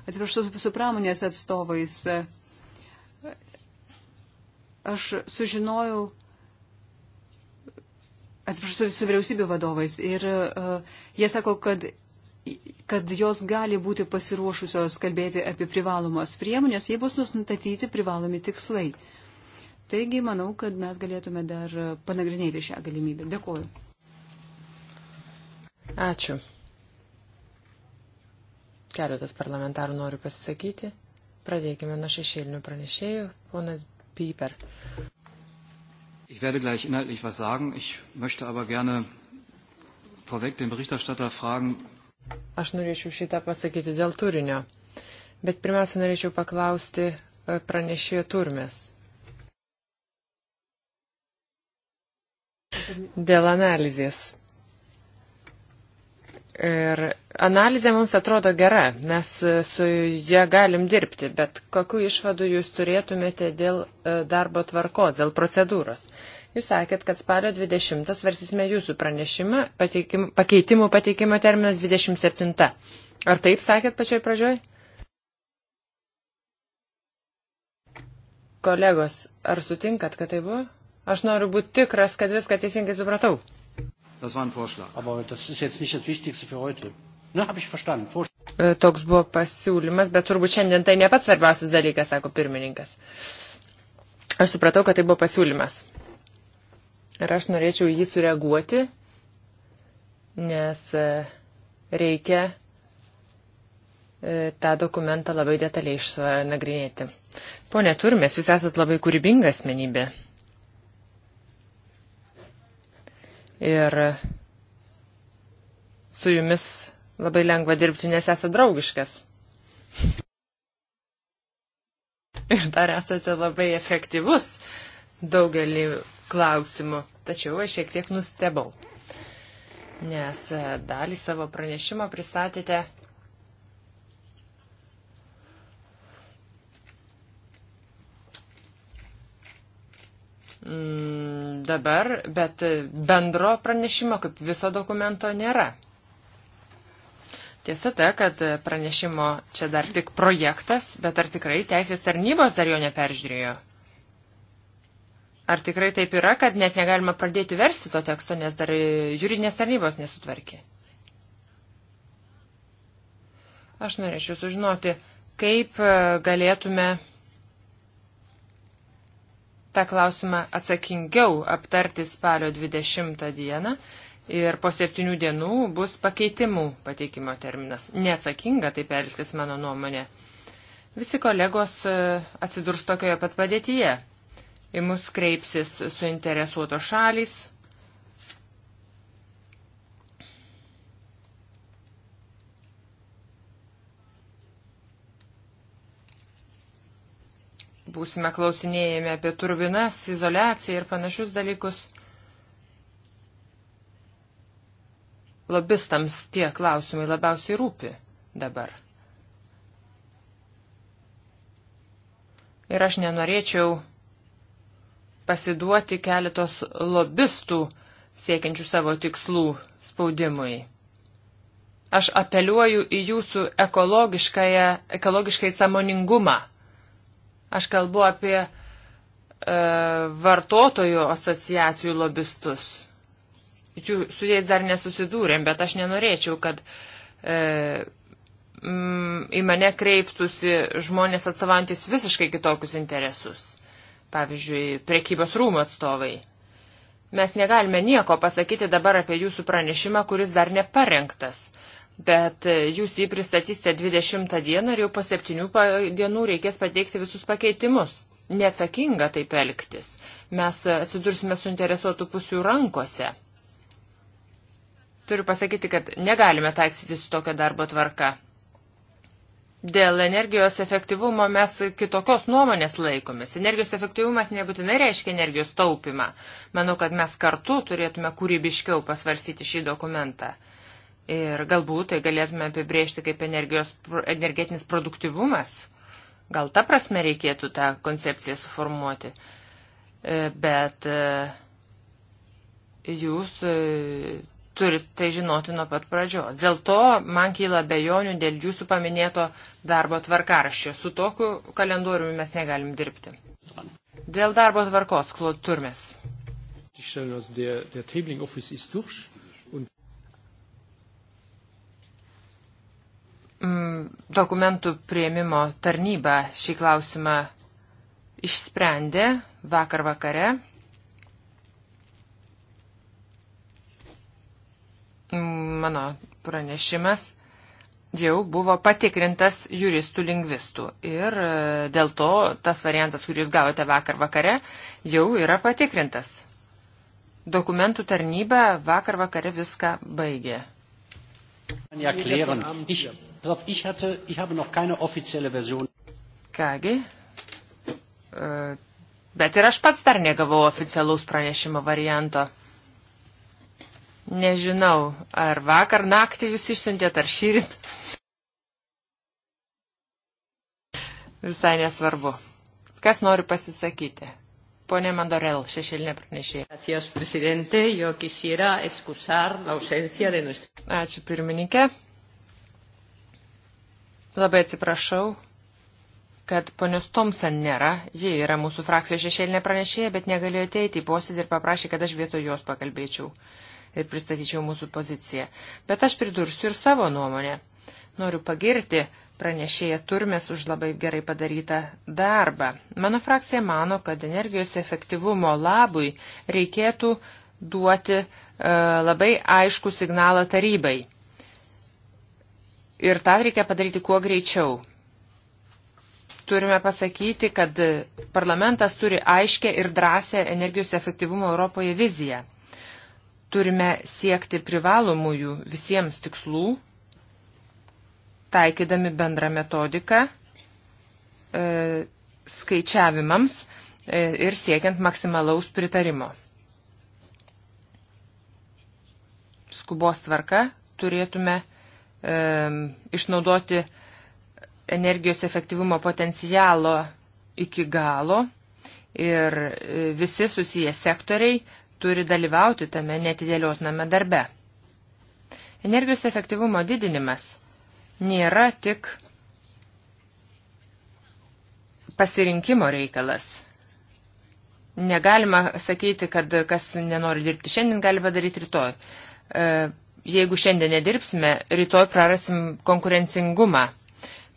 Atsiprašau, su pramonės atstovais. Aš sužinojau, atsiprašau, su vyriausybių vadovais ir uh, jie sako, kad kad jos gali būti pasiruošusios kalbėti apie privalomas priemonės, jei bus nustatyti privalomi tikslai. Taigi, manau, kad mes galėtume dar panagrinėti šią galimybę. Dėkuoju. Ačiū. Keletas parlamentarų noriu pasisakyti. Pradėkime nuo šešėlinių pranešėjų. Ponas Piper. Ich werde gleich inhaltlich was sagen. Ich möchte aber gerne vorweg den Berichterstatter fragen. Aš norėčiau šitą pasakyti dėl turinio. Bet pirmiausia, norėčiau paklausti e, pranešėjo turmės. Dėl analizės. Ir analizė mums atrodo gera, mes e, su ją galim dirbti, bet kokiu išvadu jūs turėtumėte dėl e, darbo tvarkos, dėl procedūros? Jūs sakėt, kad spalio 20 svarsysime jūsų pranešimą, pateikim, pakeitimų pateikimo terminas 27. Ar taip sakėt pačioj pradžioj? Kolegos, ar sutinkat, kad tai buvo? Aš noriu būti tikras, kad viską teisingai supratau. Das war ein Vorschlag. Aber das ist jetzt nicht das Wichtigste für heute. Na, habe ich verstanden. Vorschlag. E, toks buvo pasiūlymas, bet turbūt šiandien tai ne pats svarbiausias dalykas, sako pirmininkas. Aš supratau, kad tai buvo pasiūlymas. Ir aš norėčiau jį sureaguoti, nes e, reikia e, tą dokumentą labai detaliai išnagrinėti. Pone Turmės, jūs esat labai kūrybinga asmenybė. Ir su jumis labai lengva dirbti, nes esate draugiškas. Ir dar esate labai efektyvus daugelį klausimų. Tačiau aš šiek tiek nustebau, nes e, dalį savo pranešimo pristatėte mm, dabar, bet bendro pranešimo kaip viso dokumento nėra. Tiesa ta, kad pranešimo čia dar tik projektas, bet ar tikrai teisės tarnybos dar jo neperžiūrėjo? Ar tikrai taip yra, kad net negalima pradėti versti to teksto, nes dar jūrinės tarnybos nesutvarkė? Aš norėčiau sužinoti, kaip galėtume tą klausimą atsakingiau aptarti spalio 20 dieną ir po septynių dienų bus pakeitimų pateikimo terminas. Neatsakinga taip elgtis mano nuomonė. Visi kolegos e, atsidurs tokioje pat padėtyje. Į mus kreipsis suinteresuotos šalys, būsime klausinėjami apie turbinas, izolaciją ir panašius dalykus. Lobistams tie klausimai labiausiai rūpi dabar. Ir aš nenorėčiau pasiduoti keletos lobistų siekiančių savo tikslų spaudimui. Aš apeliuoju į jūsų ekologiškai samoningumą. Aš kalbu apie e, vartotojų asociacijų lobistus. Jų, su jais dar nesusidūrėm, bet aš nenorėčiau, kad e, m, į mane kreiptųsi žmonės atsavantis visiškai kitokius interesus. Pavyzdžiui, priekybos rūmų atstovai. Mes negalime nieko pasakyti dabar apie jūsų pranešimą, kuris dar neparengtas bet e, jūs jį pristatysite 20 dieną ir jau po 7 dienų reikės pateikti visus pakeitimus. Neatsakinga taip elgtis. Mes e, atsidursime suinteresuotų pusių rankose. Turiu pasakyti, kad negalime taiksyti su tokia darbo tvarka. Dėl energijos efektyvumo mes kitokios nuomonės laikomės. Energijos efektyvumas nebūtinai reiškia energijos taupimą. Manau, kad mes kartu turėtume kūrybiškiau pasvarsyti šį dokumentą. Ir galbūt tai galėtume apibriežti kaip energetinis produktivumas. Gal ta prasme reikėtų tą koncepciją suformuoti. E, bet e, jūs e, turit tai žinoti nuo pat pradžios. Dėl to man kyla bejonių dėl jūsų paminėto darbo tvarkaraščio. Su tokiu kalendoriumi mes negalim dirbti. Dėl darbo tvarkos, Klod Turmes. Die Stellen, also der, der Tabling Office ist durch. Mm, dokumentų prieimimo tarnyba šį klausimą išsprendė vakar vakare. Mm, mano pranešimas jau buvo patikrintas juristų lingvistų ir e, dėl to tas variantas, kurį jūs gavote vakar vakare, jau yra patikrintas. Dokumentų tarnyba vakar vakare viską baigė. Ja, drauf. Ich, hatte, ich habe noch keine offizielle Version. Kągi, e, bet ir aš pats dar negavau oficialaus pranešimo varianto. Nežinau, ar vakar naktį jūs išsiuntėt, ar šyrit. Visai nesvarbu. Kas nori pasisakyti? Pone Mandorel, šešėlinė pranešėja. Ačiū, pirmininkė. Labai atsiprašau, kad ponios Thompson nėra. Ji yra mūsų frakcijos šešėlinė pranešėja, bet negalėjo ateiti į posėdį ir paprašė, kad aš vietoj jos pakalbėčiau ir pristatyčiau mūsų poziciją. Bet aš pridursiu ir savo nuomonę. Noriu pagirti pranešėją Turmės už labai gerai padarytą darbą. Mano frakcija mano, kad energijos efektyvumo labui reikėtų duoti e, labai aišku signalą tarybai Ir tą reikia padaryti kuo greičiau. Turime pasakyti, kad parlamentas turi aiškę ir drąsę energijos efektyvumo Europoje viziją. Turime siekti privalomųjų visiems tikslų, taikydami bendrą metodiką e, skaičiavimams e, ir siekiant maksimalaus pritarimo. Skubos tvarka turėtume išnaudoti energijos efektyvumo potencialo iki galo ir e, visi susiję sektoriai turi dalyvauti tame netidėliotiname darbe. Energijos efektyvumo didinimas nėra tik pasirinkimo reikalas. Negalima sakyti, kad kas nenori dirbti šiandien, gali padaryti rytoj. E, jeigu šiandien nedirbsime, rytoj prarasim konkurencingumą.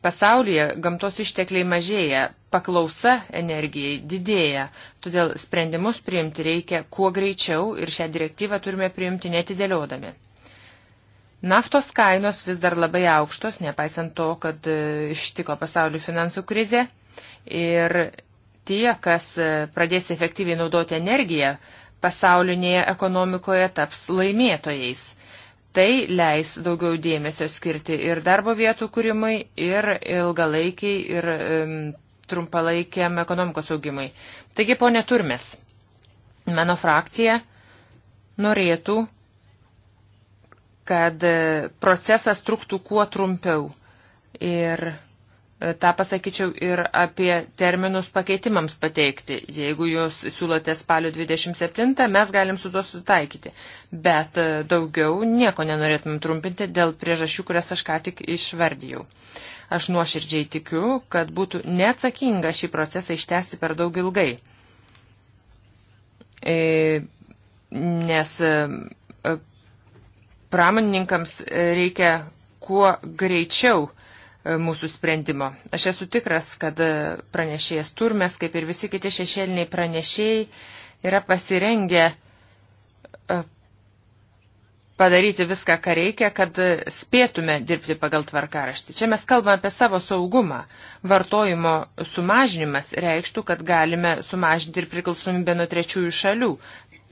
Pasaulyje gamtos ištekliai mažėja, paklausa energijai didėja, todėl sprendimus priimti reikia kuo greičiau ir šią direktyvą turime priimti netidėliodami. Naftos kainos vis dar labai aukštos, nepaisant to, kad e, ištiko pasaulio finansų krizė ir tie, kas e, pradės efektyviai naudoti energiją, pasaulinėje ekonomikoje taps laimėtojais Tai leis daugiau dėmesio skirti ir darbo vietų kūrimui, ir ilgalaikiai, ir um, trumpalaikiam ekonomikos augimui. Taigi, ponė Turmes, mano frakcija norėtų, kad e, procesas truktų kuo trumpiau. Ir Ta pasakyčiau ir apie terminus pakeitimams pateikti. Jeigu jūs siūlote spalio 27, mes galim su tuo sutaikyti. Bet e, daugiau nieko nenorėtumėm trumpinti dėl priežasčių, kurias aš ką tik išvardijau. Aš nuoširdžiai tikiu, kad būtų neatsakinga šį procesą ištęsti per daug ilgai. E, nes e, e pramonininkams reikia kuo greičiau E, mūsų sprendimo. Aš esu tikras, kad e, pranešėjas Turmes, kaip ir visi kiti šešėliniai pranešėjai, yra pasirengę e, padaryti viską, ką reikia, kad spėtume dirbti pagal tvarkaraštį. Čia mes kalbame apie savo saugumą. Vartojimo sumažinimas reikštų, kad galime sumažinti ir priklausomybę nuo trečiųjų šalių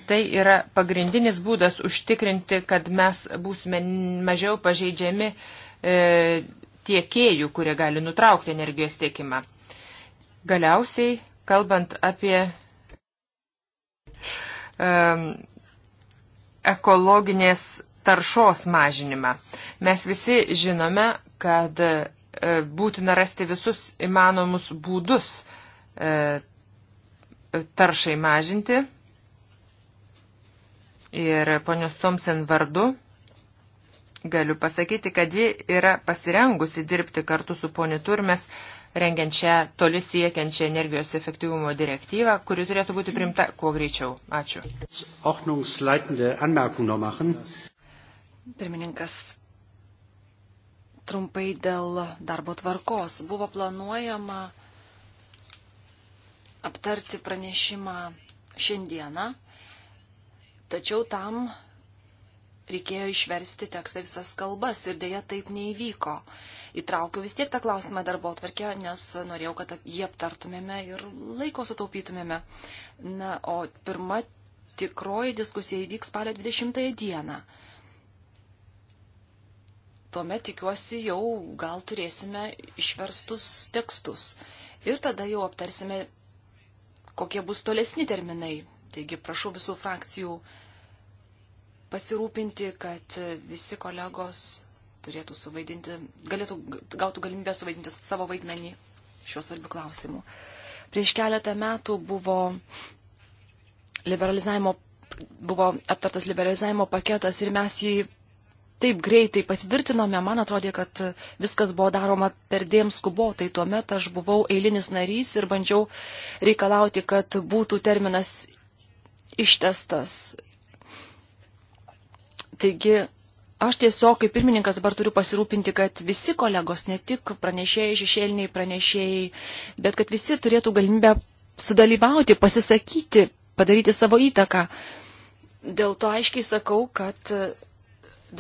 tai yra pagrindinis būdas užtikrinti, kad mes būsime mažiau pažeidžiami e, tiekėjų, kurie gali nutraukti energijos tiekimą. Galiausiai, kalbant apie um, ekologinės taršos mažinimą, mes visi žinome, kad uh, būtina rasti visus įmanomus būdus uh, taršai mažinti. Ir ponios Tomsen vardu Galiu pasakyti, kad ji yra pasirengusi dirbti kartu su poni Turmes, rengiant šią toli siekiančią energijos efektyvumo direktyvą, kuri turėtų būti primta kuo greičiau. Ačiū. Pirmininkas, trumpai dėl darbo tvarkos. Buvo planuojama aptarti pranešimą šiandieną, tačiau tam reikėjo išversti tekstą visas kalbas ir dėja taip neįvyko. Įtraukiau vis tiek tą klausimą darbo atvarkę, nes norėjau, kad jį aptartumėme ir laiko sutaupytumėme. Na, o pirma tikroji diskusija įvyks spalio 20 dieną. Tuomet tikiuosi jau gal turėsime išverstus tekstus. Ir tada jau aptarsime, kokie bus tolesni terminai. Taigi prašau visų frakcijų pasirūpinti, kad visi kolegos turėtų suvaidinti, galėtų, gautų galimybę suvaidinti savo vaidmenį šiuo svarbiu klausimu. Prieš keletą metų buvo liberalizavimo, buvo aptartas liberalizavimo paketas ir mes jį taip greitai patvirtinome, man atrodė, kad viskas buvo daroma per dėm skubotai. Tuomet aš buvau eilinis narys ir bandžiau reikalauti, kad būtų terminas ištestas Taigi, aš tiesiog kaip pirmininkas dabar turiu pasirūpinti, kad visi kolegos, ne tik pranešėjai, šešėliniai pranešėjai, bet kad visi turėtų galimybę sudalyvauti, pasisakyti, padaryti savo įtaką. Dėl to aiškiai sakau, kad e,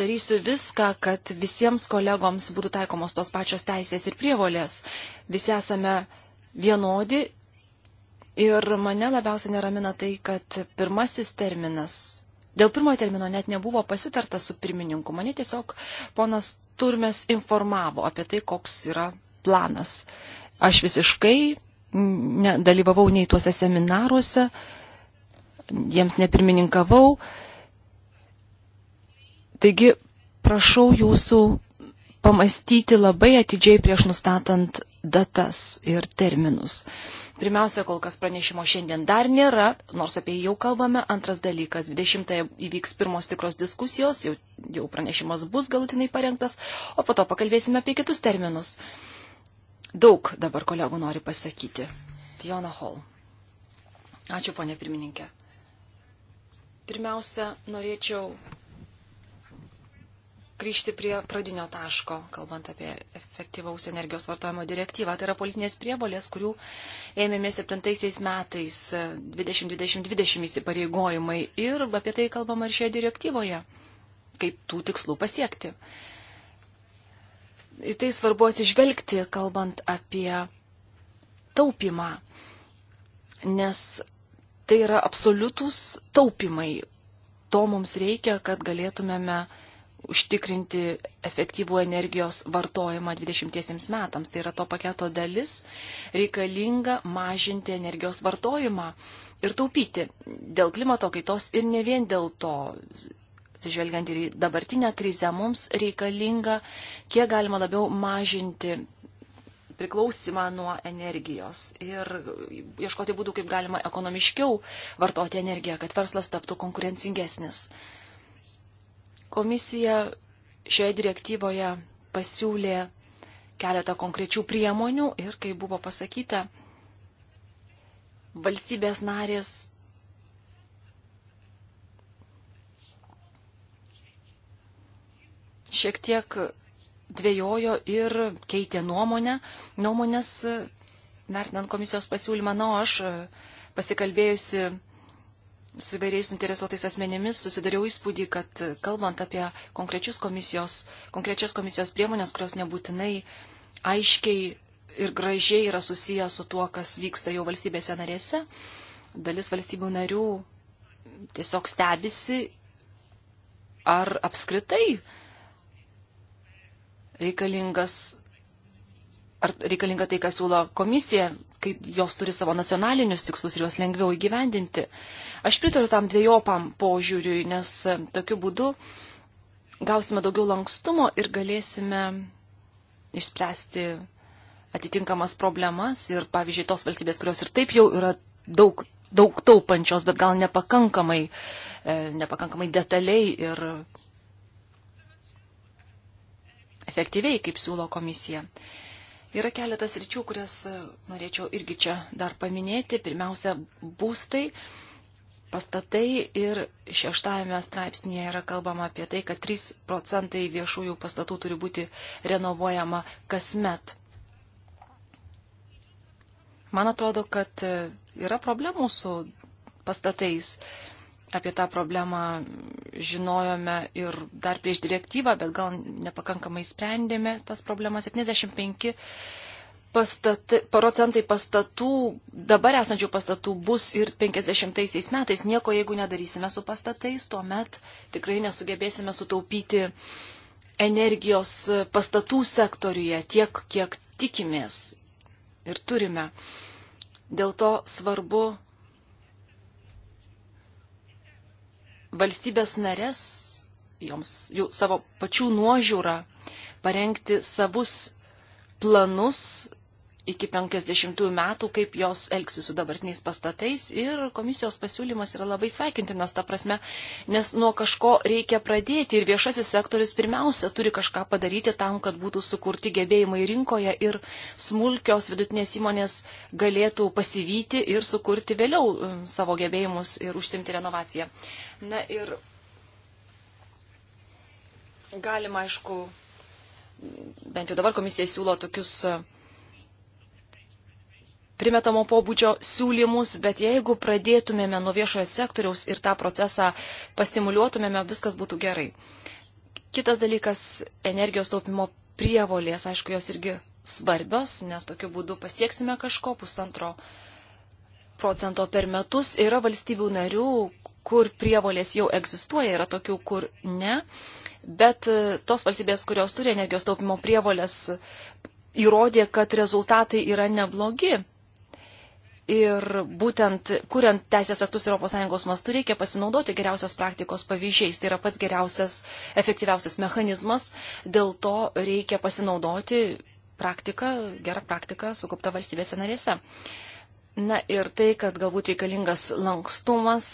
darysiu viską, kad visiems kolegoms būtų taikomos tos pačios teisės ir prievolės. Visi esame vienodi ir mane labiausiai neramina tai, kad pirmasis terminas Dėl pirmojo termino net nebuvo pasitarta su pirmininku. Mane tiesiog ponas Turmes informavo apie tai, koks yra planas. Aš visiškai nedalyvavau nei tuose seminaruose, jiems nepirmininkavau. Taigi, prašau jūsų pamastyti labai atidžiai prieš nustatant datas ir terminus. Pirmiausia, kol kas pranešimo šiandien dar nėra, nors apie jį jau kalbame. Antras dalykas, 20-ąją įvyks pirmos tikros diskusijos, jau, jau pranešimas bus galutinai parengtas, o po to pakalbėsime apie kitus terminus. Daug dabar kolegų nori pasakyti. Fiona Hall. Ačiū, ponė pirmininkė. Pirmiausia, norėčiau grįžti prie pradinio taško, kalbant apie efektyvaus energijos vartojimo direktyvą. Tai yra politinės priebolės, kurių ėmėme 7 metais 2020-2020 įsipareigojimai ir apie tai kalbama ir šioje direktyvoje, kaip tų tikslų pasiekti. Į tai svarbu atsižvelgti, kalbant apie taupimą, nes tai yra absoliutus taupimai. To mums reikia, kad galėtumėme užtikrinti efektyvų energijos vartojimą 20 metams. Tai yra to paketo dalis reikalinga mažinti energijos vartojimą ir taupyti dėl klimato kaitos ir ne vien dėl to. Atsižvelgiant ir į dabartinę krizę, mums reikalinga kiek galima labiau mažinti priklausimą nuo energijos ir ieškoti būdų, kaip galima ekonomiškiau vartoti energiją, kad verslas taptų konkurencingesnis. Komisija šioje direktyvoje pasiūlė keletą konkrečių priemonių ir, kaip buvo pasakyta, valstybės narės šiek tiek dvėjojo ir keitė nuomonę, nuomonės vertinant komisijos pasiūlymą. Na, o aš e, pasikalbėjusi su įvairiais interesuotais asmenimis susidariau įspūdį, kad kalbant apie komisijos, konkrečias komisijos priemonės, kurios nebūtinai aiškiai ir gražiai yra susiję su tuo, kas vyksta jau valstybėse narėse, dalis valstybių narių tiesiog stebisi, ar apskritai reikalingas, ar reikalinga tai, ką siūlo komisija kai jos turi savo nacionalinius tikslus ir juos lengviau įgyvendinti. Aš pritariu tam dviejopam požiūriui, nes e, tokiu būdu gausime daugiau lankstumo ir galėsime išspręsti atitinkamas problemas ir, pavyzdžiui, tos valstybės, kurios ir taip jau yra daug, daug taupančios, bet gal nepakankamai, e, nepakankamai detaliai ir efektyviai, kaip siūlo komisija. E, Yra keletas ryčių, kurias e, norėčiau irgi čia dar paminėti. Pirmiausia, būstai, pastatai ir šeštajame straipsnėje yra kalbama apie tai, kad 3 procentai viešųjų pastatų turi būti renovuojama kasmet. Man atrodo, kad e, yra problemų su pastatais apie tą problemą žinojome ir dar prieš direktyvą, bet gal nepakankamai sprendėme tas problemas. 75 pastati, procentai pastatų, dabar esančių pastatų bus ir 50 metais. Nieko jeigu nedarysime su pastatais, tuomet tikrai nesugebėsime sutaupyti energijos pastatų sektoriuje tiek, kiek tikimės ir turime. Dėl to svarbu valstybės narės, joms jų savo pačių nuožiūrą, parengti savus planus iki 50 metų, kaip jos elgsi su dabartiniais pastatais ir komisijos pasiūlymas yra labai sveikintinas, ta prasme, nes nuo kažko reikia pradėti ir viešasis sektorius pirmiausia turi kažką padaryti tam, kad būtų sukurti gebėjimai rinkoje ir smulkios vidutinės įmonės galėtų pasivyti ir sukurti vėliau um, savo gebėjimus ir užsimti renovaciją. Na ir galima, aišku, bent jau dabar komisija siūlo tokius primetamo pobūdžio siūlymus, bet jeigu pradėtumėme nuo viešojo sektoriaus ir tą procesą pastimuliuotumėme, viskas būtų gerai. Kitas dalykas - energijos taupimo prievolės, aišku, jos irgi svarbios, nes tokiu būdu pasieksime kažko pusantro procento per metus. Yra valstybių narių, kur prievolės jau egzistuoja, yra tokių, kur ne, bet e, tos valstybės, kurios turi energijos taupimo prievolės, įrodė, kad rezultatai yra neblogi. Ir būtent, kuriant teisės aktus ES mastu, reikia pasinaudoti geriausios praktikos pavyzdžiais. Tai yra pats geriausias, efektyviausias mechanizmas. Dėl to reikia pasinaudoti praktiką, gerą praktiką sukauptą valstybėse narėse. Na ir tai, kad galbūt reikalingas lankstumas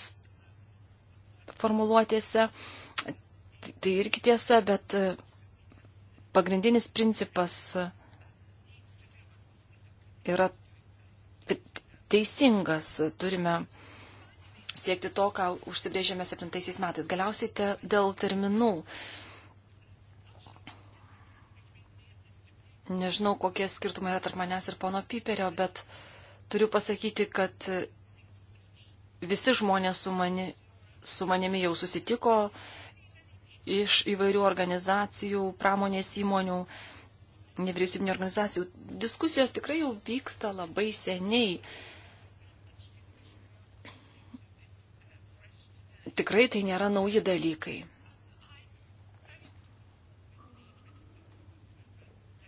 formuluotėse, tai irgi tiesa, bet pagrindinis principas yra teisingas. Turime siekti to, ką užsibrėžėme septintaisiais metais. Galiausiai te, dėl terminų. Nežinau, kokie skirtumai yra tarp manęs ir pono Piperio, bet turiu pasakyti, kad visi žmonės su, mani, su manimi jau susitiko iš įvairių organizacijų, pramonės įmonių, nevyriausybinio organizacijų. Diskusijos tikrai jau vyksta labai seniai tikrai tai nėra nauji dalykai.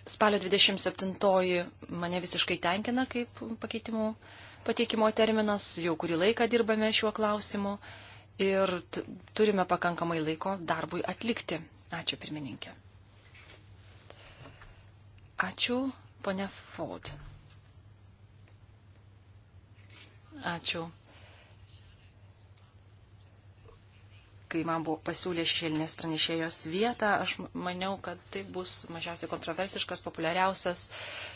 Spalio 27 mane visiškai tenkina kaip pakeitimų pateikimo terminas, jau kurį laiką dirbame šiuo klausimu ir turime pakankamai laiko darbui atlikti. Ačiū pirmininkė. Ačiū, ponia Ford. Ačiū, kai man buvo pasiūlė šešėlinės pranešėjos vietą, aš maniau, kad tai bus mažiausiai kontroversiškas, populiariausias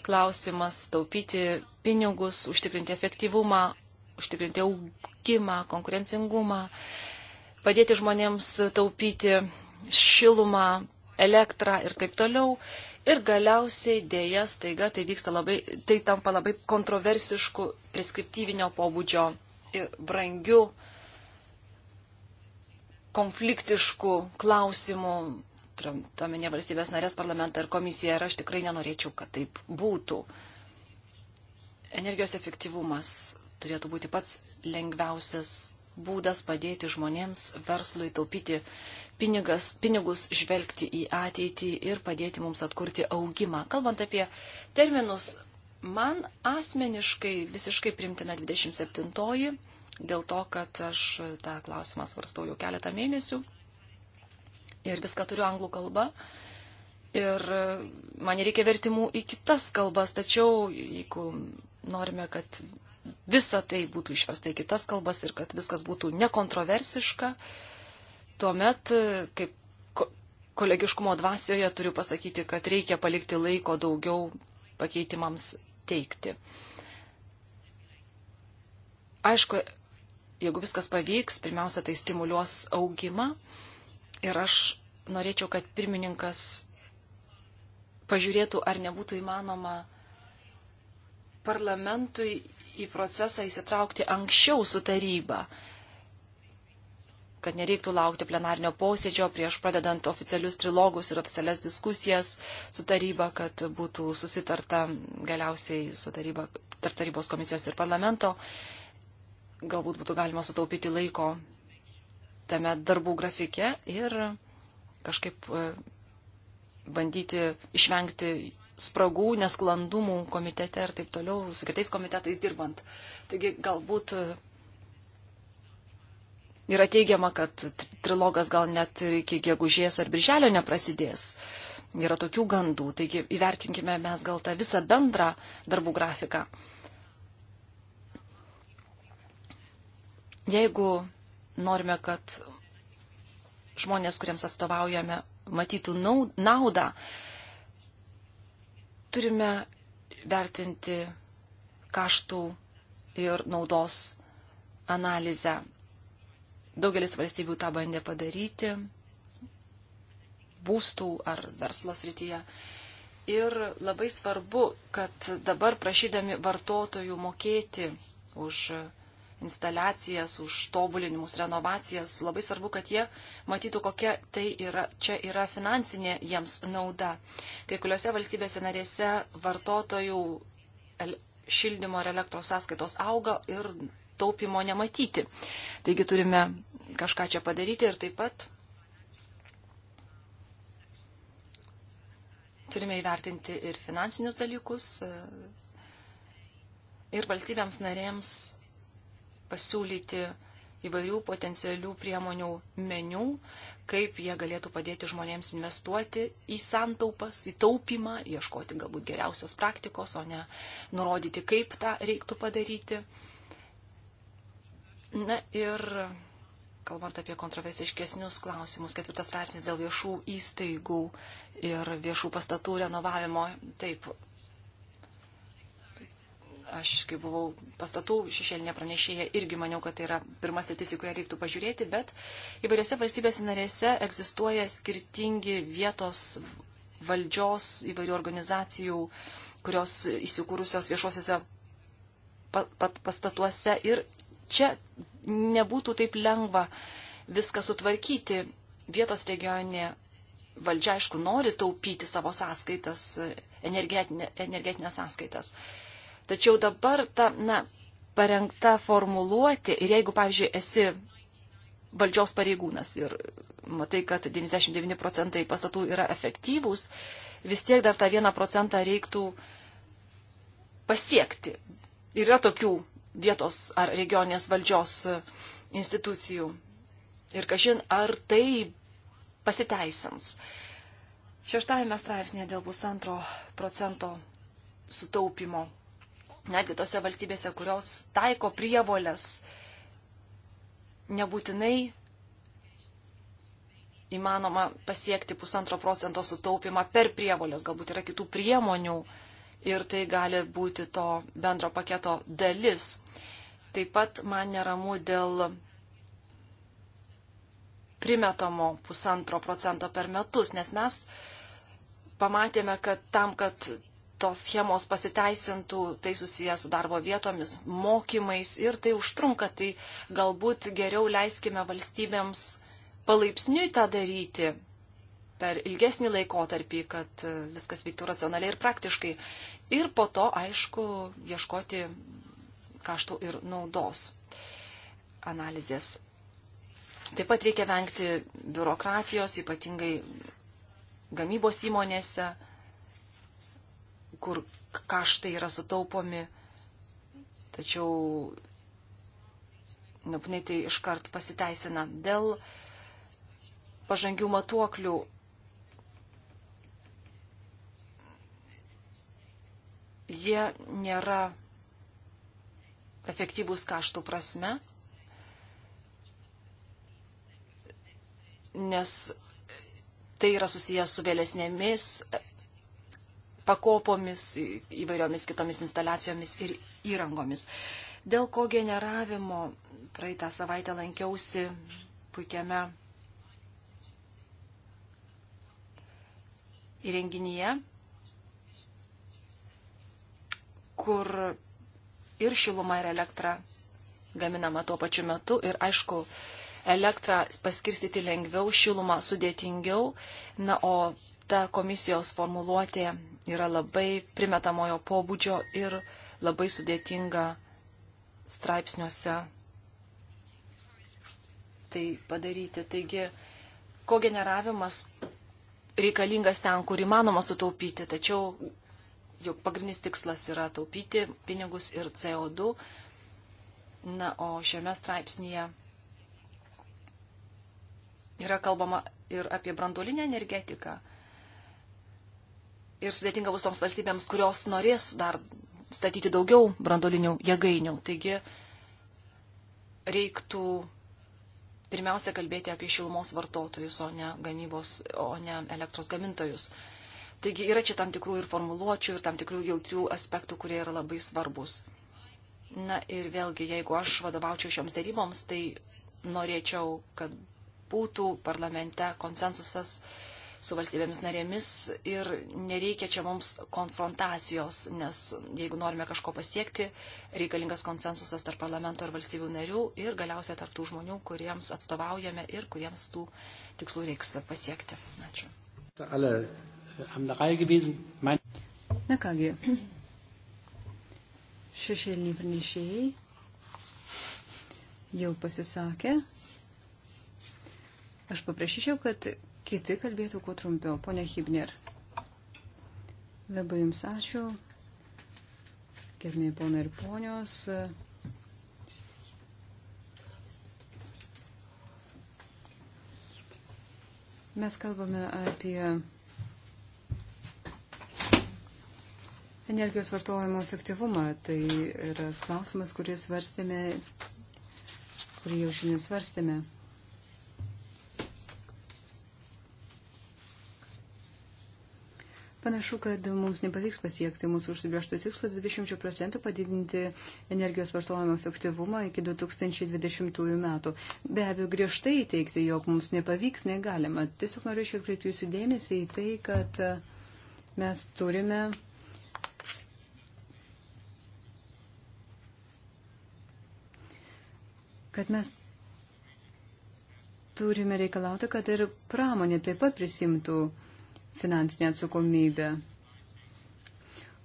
klausimas - taupyti pinigus, užtikrinti efektyvumą, užtikrinti augimą, konkurencingumą, padėti žmonėms taupyti šilumą, elektrą ir taip toliau. Ir galiausiai dėja staiga tai, labai, tai tampa labai kontroversišku, preskriptyvinio pobūdžio brangiu uh, konfliktiškų klausimų, tuomenė valstybės narės parlamentą ir komisiją ir aš tikrai nenorėčiau, kad taip būtų. Energijos efektyvumas turėtų būti pats lengviausias būdas padėti žmonėms, verslui taupyti pinigas, pinigus, žvelgti į ateitį ir padėti mums atkurti augimą. Kalbant apie terminus, man asmeniškai visiškai primtina 27 dėl to, kad aš tą klausimą svarstau jau keletą mėnesių ir viską turiu anglų kalbą. Ir man reikia vertimų į kitas kalbas, tačiau jeigu norime, kad visa tai būtų išvesta į kitas kalbas ir kad viskas būtų nekontroversiška, tuomet, kaip kolegiškumo dvasioje, turiu pasakyti, kad reikia palikti laiko daugiau pakeitimams teikti. Aišku, jeigu viskas pavyks, pirmiausia, tai stimuliuos augimą. Ir aš norėčiau, kad pirmininkas pažiūrėtų, ar nebūtų įmanoma parlamentui į procesą įsitraukti anksčiau su taryba, kad nereiktų laukti plenarnio posėdžio prieš pradedant oficialius trilogus ir oficialias diskusijas su taryba, kad būtų susitarta galiausiai su taryba, tarp tarybos komisijos ir parlamento. Uh, galbūt būtų galima sutaupyti laiko tame darbų grafike ir kažkaip e, bandyti išvengti spragų, nesklandumų komitete ir taip toliau, su kitais komitetais dirbant. Taigi galbūt e, yra teigiama, kad trilogas gal net iki gegužės ar birželio neprasidės. Yra tokių gandų, taigi įvertinkime mes gal tą visą bendrą darbų grafiką. Jeigu norime, kad žmonės, kuriems atstovaujame, matytų naudą, turime vertinti kaštų ir naudos analizę. Daugelis valstybių tą bandė padaryti būstų ar verslo srityje. Ir labai svarbu, kad dabar prašydami vartotojų mokėti už instaliacijas, už tobulinimus, renovacijas. Labai svarbu, kad jie matytų, kokia tai yra, čia yra finansinė jiems nauda. Kai kuriuose valstybėse narėse vartotojų šildymo ir elektros sąskaitos auga ir taupimo nematyti. Taigi turime kažką čia padaryti ir taip pat turime įvertinti ir finansinius dalykus, e, ir valstybėms narėms pasiūlyti įvairių potencialių priemonių meniu, kaip jie galėtų padėti žmonėms investuoti į santaupas, į taupimą, ieškoti galbūt geriausios praktikos, o ne nurodyti, kaip tą reiktų padaryti. Na ir kalbant apie kontroversiškesnius klausimus, ketvirtas straipsnis dėl viešų įstaigų ir viešų pastatų renovavimo, taip, Aš, kai buvau pastatų šešėlinė pranešėja, irgi maniau, kad tai yra pirmas sritis, į kurią reiktų pažiūrėti, bet įvairiose valstybėse narėse egzistuoja skirtingi vietos valdžios įvairių organizacijų, kurios įsikūrusios viešuosiuose pastatuose. Ir čia nebūtų taip lengva viską sutvarkyti. Vietos regioninė valdžia, aišku, nori taupyti savo sąskaitas, energetinė, energetinės sąskaitas. Tačiau dabar ta, na, parengta formuluoti ir jeigu, pavyzdžiui, esi valdžios pareigūnas ir matai, kad 99 procentai pastatų yra efektyvūs, vis tiek dar tą 1 procentą reiktų pasiekti. Ir yra tokių vietos ar regioninės valdžios institucijų. Ir kažin, ar tai pasiteisins. Šeštame straipsnėje dėl pusantro procento sutaupimo netgi tose valstybėse, kurios taiko prievolės, nebūtinai įmanoma pasiekti pusantro procento sutaupimą per prievolės, galbūt yra kitų priemonių ir tai gali būti to bendro paketo dalis. Taip pat man neramu dėl primetamo pusantro procento per metus, nes mes pamatėme, kad tam, kad tos schemos pasiteisintų, tai susijęs su darbo vietomis, mokymais ir tai užtrunka, tai galbūt geriau leiskime valstybėms palaipsniui tą daryti per ilgesnį laikotarpį, kad viskas vyktų racionaliai ir praktiškai. Ir po to, aišku, ieškoti kaštų ir naudos analizės. Taip pat reikia vengti biurokratijos, ypatingai gamybos įmonėse, kur kaštai yra sutaupomi. Tačiau nebūtinai tai iškart pasiteisina. Dėl pažangių matuoklių jie nėra efektyvūs kaštų prasme, nes tai yra susijęs su vėlesnėmis pakopomis, įvairiomis kitomis instaliacijomis ir įrangomis. Dėl ko generavimo praeitą savaitę lankiausi puikiame įrenginyje, kur ir šiluma, ir elektra gaminama tuo pačiu metu. Ir aišku, elektrą paskirstyti lengviau, šilumą sudėtingiau. Na, o ta komisijos formuluotė yra labai primetamojo pobūdžio ir labai sudėtinga straipsniuose tai padaryti. Taigi, kogeneravimas reikalingas ten, kur įmanoma sutaupyti, tačiau juk pagrindinis tikslas yra taupyti pinigus ir CO2. Na, o šiame straipsnėje yra kalbama ir apie branduolinę energetiką ir sudėtinga bus toms valstybėms, kurios norės dar statyti daugiau brandolinių jėgainių. Taigi reiktų pirmiausia kalbėti apie šilumos vartotojus, o ne gamybos, o ne elektros gamintojus. Taigi yra čia tam tikrų ir formuluočių, ir tam tikrų jautrių aspektų, kurie yra labai svarbus. Na ir vėlgi, jeigu aš vadovaučiau šioms daryboms, tai norėčiau, kad būtų parlamente konsensusas, uh, su valstybėmis narėmis ir nereikia čia mums konfrontacijos, nes jeigu norime kažko pasiekti, reikalingas konsensusas tarp parlamento ir valstybių narių ir galiausiai tarp tų žmonių, kuriems atstovaujame ir kuriems tų tikslų reiks pasiekti. Ačiū. Äh, Na kągi, šešėliniai pranešėjai jau pasisakė. Aš paprašyčiau, kad kiti kalbėtų kuo trumpiau. Pone Hibner. Labai Jums ačiū. Gerbėjai ponai ir ponios. Mes kalbame apie energijos vartojimo efektyvumą. Tai yra klausimas, kurį svarstėme, kurį jau šiandien svarstėme. Panašu, kad mums nepavyks pasiekti mūsų užsibriežto tikslo 20 procentų padidinti energijos vartojimo efektyvumą iki 2020 metų. Be abejo, griežtai teikti, jog mums nepavyks, negalima. Tiesiog norėčiau atkreipti jūsų dėmesį į tai, kad mes turime. kad mes turime reikalauti, kad ir pramonė taip pat prisimtų uh, finansinę atsakomybę.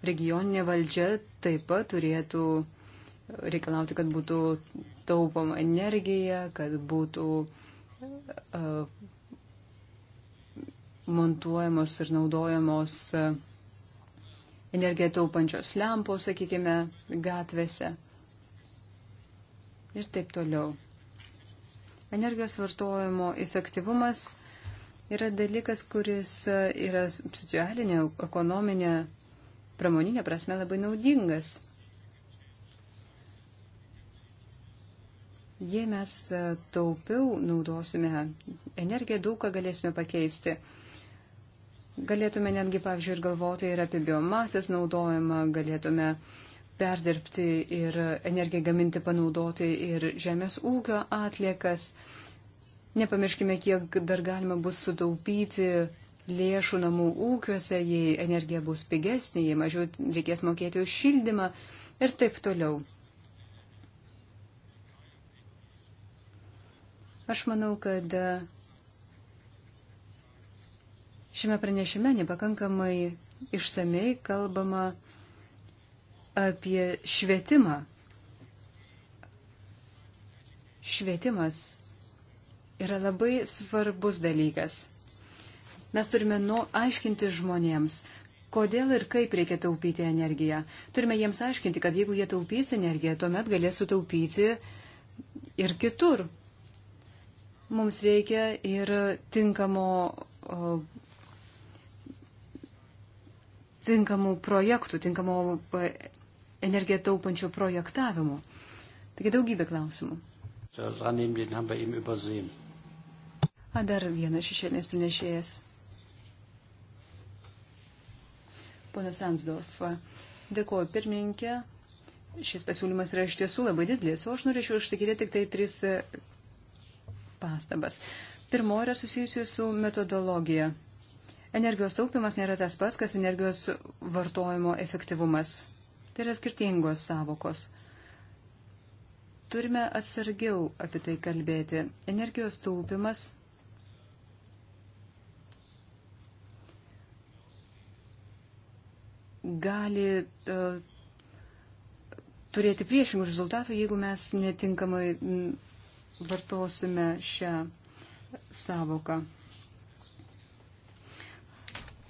Regioninė valdžia taip pat turėtų reikalauti, kad būtų taupoma energija, kad būtų uh, montuojamos ir naudojamos e, energiją taupančios lempos, sakykime, gatvėse ir taip toliau. Energijos vartojimo efektyvumas yra dalykas, kuris e, yra socialinė, ekonominė, pramoninė prasme labai naudingas. Jei mes e, taupiau naudosime energiją, daug ką galėsime pakeisti. Galėtume netgi, pavyzdžiui, ir galvoti ir apie biomasės naudojimą, galėtume perdirbti ir energiją gaminti, panaudoti ir žemės ūkio atliekas. Uh, Nepamirškime, kiek dar galima bus sutaupyti lėšų namų ūkiuose, jei energija bus pigesnė, jei mažiau reikės mokėti už šildymą ir taip toliau. Aš manau, kad e, šiame pranešime nepakankamai išsamei kalbama apie švietimą. Švietimas yra labai svarbus dalykas. Mes turime nu, aiškinti žmonėms, kodėl ir kaip reikia taupyti energiją. Turime jiems aiškinti, kad jeigu jie taupys energiją, tuomet galės sutaupyti ir kitur. Mums reikia ir tinkamo, o, tinkamų projektų, tinkamo energiją taupančio projektavimo. Taigi daugybė klausimų. Ja, A dar vienas šešėlinis pranešėjas. Ponas Ansdorf, dėkoju pirmininkė. Šis pasiūlymas yra iš tiesų labai didelis, o aš norėčiau išsakyti tik tai tris e, pastabas. Pirmoji yra susijusi su metodologija. Energijos taupimas nėra tas pats, kas energijos vartojimo efektyvumas. Tai yra skirtingos savokos turime atsargiau apie tai kalbėti. Energijos taupimas gali uh, turėti priešingų rezultatų, jeigu mes netinkamai mm, vartosime šią savoką.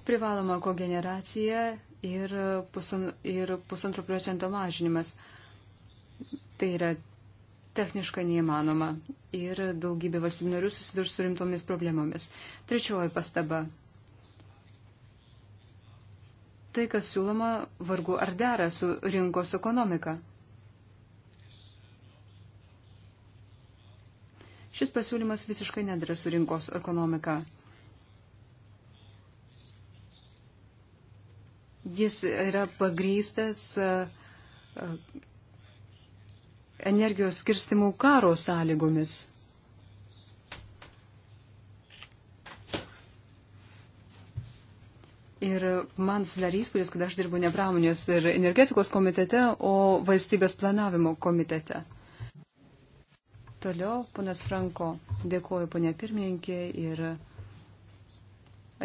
Privaloma kogeneracija ir, pusan, ir pusantro procento mažinimas. Tai yra techniškai neįmanoma ir daugybė valstybinarių susidurs su rimtomis problemomis. Trečioji pastaba tai, kas siūloma, vargu ar dera su rinkos ekonomika. Šis pasiūlymas visiškai nedara su rinkos ekonomika. Jis yra pagrystas e, e, energijos skirstimų karo sąlygomis. Ir man susidarė įspūdis, kad aš dirbu ne pramonės ir energetikos komitete, o valstybės planavimo komitete. Toliau, ponas Franko, dėkoju ponė pirmininkė ir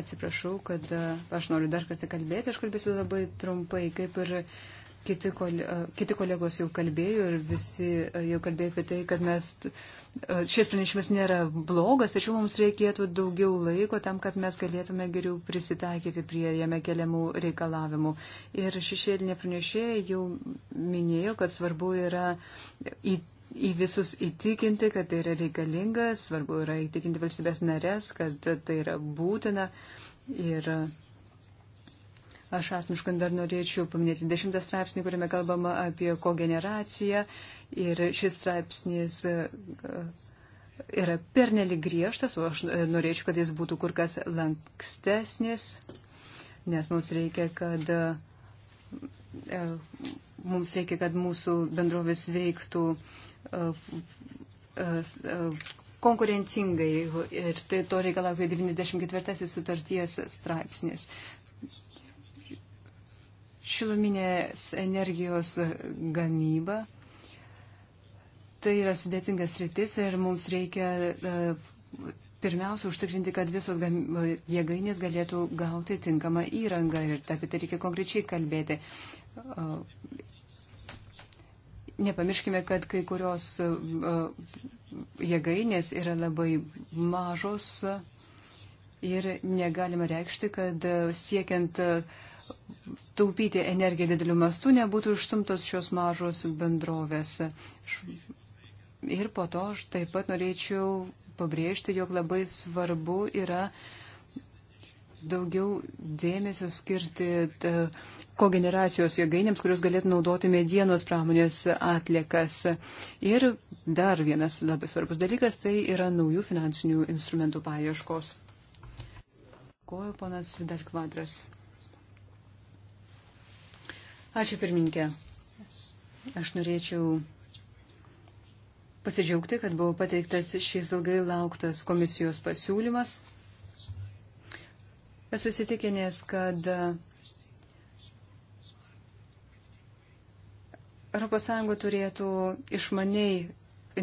atsiprašau, kad e, aš noriu dar kartą kalbėti, aš kalbėsiu labai trumpai, kaip ir. Uh, Kiti, kol, kiti kolegos jau kalbėjo ir visi jau kalbėjo apie tai, kad mes, šis pranešimas nėra blogas, tačiau mums reikėtų daugiau laiko tam, kad mes galėtume geriau prisitaikyti prie jame keliamų reikalavimų. Ir šešėlinė pranešėja jau minėjo, kad svarbu yra į, į visus įtikinti, kad tai yra reikalinga, svarbu yra įtikinti valstybės narės, kad tai yra būtina. Ir Aš asmeniškai dar norėčiau paminėti dešimtą straipsnį, kuriame kalbama apie kogeneraciją. Ir šis straipsnis e, yra pernelik griežtas, o aš e, norėčiau, kad jis būtų kur kas lankstesnis, nes mums reikia, kad. E, mums reikia, kad mūsų bendrovės veiktų konkurencingai ir tai to reikalauja 94 sutarties straipsnis šiluminės energijos gamyba. Tai yra sudėtingas rytis ir mums reikia e, pirmiausia užtikrinti, kad visos e, jėgainės galėtų gauti tinkamą įrangą ir apie tai reikia konkrečiai kalbėti. E, nepamirškime, kad kai kurios jėgainės yra labai mažos ir negalima reikšti, kad e, siekiant e, taupyti energiją dideliu mastu nebūtų išstumtos šios mažos bendrovės. Ir po to aš taip pat norėčiau pabrėžti, jog labai svarbu yra daugiau dėmesio skirti e, kogeneracijos jėgainėms, kurios galėtų naudoti medienos pramonės atliekas. Ir dar vienas labai svarbus dalykas tai yra naujų finansinių instrumentų paieškos. Dėkuoju, ponas Vidal Kvadras. Ačiū pirminkė. Aš norėčiau pasidžiaugti, kad buvo pateiktas šis ilgai lauktas komisijos pasiūlymas. Esu įsitikinęs, kad ES turėtų išmaniai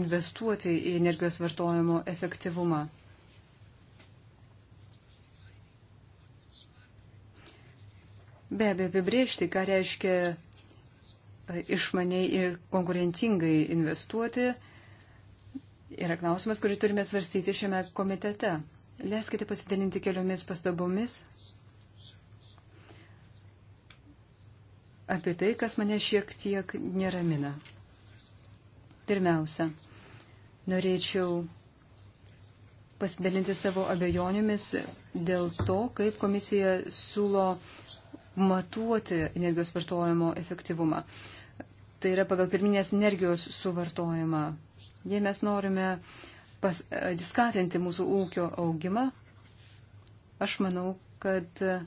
investuoti į energijos vartojimo efektyvumą. Be abejo, apibriežti, ką reiškia e, išmaniai ir konkurencingai investuoti, yra klausimas, kurį turime svarstyti šiame komitete. Leiskite pasidalinti keliomis pastabomis apie tai, kas mane šiek tiek neramina. Pirmiausia, norėčiau pasidalinti savo abejonėmis dėl to, kaip komisija siūlo matuoti energijos vartojimo efektyvumą. Tai yra pagal pirminės energijos suvartojimą. Jei mes norime pas, e, skatinti mūsų ūkio augimą, aš manau, kad e,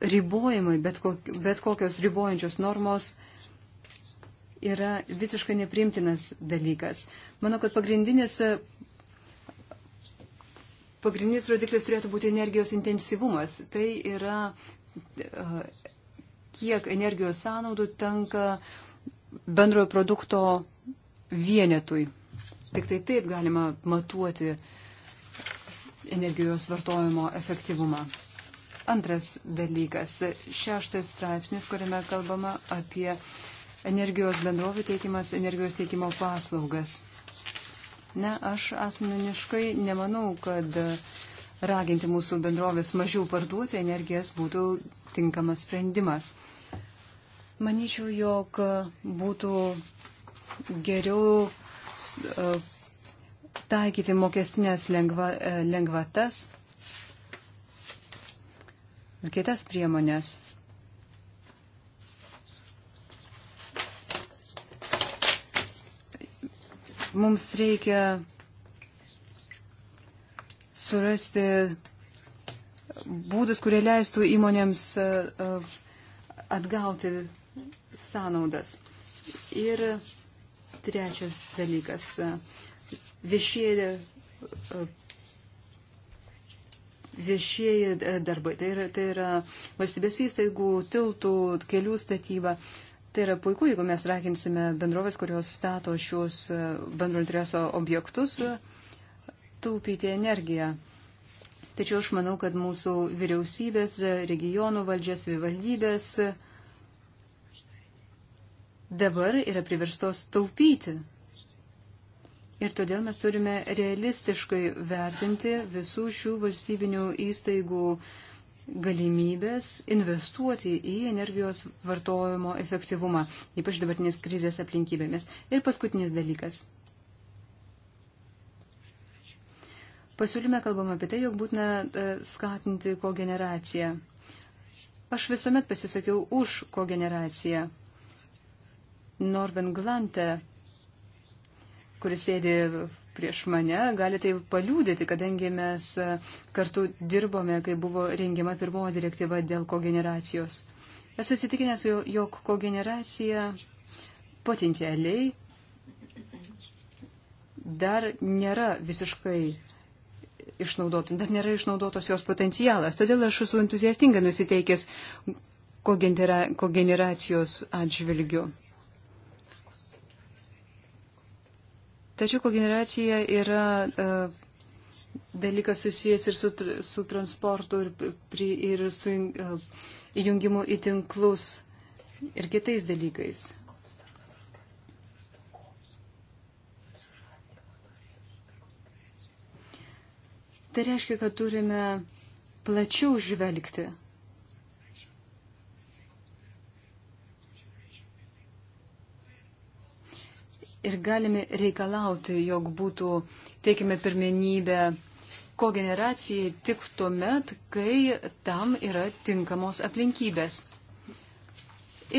ribojimai, bet, kok, bet kokios ribojančios normos yra visiškai neprimtinas dalykas. Manau, kad pagrindinis e, pagrindinis rodiklis turėtų būti energijos intensyvumas. Tai yra, e, kiek energijos sąnaudų tenka bendrojo produkto vienetui. Tik tai taip galima matuoti energijos vartojimo efektyvumą. Antras dalykas - šeštas straipsnis, kuriame kalbama apie energijos bendrovį teikimas energijos teikimo paslaugas. Ne, aš asmeniškai nemanau, kad raginti mūsų bendrovės mažiau parduoti energijas būtų tinkamas sprendimas. Manyčiau, jog būtų geriau e, taikyti mokestinės lengva, e, lengvatas ir kitas priemonės Mums reikia surasti būdus, kurie leistų įmonėms e, e, atgauti sąnaudas. Ir trečias dalykas - viešieji, e, viešieji darbai. Tai yra, tai yra valstybės įstaigų, tiltų, kelių statyba. Uh, Tai yra puiku, jeigu mes raginsime bendrovės, kurios stato šios e, bendro intereso objektus, e, taupyti energiją. Tačiau aš manau, kad mūsų vyriausybės, e, regionų valdžias, vivaldybės dabar yra priverstos taupyti. Ir todėl mes turime realistiškai vertinti visų šių valstybinių įstaigų uh, galimybės investuoti į energijos vartojimo efektyvumą, ypač dabartinės krizės aplinkybėmis. Ir paskutinis dalykas. Pasiūlyme kalbam apie tai, jog būtina e, skatinti kogeneraciją. Aš visuomet pasisakiau už kogeneraciją. Norben Glante, kuris sėdi prieš mane gali tai paliūdyti, kadangi mes e, kartu dirbome, kai buvo rengiama pirmoji direktyva dėl kogeneracijos. Esu įsitikinęs, jog kogeneracija potencialiai dar nėra visiškai išnaudota, dar nėra išnaudotos jos potencialas. Todėl aš esu entuziastingai nusiteikęs kogeneracijos atžvilgiu. Tačiau kogeneracija yra e, dalykas susijęs ir su, su transportu, ir, pri, ir su e, įjungimu į tinklus ir kitais dalykais. Tai reiškia, kad turime plačiau žvelgti ir galime reikalauti, jog būtų teikime pirmenybę kogeneracijai tik tuo met, kai tam yra tinkamos aplinkybės.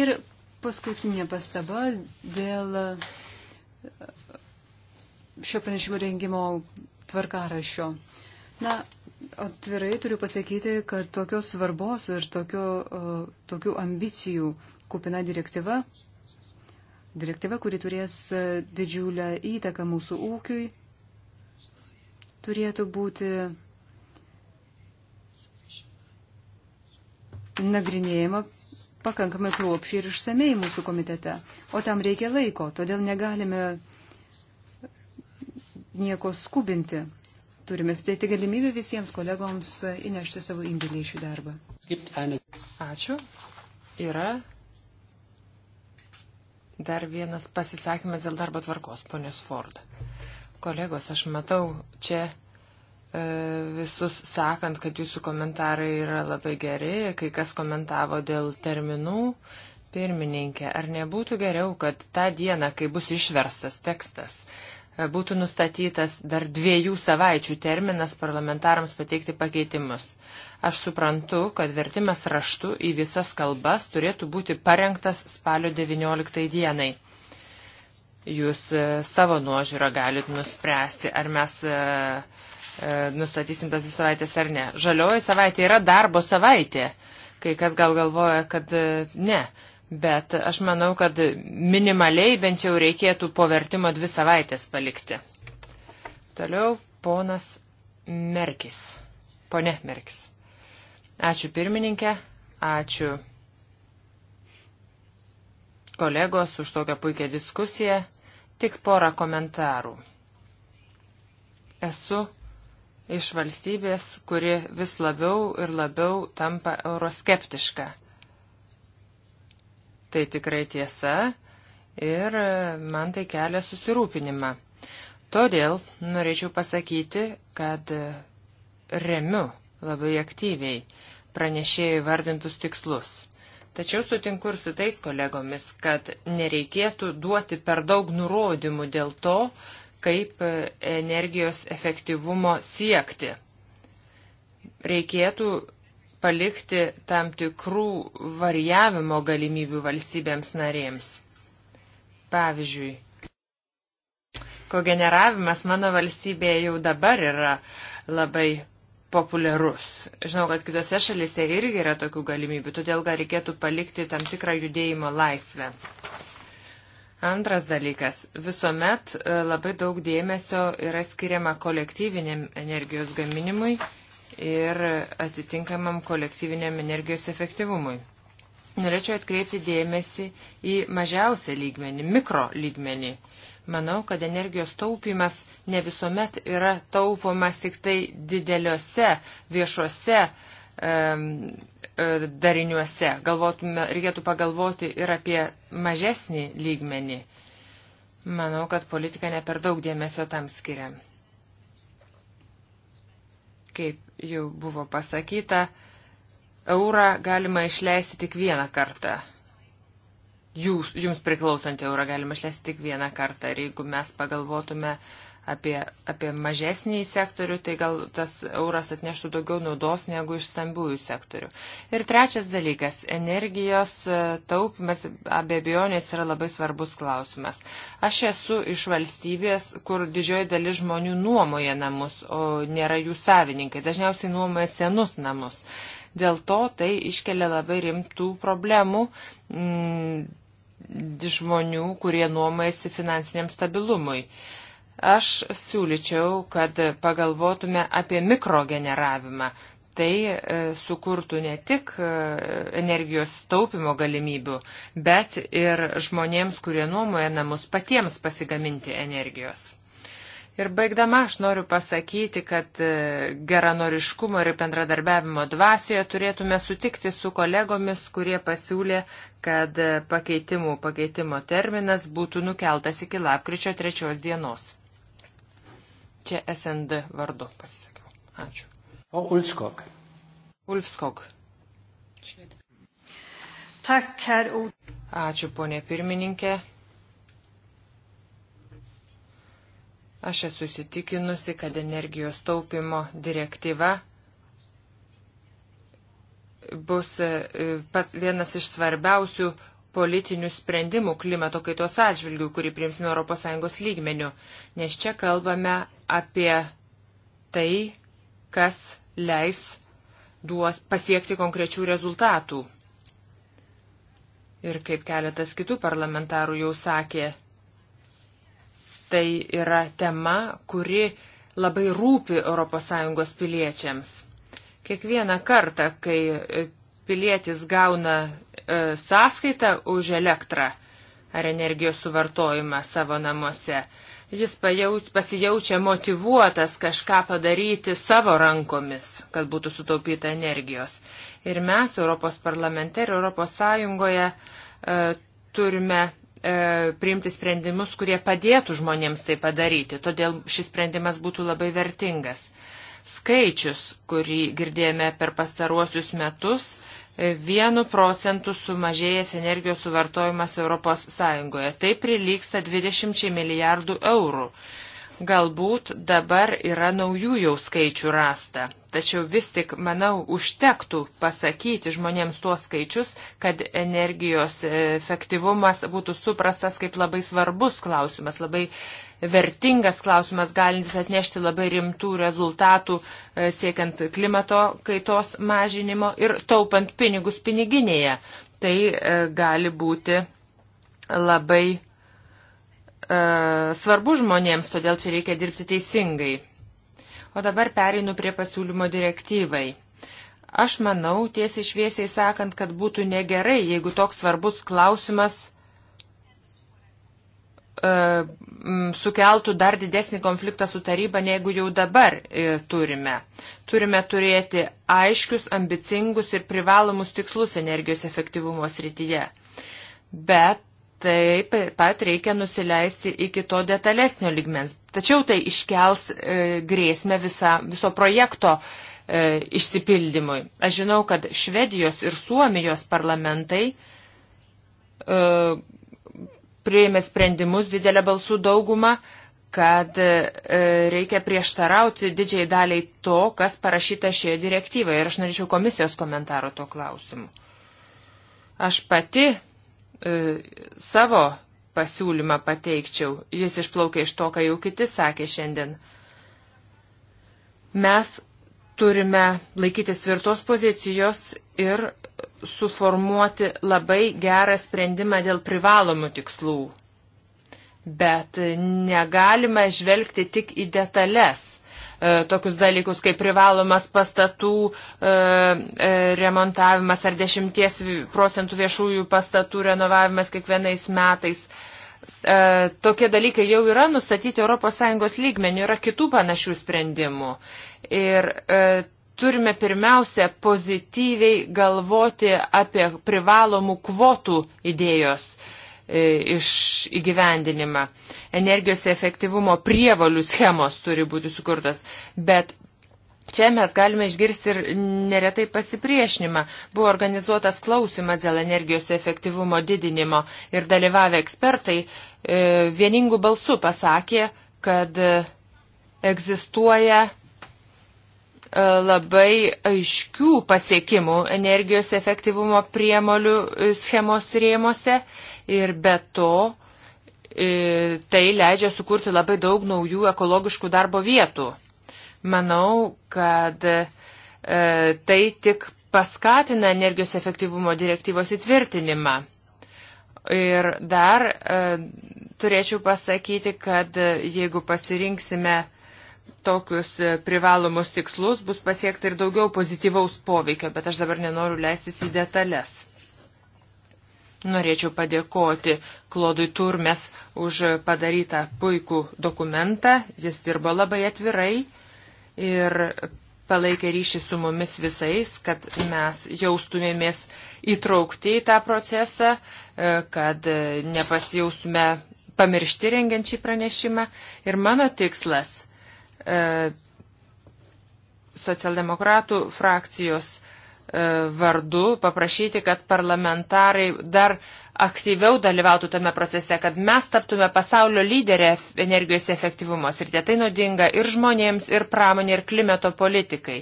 Ir paskutinė pastaba dėl šio pranešimo rengimo tvarkarašio. Na, atvirai turiu pasakyti, kad tokios svarbos ir tokio, tokių ambicijų kupina direktyva Direktyva, kuri turės e, didžiulę įtaką mūsų ūkiui, turėtų būti nagrinėjama pakankamai kruopšiai ir išsamei mūsų komitete. O tam reikia laiko, todėl negalime nieko skubinti. Turime suteikti galimybę visiems kolegoms įnešti savo indėlį į šį darbą. Ačiū. Yra Dar vienas pasisakymas dėl darbo tvarkos, ponės Ford. Kolegos, aš matau čia e, visus sakant, kad jūsų komentarai yra labai geri, kai kas komentavo dėl terminų. Pirmininkė, ar nebūtų geriau, kad tą dieną, kai bus išverstas tekstas, E, būtų nustatytas dar dviejų savaičių terminas parlamentarams pateikti pakeitimus. Aš suprantu, kad vertimas raštu į visas kalbas turėtų būti parengtas spalio 19 dienai. Jūs e, savo nuožiūrą galit nuspręsti, ar mes e, nustatysim tas dvi savaitės ar ne. Žalioji savaitė yra darbo savaitė. Kai kas gal galvoja, kad ne Bet aš manau, kad minimaliai bent jau reikėtų po vertimo dvi savaitės palikti. Toliau ponas Merkis. Pone Merkis. Ačiū pirmininkė, ačiū kolegos už tokią puikią diskusiją. Tik porą komentarų. Esu iš valstybės, kuri vis labiau ir labiau tampa euroskeptiška. Tai tikrai tiesa ir man tai kelia susirūpinimą. Todėl norėčiau pasakyti, kad remiu labai aktyviai pranešėjai vardintus tikslus. Tačiau sutinku ir su tais kolegomis, kad nereikėtų duoti per daug nurodymų dėl to, kaip energijos efektyvumo siekti. Reikėtų palikti tam tikrų variavimo galimybių valstybėms narėms. Pavyzdžiui, kogeneravimas mano valstybėje jau dabar yra labai populiarus. Žinau, kad kitose šalise irgi yra tokių galimybių, todėl gal reikėtų palikti tam tikrą judėjimo laisvę. Antras dalykas. Visuomet e, labai daug dėmesio yra skiriama kolektyviniam energijos gaminimui ir atitinkamam kolektyviniam energijos efektyvumui. Norėčiau atkreipti dėmesį į mažiausią lygmenį, mikro lygmenį. Manau, kad energijos taupimas ne visuomet yra taupomas tik tai dideliuose viešuose um, dariniuose. Galvotume, reikėtų pagalvoti ir apie mažesnį lygmenį. Manau, kad politika ne per daug dėmesio tam skiriam. Kaip jau buvo pasakyta, eurą galima išleisti tik vieną kartą. Jūs, jums priklausantį eurą galima išleisti tik vieną kartą. Ir jeigu mes pagalvotume, uh, apie, apie mažesnį sektorių, tai gal tas euras atneštų daugiau naudos negu iš stambiųjų sektorių. Ir trečias dalykas - energijos e, taupimas be abejonės yra labai svarbus klausimas. Aš esu iš valstybės, kur didžioji dalis žmonių nuomoja namus, o nėra jų savininkai. Dažniausiai nuomoja senus namus. Dėl to tai iškelia labai rimtų problemų. Mm, žmonių, kurie nuomojasi finansiniam stabilumui. Uh, Aš siūlyčiau, kad pagalvotume apie mikrogeneravimą. Tai e, sukurtų ne tik e, energijos taupimo galimybių, bet ir žmonėms, kurie nuomoja namus, patiems pasigaminti energijos. Ir baigdama aš noriu pasakyti, kad e, geranoriškumo ir bendradarbiavimo dvasioje turėtume sutikti su kolegomis, kurie pasiūlė, kad e, pakeitimų pakeitimo terminas būtų nukeltas iki lapkričio trečios dienos. Čia SND vardu pasisakiau. Ačiū. O Ulfskog. Ulfskog. Švedė. Tak, her ord. Ačiū, ponė pirmininkė. Aš esu įsitikinusi, kad energijos taupimo direktyva bus e, pats vienas iš svarbiausių politinių sprendimų klimato kaitos atžvilgių, kurį priimsime ES lygmenių, nes čia kalbame apie tai, kas leis duos, pasiekti konkrečių rezultatų. Ir kaip keletas kitų parlamentarų jau sakė, tai yra tema, kuri labai rūpi ES piliečiams. Kiekvieną kartą, kai pilietis gauna E, sąskaitą už elektrą ar energijos suvartojimą savo namuose. Jis pajaus, pasijaučia motivuotas kažką padaryti savo rankomis, kad būtų sutaupyta energijos. Ir mes Europos parlamente ir Europos Sąjungoje e, turime e, priimti sprendimus, kurie padėtų žmonėms tai padaryti. Todėl šis sprendimas būtų labai vertingas. Skaičius, kurį girdėjome per pastaruosius metus, 1 procentų sumažėjęs energijos suvartojimas ES. Tai prilyksta 20 milijardų eurų. Galbūt dabar yra naujų jau skaičių rasta, tačiau vis tik, manau, užtektų pasakyti žmonėms tuos skaičius, kad energijos efektyvumas būtų suprastas kaip labai svarbus klausimas, labai vertingas klausimas, galintis atnešti labai rimtų rezultatų e, siekiant klimato kaitos mažinimo ir taupant pinigus piniginėje. Tai e, gali būti labai E, svarbu žmonėms, todėl čia reikia dirbti teisingai. O dabar pereinu prie pasiūlymo direktyvai. Aš manau, tiesiai šviesiai sakant, kad būtų negerai, jeigu toks svarbus klausimas e, sukeltų dar didesnį konfliktą su taryba, negu jau dabar e, turime. Turime turėti aiškius, ambicingus ir privalomus tikslus energijos efektyvumo srityje. Bet taip pat reikia nusileisti iki to detalesnio ligmens. Tačiau tai iškels e, grėsmę visa, viso projekto e, išsipildymui. Aš žinau, kad Švedijos ir Suomijos parlamentai e, prieėmė sprendimus didelę balsų daugumą, kad e, reikia prieštarauti didžiai daliai to, kas parašyta šioje direktyvoje. Ir aš norėčiau komisijos komentaro tuo klausimu. Aš pati E, savo pasiūlymą pateikčiau. Jis išplaukia iš to, ką jau kiti sakė šiandien. Mes turime laikytis tvirtos pozicijos ir suformuoti labai gerą sprendimą dėl privalomų tikslų. Bet negalime žvelgti tik į detalės. E, tokius dalykus kaip privalomas pastatų e, e, remontavimas ar 10 procentų viešųjų pastatų renovavimas kiekvienais metais. Tokie dalykai jau yra nustatyti ES lygmenių, yra kitų panašių sprendimų. Ir turime pirmiausia pozityviai galvoti apie privalomų kvotų idėjos. Uh, E, iš įgyvendinimą. Energijos efektyvumo prievalių schemos turi būti sukurtas, bet Čia mes galime išgirsti ir neretai pasipriešinimą. Buvo organizuotas klausimas dėl energijos efektyvumo didinimo ir dalyvavę ekspertai e, vieningų balsų pasakė, kad e, egzistuoja E, labai aiškių pasiekimų energijos efektyvumo priemolių e, schemos rėmose ir be to e, tai leidžia sukurti labai daug naujų ekologiškų darbo vietų. Manau, kad tai tik paskatina energijos efektyvumo direktyvos įtvirtinimą. Ir dar turėčiau pasakyti, kad jeigu pasirinksime tokius e, privalomus tikslus, bus pasiekta ir daugiau pozityvaus poveikio, bet aš dabar nenoriu leistis į detalės. Norėčiau padėkoti Klodui Turmes už padarytą puikų dokumentą. Jis dirbo labai atvirai ir palaikė ryšį su mumis visais, kad mes jaustumėmės įtraukti į tą procesą, e, kad e, nepasijaustume pamiršti rengiant šį pranešimą. Ir mano tikslas E, socialdemokratų frakcijos e, vardu paprašyti, kad parlamentarai dar aktyviau dalyvautų tame procese, kad mes taptume pasaulio lyderė energijos efektyvumo srityje. Tai naudinga ir žmonėms, ir pramonė, ir klimato politikai.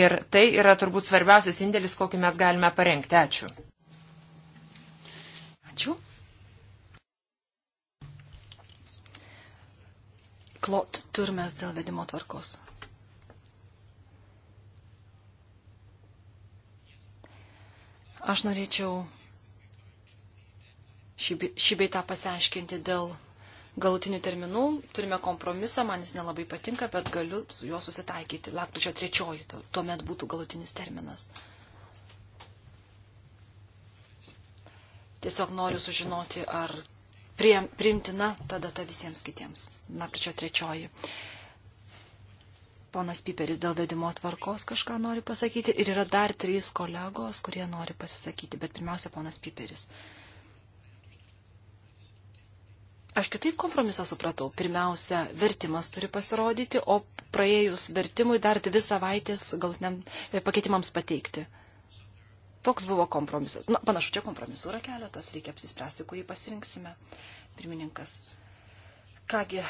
Ir tai yra turbūt svarbiausias indėlis, kokį mes galime parengti. Ačiū. Ačiū. klot turmes dėl vedimo tvarkos. Aš norėčiau šį beitą pasiaiškinti dėl galutinių terminų. Turime kompromisą, man jis nelabai patinka, bet galiu su juo susitaikyti. Lapkričio trečioji, tuomet būtų galutinis terminas. Tiesiog noriu sužinoti, ar priimtina ta data visiems kitiems. Lapkričio trečioji. Ponas Piperis dėl vedimo tvarkos kažką nori pasakyti ir yra dar trys kolegos, kurie nori pasisakyti, bet pirmiausia, ponas Piperis. Aš kitaip kompromisą supratau. Pirmiausia, vertimas turi pasirodyti, o praėjus vertimui dar dvi savaitės galtiniam e, pakeitimams pateikti. Toks buvo kompromisas. Na, panašu, čia kompromisų yra keletas, reikia apsispręsti, kurį pasirinksime. Pirmininkas. Kągi,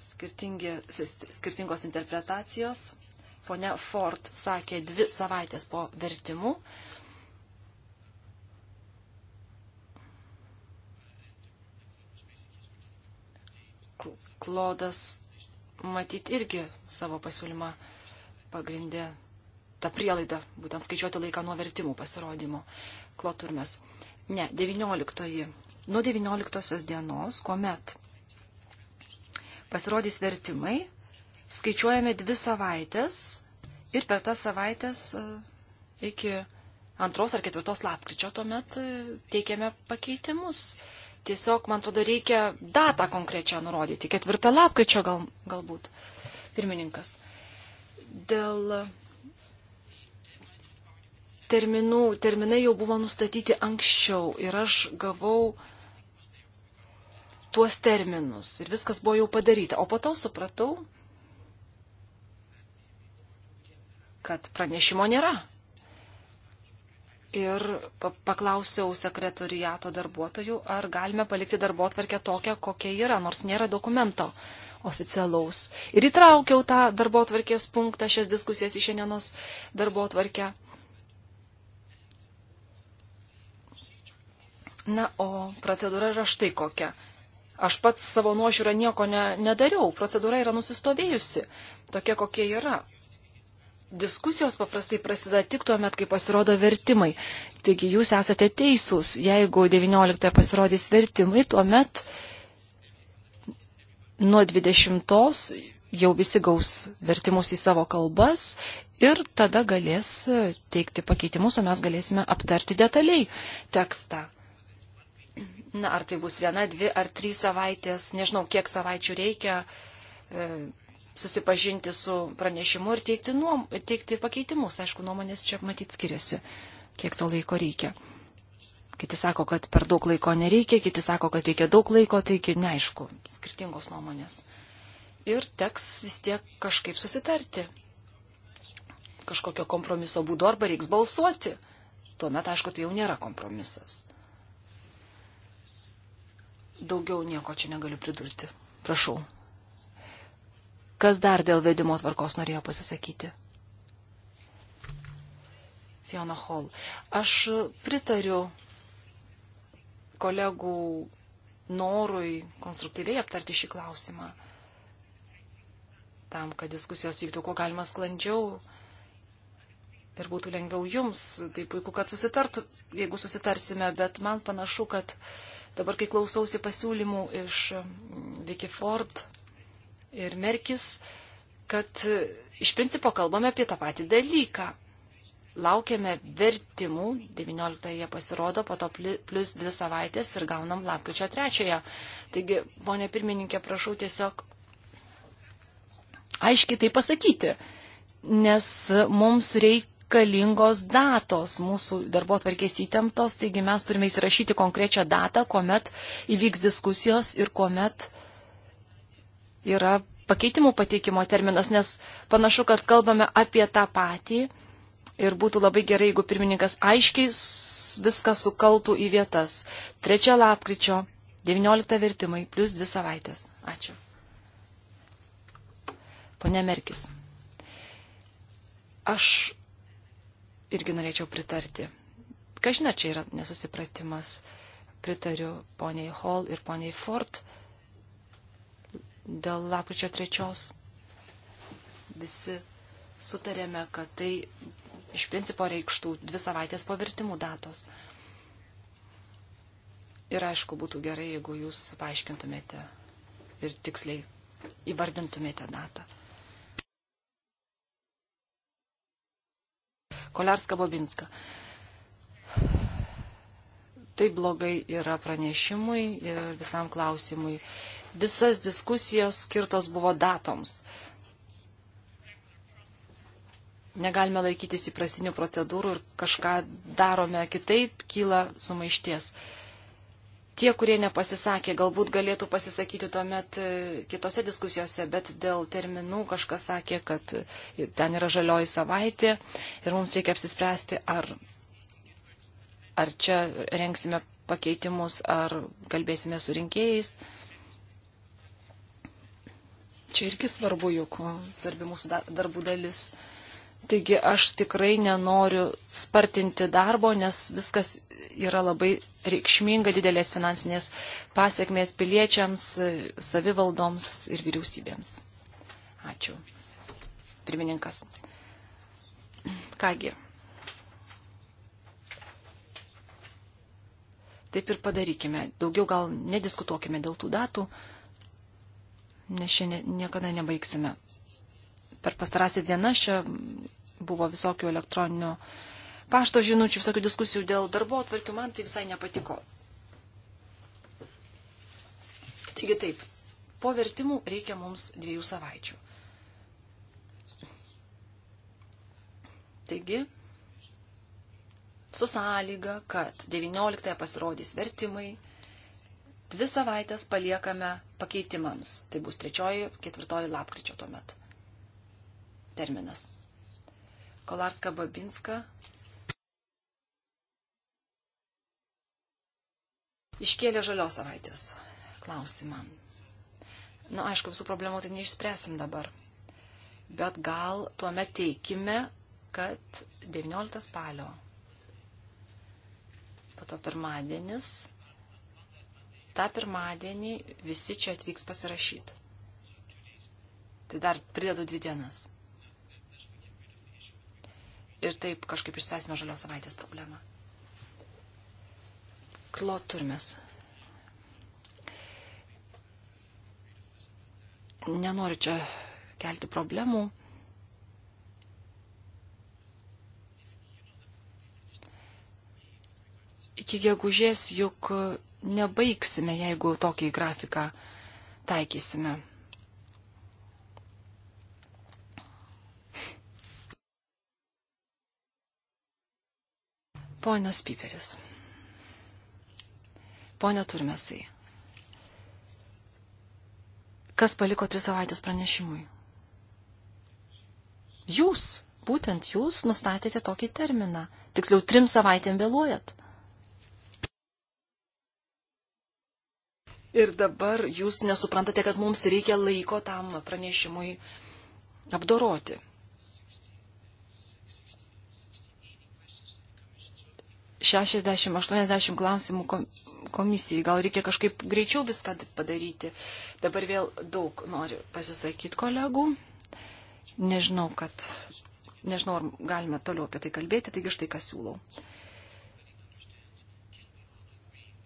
skirtingos interpretacijos. Pone Ford sakė dvi savaitės po vertimų. Klodas matyt irgi savo pasiūlymą pagrindė ta prielaida, būtent skaičiuoti laiką nuo vertimų pasirodymo. Kloturmes. Ne, 19. Nuo 19 dienos, kuomet pasirodys vertimai, skaičiuojame dvi savaitės ir per tas savaitės e, iki antros ar ketvirtos lapkričio tuomet e, teikiame pakeitimus. Tiesiog, man atrodo, reikia datą konkrečią nurodyti. Ketvirtą lapkričio gal, galbūt pirmininkas. Dėl terminų, terminai jau buvo nustatyti anksčiau ir aš gavau tuos terminus ir viskas buvo jau padaryta. O po to supratau, kad pranešimo nėra. Ir paklausiau sekretoriato darbuotojų, ar galime palikti darbo atvarkę tokią, kokia yra, nors nėra dokumento oficialaus. Ir įtraukiau tą darbo atvarkės punktą, šias diskusijas į šiandienos darbo atvarkę. Na, o procedūra yra štai kokia. Aš pats savo nuožiūrą nieko ne, nedariau, procedūra yra nusistovėjusi, tokia kokia yra. Diskusijos paprastai prasideda tik tuo met, kai pasirodo vertimai. Taigi jūs esate teisūs, jeigu 19 pasirodys vertimai, tuo met nuo 20 jau visi gaus vertimus į savo kalbas ir tada galės teikti pakeitimus, o mes galėsime aptarti detaliai tekstą. Na, ar tai bus viena, dvi ar trys savaitės, nežinau, kiek savaičių reikia e, susipažinti su pranešimu ir teikti, nuom, teikti pakeitimus. Aišku, nuomonės čia matyt skiriasi, kiek to laiko reikia. Kiti sako, kad per daug laiko nereikia, kiti sako, kad reikia daug laiko, taigi neaišku, skirtingos nuomonės. Ir teks vis tiek kažkaip susitarti. Kažkokio kompromiso būdu arba reiks balsuoti. Tuomet, aišku, tai jau nėra kompromisas. Daugiau nieko čia negaliu pridurti. Prašau. Kas dar dėl vedimo tvarkos norėjo pasisakyti? Fiona Hall. Aš pritariu kolegų norui konstruktyviai aptarti šį klausimą, tam, kad diskusijos vyktų kuo galima sklandžiau ir būtų lengviau jums. Tai puiku, kad susitartų, jeigu susitarsime, bet man panašu, kad uh, Dabar, kai klausausi pasiūlymų iš Vicky Ford ir Merkis, kad iš principo kalbame apie tą patį dalyką. Laukiame vertimų, 19 jie pasirodo, po to plus dvi savaitės ir gaunam lapkričio trečiąją. Taigi, ponė pirmininkė, prašau tiesiog aiškiai tai pasakyti, nes mums reikia reikalingos datos. Mūsų darbo tvarkės įtemptos, taigi mes turime įsirašyti konkrečią datą, kuomet įvyks diskusijos ir kuomet yra pakeitimų pateikimo terminas, nes panašu, kad kalbame apie tą patį ir būtų labai gerai, jeigu pirmininkas aiškiai viską sukaltų į vietas. 3 lapkričio, 19 vertimai, plus 2 savaitės. Ačiū. Pone Merkis. Aš irgi norėčiau pritarti. Kažina, čia yra nesusipratimas. Pritariu poniai Hall ir poniai Ford dėl lapkričio trečios. Visi sutarėme, kad tai iš principo reikštų dvi savaitės po vertimų datos. Ir aišku, būtų gerai, jeigu jūs paaiškintumėte ir tiksliai įvardintumėte datą. Kolarska Bobinska. Tai blogai yra pranešimui ir visam klausimui. Visas diskusijos skirtos buvo datoms. Negalime laikytis įprastinių procedūrų ir kažką darome kitaip, kyla sumaišties. Uh, tie, kurie nepasisakė, galbūt galėtų pasisakyti tuomet e, kitose diskusijose, bet dėl terminų kažkas sakė, kad ten yra žalioji savaitė ir mums reikia apsispręsti, ar, ar čia renksime pakeitimus, ar kalbėsime su rinkėjais. Čia irgi svarbu, juk svarbi mūsų darbų dalis. Taigi aš tikrai nenoriu spartinti darbo, nes viskas yra labai reikšminga didelės finansinės pasiekmės piliečiams, savivaldoms ir vyriausybėms. Ačiū. Pirmininkas. Kągi. Taip ir padarykime. Daugiau gal nediskutuokime dėl tų datų, nes šiandien niekada nebaigsime. Per pastarąsias dienas čia buvo visokių elektroninių uh, pašto žinučių, visokių diskusijų dėl darbo atvarkių, man tai visai nepatiko. Taigi taip, po vertimų reikia mums dviejų savaičių. Taigi, su sąlyga, kad 19 pasirodys vertimai, dvi savaitės paliekame pakeitimams. Tai bus 3-4 lapkričio tuomet terminas. Kolarska Babinska iškėlė žalios savaitės klausimą. Na, nu, aišku, visų problemų tai neišspręsim dabar. Bet gal tuomet teikime, kad 19 spalio, po to pirmadienis, tą pirmadienį visi čia atvyks pasirašyti. Tai dar pridedu dvi dienas. Ir taip kažkaip išspręsime žalios savaitės problemą. Kloturmes. Nenoriu čia kelti problemų. Iki gegužės juk nebaigsime, jeigu tokį grafiką taikysime. Ponas Piperis. Pone Turmesai, kas paliko tris savaitės pranešimui? Jūs, būtent jūs nustatėte tokį terminą. Tiksliau, trim savaitėm vėluojat. Ir dabar jūs nesuprantate, kad mums reikia laiko tam pranešimui apdoroti. Šešiasdešimt, aštuoniasdešimt klausimų komisijai. Gal reikia kažkaip greičiau viską padaryti. Dabar vėl daug noriu pasisakyti kolegų. Nežinau, kad, nežinau, ar galime toliau apie tai kalbėti, taigi štai ką siūlau.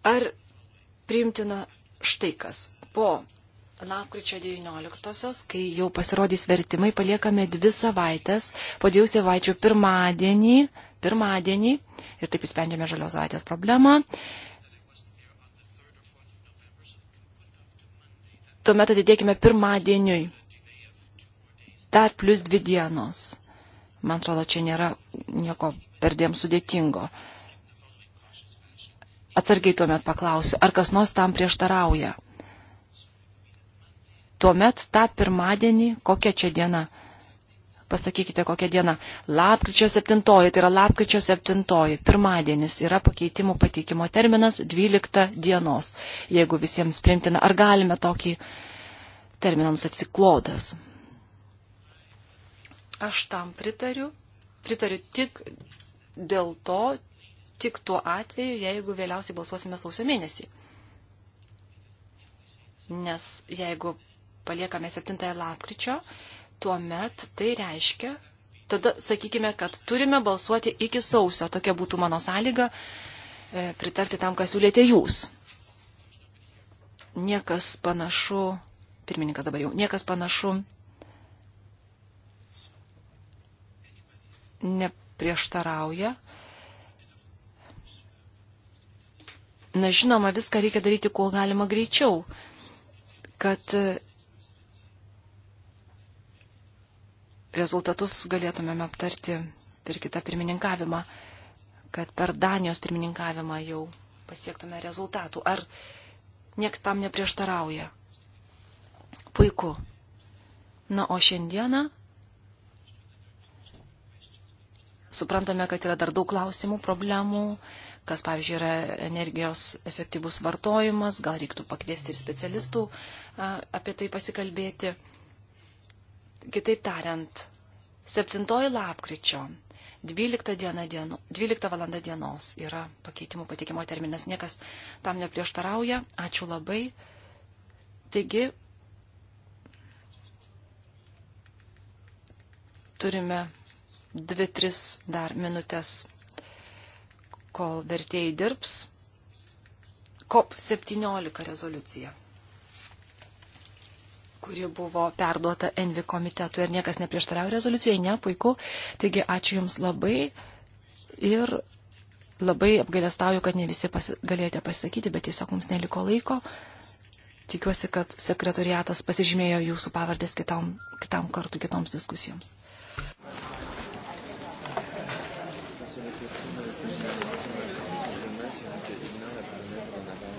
Ar priimtina štai kas? Po lapkričio 19-osios, kai jau pasirodys vertimai, paliekame dvi savaitės, po dviejų savaičių pirmadienį, pirmadienį, ir taip įsprendėme žalios savaitės problemą, tuomet atidėkime pirmadieniui. Dar plus dvi dienos. Man atrodo, čia nėra nieko perdėm sudėtingo. Atsargiai tuomet paklausiu, ar kas nors tam prieštarauja. Tuomet tą pirmadienį, kokia čia diena? pasakykite kokią dieną. Lapkričio 7, tai yra lapkričio 7, pirmadienis yra pakeitimų pateikimo terminas 12 dienos, jeigu visiems primtina. Ar galime tokį terminą nustatyti klodas? Aš tam pritariu. Pritariu tik dėl to, tik tuo atveju, jeigu vėliausiai balsuosime sausio mėnesį. Nes jeigu paliekame 7 lapkričio, tuomet tai reiškia, tada sakykime, kad turime balsuoti iki sausio. Tokia būtų mano sąlyga e, pritarti tam, ką siūlėte jūs. Niekas panašu, pirmininkas dabar jau, niekas panašu neprieštarauja. Na žinoma, viską reikia daryti kuo galima greičiau, kad e, rezultatus galėtumėme aptarti per kitą pirmininkavimą, kad per Danijos pirmininkavimą jau pasiektume rezultatų. Ar nieks tam neprieštarauja? Puiku. Na, o šiandieną suprantame, kad yra dar daug klausimų, problemų, kas, pavyzdžiui, yra energijos efektyvus vartojimas, gal reiktų pakviesti ir specialistų apie tai pasikalbėti. Kitaip tariant, 7 lapkričio 12, diena dieno, 12 val. dienos yra pakeitimų pateikimo terminas. Niekas tam neprieštarauja. Ačiū labai. Taigi, turime 2-3 dar minutės, kol vertėjai dirbs. COP 17 rezoliucija kuri buvo perduota Envi komitetui ir niekas neprieštaravo rezoliucijai, ne, puiku. Taigi ačiū Jums labai ir labai apgailestauju, kad ne visi pasi galėjote pasakyti, bet tiesiog mums neliko laiko. Tikiuosi, kad sekretariatas pasižymėjo Jūsų pavardės kitam, kitam kartu, kitoms diskusijoms. Thank you.